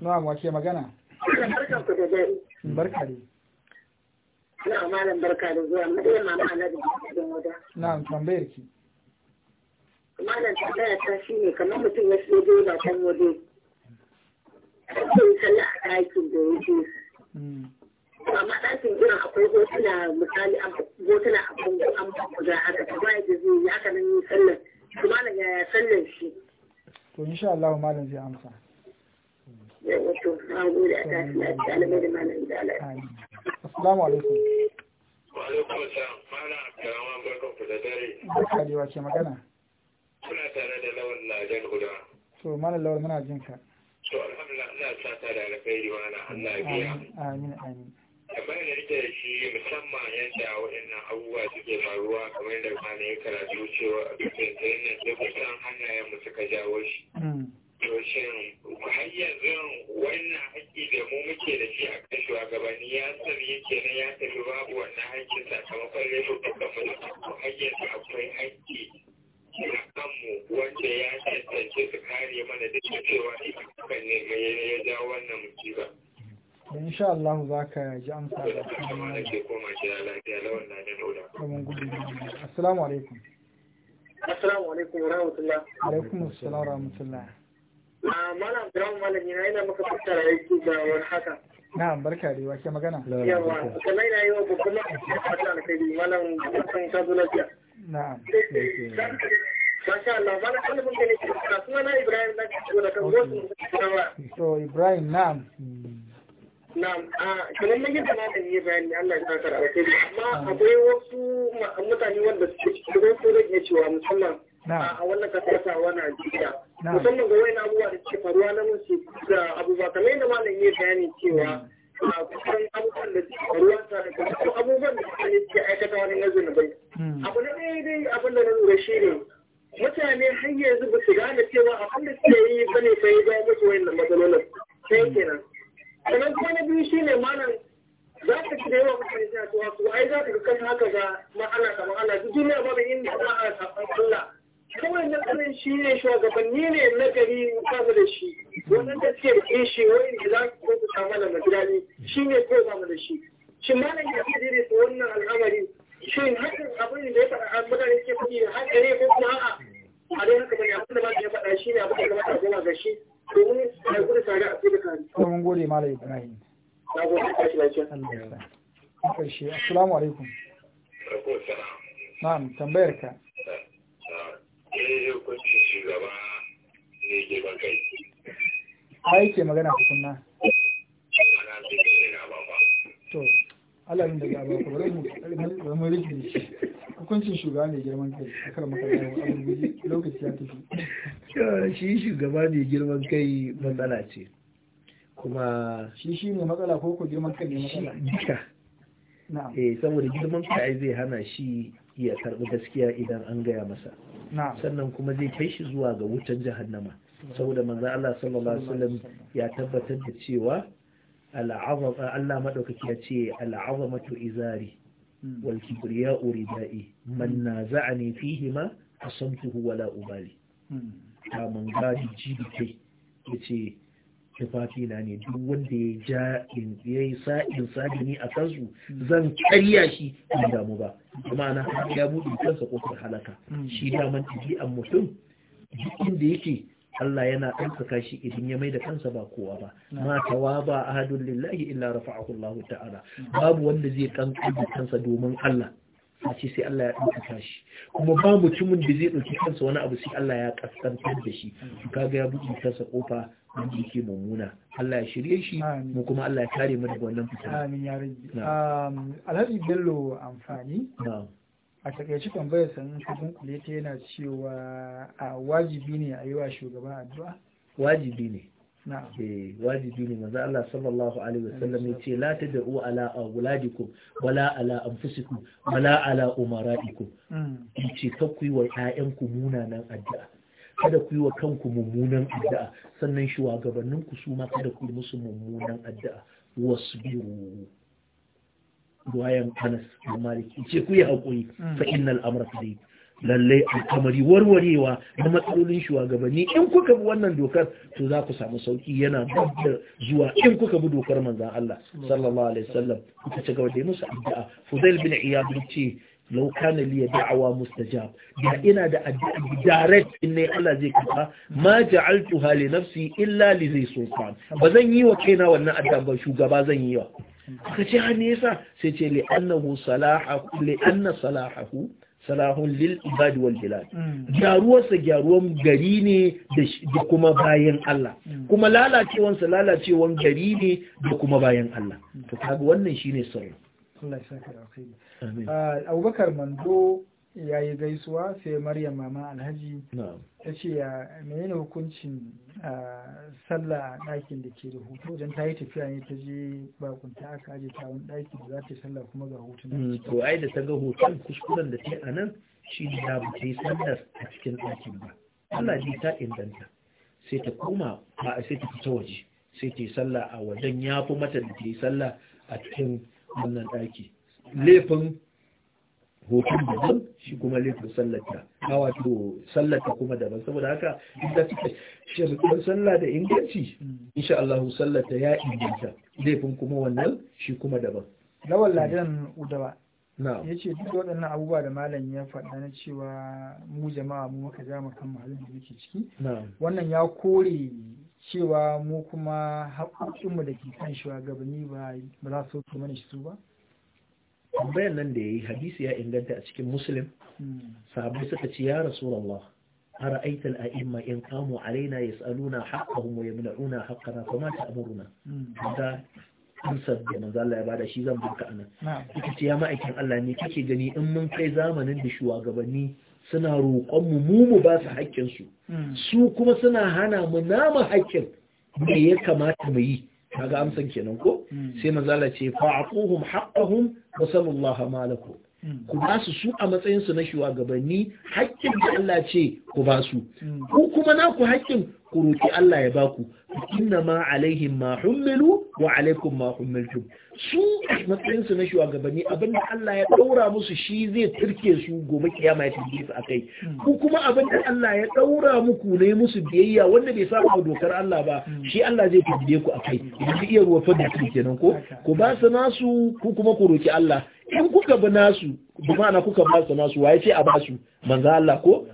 Na'am wace magana? Barka ne. Na'am malam barka da zuwa Maryam mama Alhaji Gidan Wada. Na'am tambayar ki. Malam tambaya ta shine kamar mutum ya shigo joda kan wado. Sai sallah a ɗakin da yake. Hmm. Amma ɗakin irin akwai hotuna misali hotuna an buga haka ta baya da zai yi haka nan yi sallar. Malam yaya sallar shi? To insha Allah malam zai amsa. wato an gode a da malam da alaƙa. Assalamu alaikum. Wa alaikum da dare. da magana? Kuna tare da lawan Lajan Huda. To malam lawan muna jin To alhamdulillah ina sa ta da alkhairi mana Allah ya biya. Amin amin. Kamar da rike da shi musamman yadda waɗannan abubuwa suke faruwa kamar yadda mana ya karatu cewa a cikin tsayin nan duk hanyar mu suka jawo shi. Mm. to shin har yanzu wannan haƙƙi da mu muke da shi a kan shugabanni ya tsari yake na ya tafi babu wannan haƙƙin sakamakon laifukan mu da har yanzu akwai haƙƙi a kanmu wanda ya tantance su kare mana da cewa kan ne ya jawo wannan musiba. da insha Allah za ka ji amsa da kuma da ke Assalamu alaikum. Assalamu alaikum wa rahmatullah. Alaikum assalam wa rahmatullah. Ah, malam brown malam yana ina maka fassara yake da wani haka na'am barka da wake magana yawa kuma ina yi wa babban fata da kai malam kan kazo lafiya na'am eh, Masha Allah, malam kalibin da nake da suna na Ibrahim na cikin da kan gosu So Ibrahim na'am. Na'am, ah, kamar mun yi da malam yi bayani Allah ya sakar alkhairi amma akwai wasu mutane wanda suke cikin gosu zai iya cewa musamman a wannan kasa wa Najeriya musamman ga wani abubuwa da ke faruwa na musu da abubuwa kamar yadda malam ya bayani cewa mm. eh saboda girman kai zai hana shi ya karbi gaskiya idan an gaya masa sannan kuma zai kai shi zuwa ga wutan jahannama saboda manzo Allah sallallahu alaihi wasallam ya tabbatar da cewa al'azama Allah madaukaki ya ce al'azamatu izari wal kibriya uridai man naza'ani fihima asamtuhu wala ubali hmm. ta gadi jibi ji ce. tufafi na ne duk wanda ya ja in yayi sa'in sadini a kansu zan karya shi in damu ba kuma na ya buɗe kansa kofar halaka hmm. shi daman tabi'an mutum duk inda yake Allah yana ɗaukaka shi idan ya mai da kansa ba kowa ba hmm. mata wa ba ahadun lillahi illa rafa'ahu Allah ta'ala babu wanda zai kankan kansa domin Allah a ce sai Allah ya ɗaukaka tashi kuma ba mutumin da zai ɗauki kansa wani abu sai Allah ya ƙasƙantar da shi kaga ya buɗe kansa ƙofa wanda yake mummuna Allah ya shirye shi mu kuma Allah ya kare mu daga wannan fitar amin ya rabbi alhaji bello amfani a takaice tambayar sanin kudin kulete yana cewa a wajibi ne a yi wa shugaban addu'a wajibi ne wajibi ne manzo Allah sallallahu alaihi wasallam ya ce la tad'u ala awladikum wala ala anfusikum wala ala umara'ikum mm. ce ta ku yi wa ƴaƴanku munanan addu'a kada ku yi wa kanku mummunan addu'a sannan shugabannin ku su ma kada ku yi musu mummunan addu'a wasbiru ruwayan Anas bin Malik ce ku yi hakuri mm. fa innal amra lallai al'amari warwarewa na matsalolin shugabanni in kuka bi wannan dokar to za ku samu sauki yana da zuwa in kuka bi dokar manzan Allah sallallahu alaihi wasallam kuka ci gaba da musu addu'a Fudail bin Iyad ce law kana liya da'awa mustajab da ina da addu'a direct in ne Allah zai kafa ma ja'altuha li nafsi illa li zai sultan bazan yi wa kaina wannan addu'a ba shugaba zan yi wa aka ce har ne yasa sai ce li annahu salaha li anna salahahu salahun lil ibad wal bilad mm. sa gyaruwan gari ne da kuma bayan Allah mm. kuma lalacewansa lalacewan gari ne da kuma bayan Allah to kaga wannan shine sirri Allah ya saka alkhairi ah, Abubakar Mando ya yi gaisuwa sai maryam mama alhaji ta ce ya menene hukuncin sallah ɗakin da ke da hutu wajen ta yi tafiya ne ta je bakunta aka aje ta wani ɗaki da za ta yi sallah kuma ga hutu hmm, to ai da ta ga hutun kuskuren da ta yi a nan shi ne da ta yi sallar a cikin ɗakin ba Allah ji ta inganta sai ta koma ba sai ta fita waje sai ta yi sallah a wajen ya fi mata da ta yi sallah a cikin wannan ɗaki laifin hoton daban shi kuma laifin sallata a wato sallata kuma daban saboda haka inda suka shirkar sallah da inganci insha Allah sallata ya inganta laifin kuma wannan shi kuma daban Lawan ladan udawa ya ce duk waɗannan abubuwa da malam ya faɗa na cewa mu jama'a mu muka ja mu kan mahallin da muke ciki wannan ya kore cewa mu kuma haƙoƙinmu da ke kan shugabanni ba za su mana shi su ba tambayan nan da ya yi hadisi ya inganta a cikin musulun. Hmm. sahabai suka ce ya rasulullah أرأيت الأئمة إن قاموا ya يسألون حقهم ويمنعون حقنا فما تأمرنا هذا amsar da manzo Allah ya bada shi zan baka anan kike ya ma'aikin Allah ne kike gani in mun kai zamanin da shugabanni suna roƙon mu mu mu ba su haƙƙin su hmm. su kuma suna hana mu nama haƙƙin me ya kamata mu yi kaga amsan kenan ko hmm. sai manzala ce fa'aquhum haqqahum wa sallallahu ma hmm. ku basu su a matsayin su na shugabanni hakkin da Allah ce ku basu. su hmm. ku kuma ku haƙƙin ku roki Allah ya baku inna ma alaihim ma hummilu wa alaikum ma hummiltum su matsayinsu na shugabanni abinda Allah ya ɗaura musu shi zai turke su gobe kiyama ya turke su akai ku kuma abinda Allah ya ɗaura muku ne musu biyayya wanda bai saba dokar Allah ba shi Allah zai turke ku akai idan ku iya ruwa fadda ku kenan ko ku ba su nasu ku kuma ku roki Allah in kuka bi nasu bi ma'ana kuka ba su nasu waye ce a ba su manzo Allah ko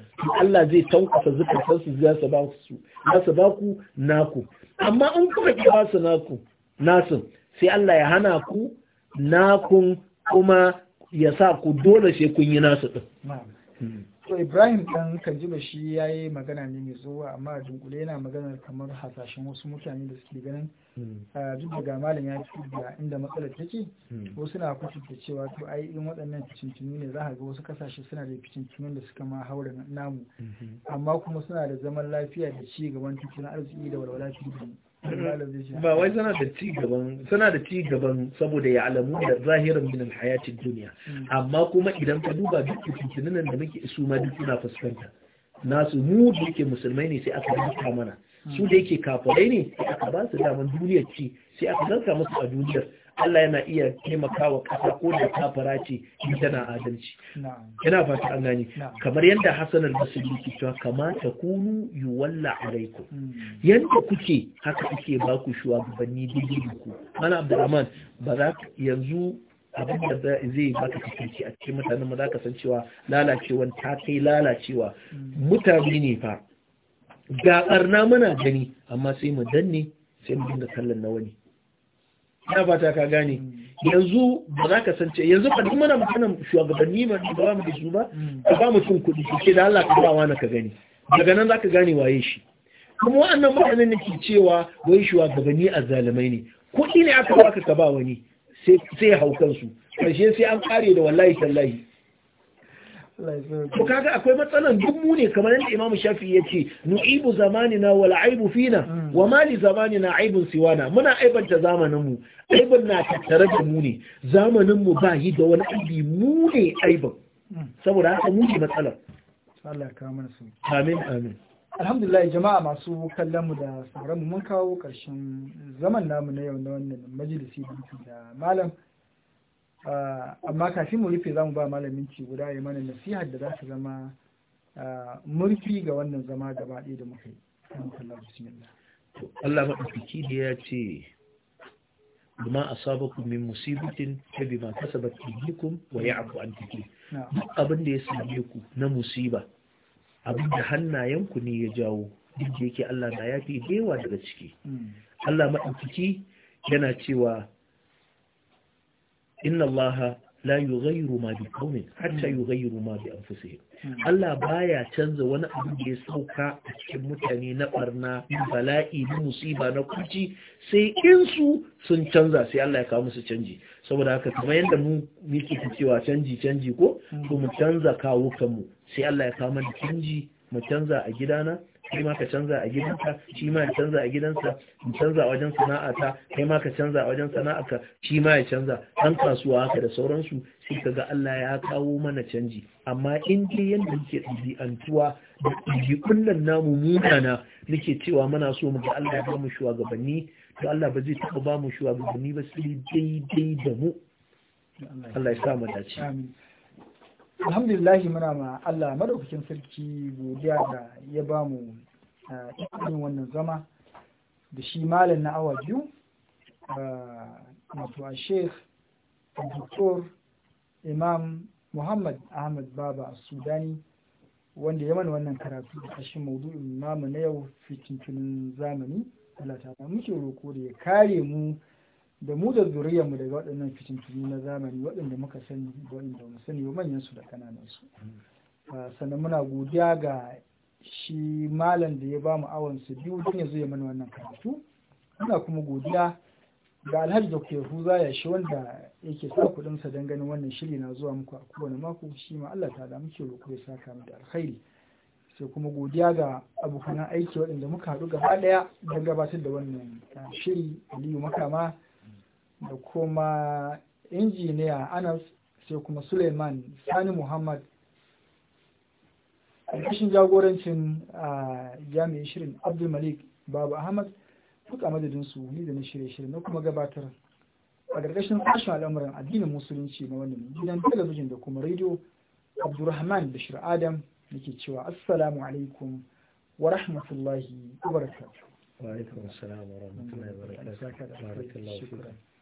Allah zai tankasa zukatansu za su ba su za su ba ku naku amma in kuka ki ba su naku nasu sai Allah ya hana ku nakun kuma ya sa ku dole sai kun yi nasu din to Ibrahim ɗan Kanjiba shi ya yi magana ne mai zuwa amma dunkule yana magana kamar hasashen wasu mutane da suke ganin hmm. duk da ga malam ya ci da inda matsalar take hmm. wasu na da cewa to ai in waɗannan ficincinu ne za a ga wasu kasashe suna da ficincinun da suka ma haura namu hmm. amma kuma suna da zaman lafiya da ci gaban tattalin arziki da walwala fiye Mm-hmm. ba wai suna da ci gaban suna da ci gaban saboda ya alamu da zahirin min hayatin duniya mm. amma kuma idan ka duba duk tuntunan da muke su ma duk suna fuskanta nasu mu duke musulmai ne sai aka rubuta mana su da mm. yake kafirai ne aka ba su daman duniya ci sai aka zarta musu a duniyar Allah yana iya taimakawa ƙasa ko da fara ce in tana adalci yana fata an gani kamar yadda Hassan al-Basri ke cewa kamata kunu yuwalla alaiku hmm. yanda kuke haka kuke ba ku gabanni daidai ku mana Abdulrahman ba za ka yanzu abin da zai baka kasance a cikin mutanen mu za ka san cewa lalacewa ta kai lalacewa hmm. mutane ne fa ga barna muna gani amma sai mu danne sai mu dinga kallon na wani ya fata ka gane yanzu ba za ka san ce yanzu ba duk mana mutanen shugabanni ba ba mu da su ba ka ba mutum kuɗi ka ce da Allah ka ba wani ka gani daga nan za ka gane waye shi kuma wannan mutanen ne ke cewa wai shugabanni a zalimai ne kuɗi ne aka ba ka ba wani sai ya hau kansu karshe sai an kare da wallahi tallahi to kaga akwai matsalan duk mu ne kamar yadda Imam Shafi ya ce nu'ibu zamanina wal aibu fina hmm. wa mali zamanina aibun siwana muna aibanta zamanin mu aibun na tattare da mu ne zamanin mu ba yi da wani aibi mu ne aibun hmm. saboda haka mu ne matsala Allah ya kama amin amin alhamdulillah jama'a masu kallon mu da sauran mu mun kawo karshen zaman namu na yau na wannan majalisi da malam Ah, amma kafin mu rufe zamu ba malamin ci guda ya mana nasihar da za su zama ah, murfi ga wannan zama gaba ɗaya da muka yi Allah maɗaukaki da ya ce bima ku min musibatin ta ba kasabat aydikum wa ya abu an kathir duk abin da ya same ku na musiba abin da hannayenku ne ya jawo duk da yake Allah na yafi dewa daga ciki hmm. Allah maɗaukaki yana cewa inna allaha la yughayyiru ma bi qaumin hatta yughayyiru ma bi anfusihim Allah baya canza wani abu da ya sauka a cikin mutane na barna bala'i na musiba na kuci sai in su sun canza sai Allah ya kawo musu canji saboda haka kamar yadda mu muke cewa canji canji ko to mu canza kawo kanmu sai Allah ya kawo mana canji mu canza a gidana kai ma ka canza a gidanka shi ma ya canza a gidansa in canza a wajen sana'a ta. kai ma ka canza a wajen sana'a ka shi ma ya canza An kasuwa haka da sauransu sai kaga Allah ya kawo mana canji amma in dai yanda muke antuwa da kullun namu munana muke cewa muna so mu ga Allah ya ba mu shugabanni to Allah ba zai taɓa ba mu shugabanni ba sai daidai da mu Allah ya sa mu dace amin alhamdulillahi muna ma Allah madaukakin sarki godiya da ya ba mu cikin ah, wannan zama da shi malam na awa biyu ah, wato a sheikh doktor imam muhammad ahmad baba a sudani wanda ya mana wannan karatu da kashin maudu'in namu na yau fitintunin zamani Allah ta muke roko da ya kare mu da mu da mu daga waɗannan fitintunu na zamani waɗanda muka sani waɗanda mu sani manyan su da kananan su hmm. ah, sannan muna godiya ga shi malam da ya bamu awon su biyu don ya ya mana wannan karatu muna kuma godiya ga alhaji da huza ya shi wanda yake sa kuɗin sa don ganin wannan shiri na zuwa muku a kowane mako shi ma Allah ta da muke roƙo ya saka mu da alkhairi sai kuma godiya ga abokan aiki waɗanda muka haɗu gaba ɗaya don gabatar da wannan ah, shiri Aliyu Makama da kuma injiniya anas sai kuma suleiman sani muhammad ƙarƙashin jagorancin a jami'in shirin abdulmalik babu ahmad duka madadinsu ni da na shirye-shirye na kuma gabatar a ƙarƙashin sashen al'amuran addinin musulunci na wannan gidan talabijin da kuma rediyo abdurrahman bashir adam da ke cewa assalamu alaikum wa rahmatullahi wa barakatuh wa alaikum assalamu wa rahmatullahi wa barakatuh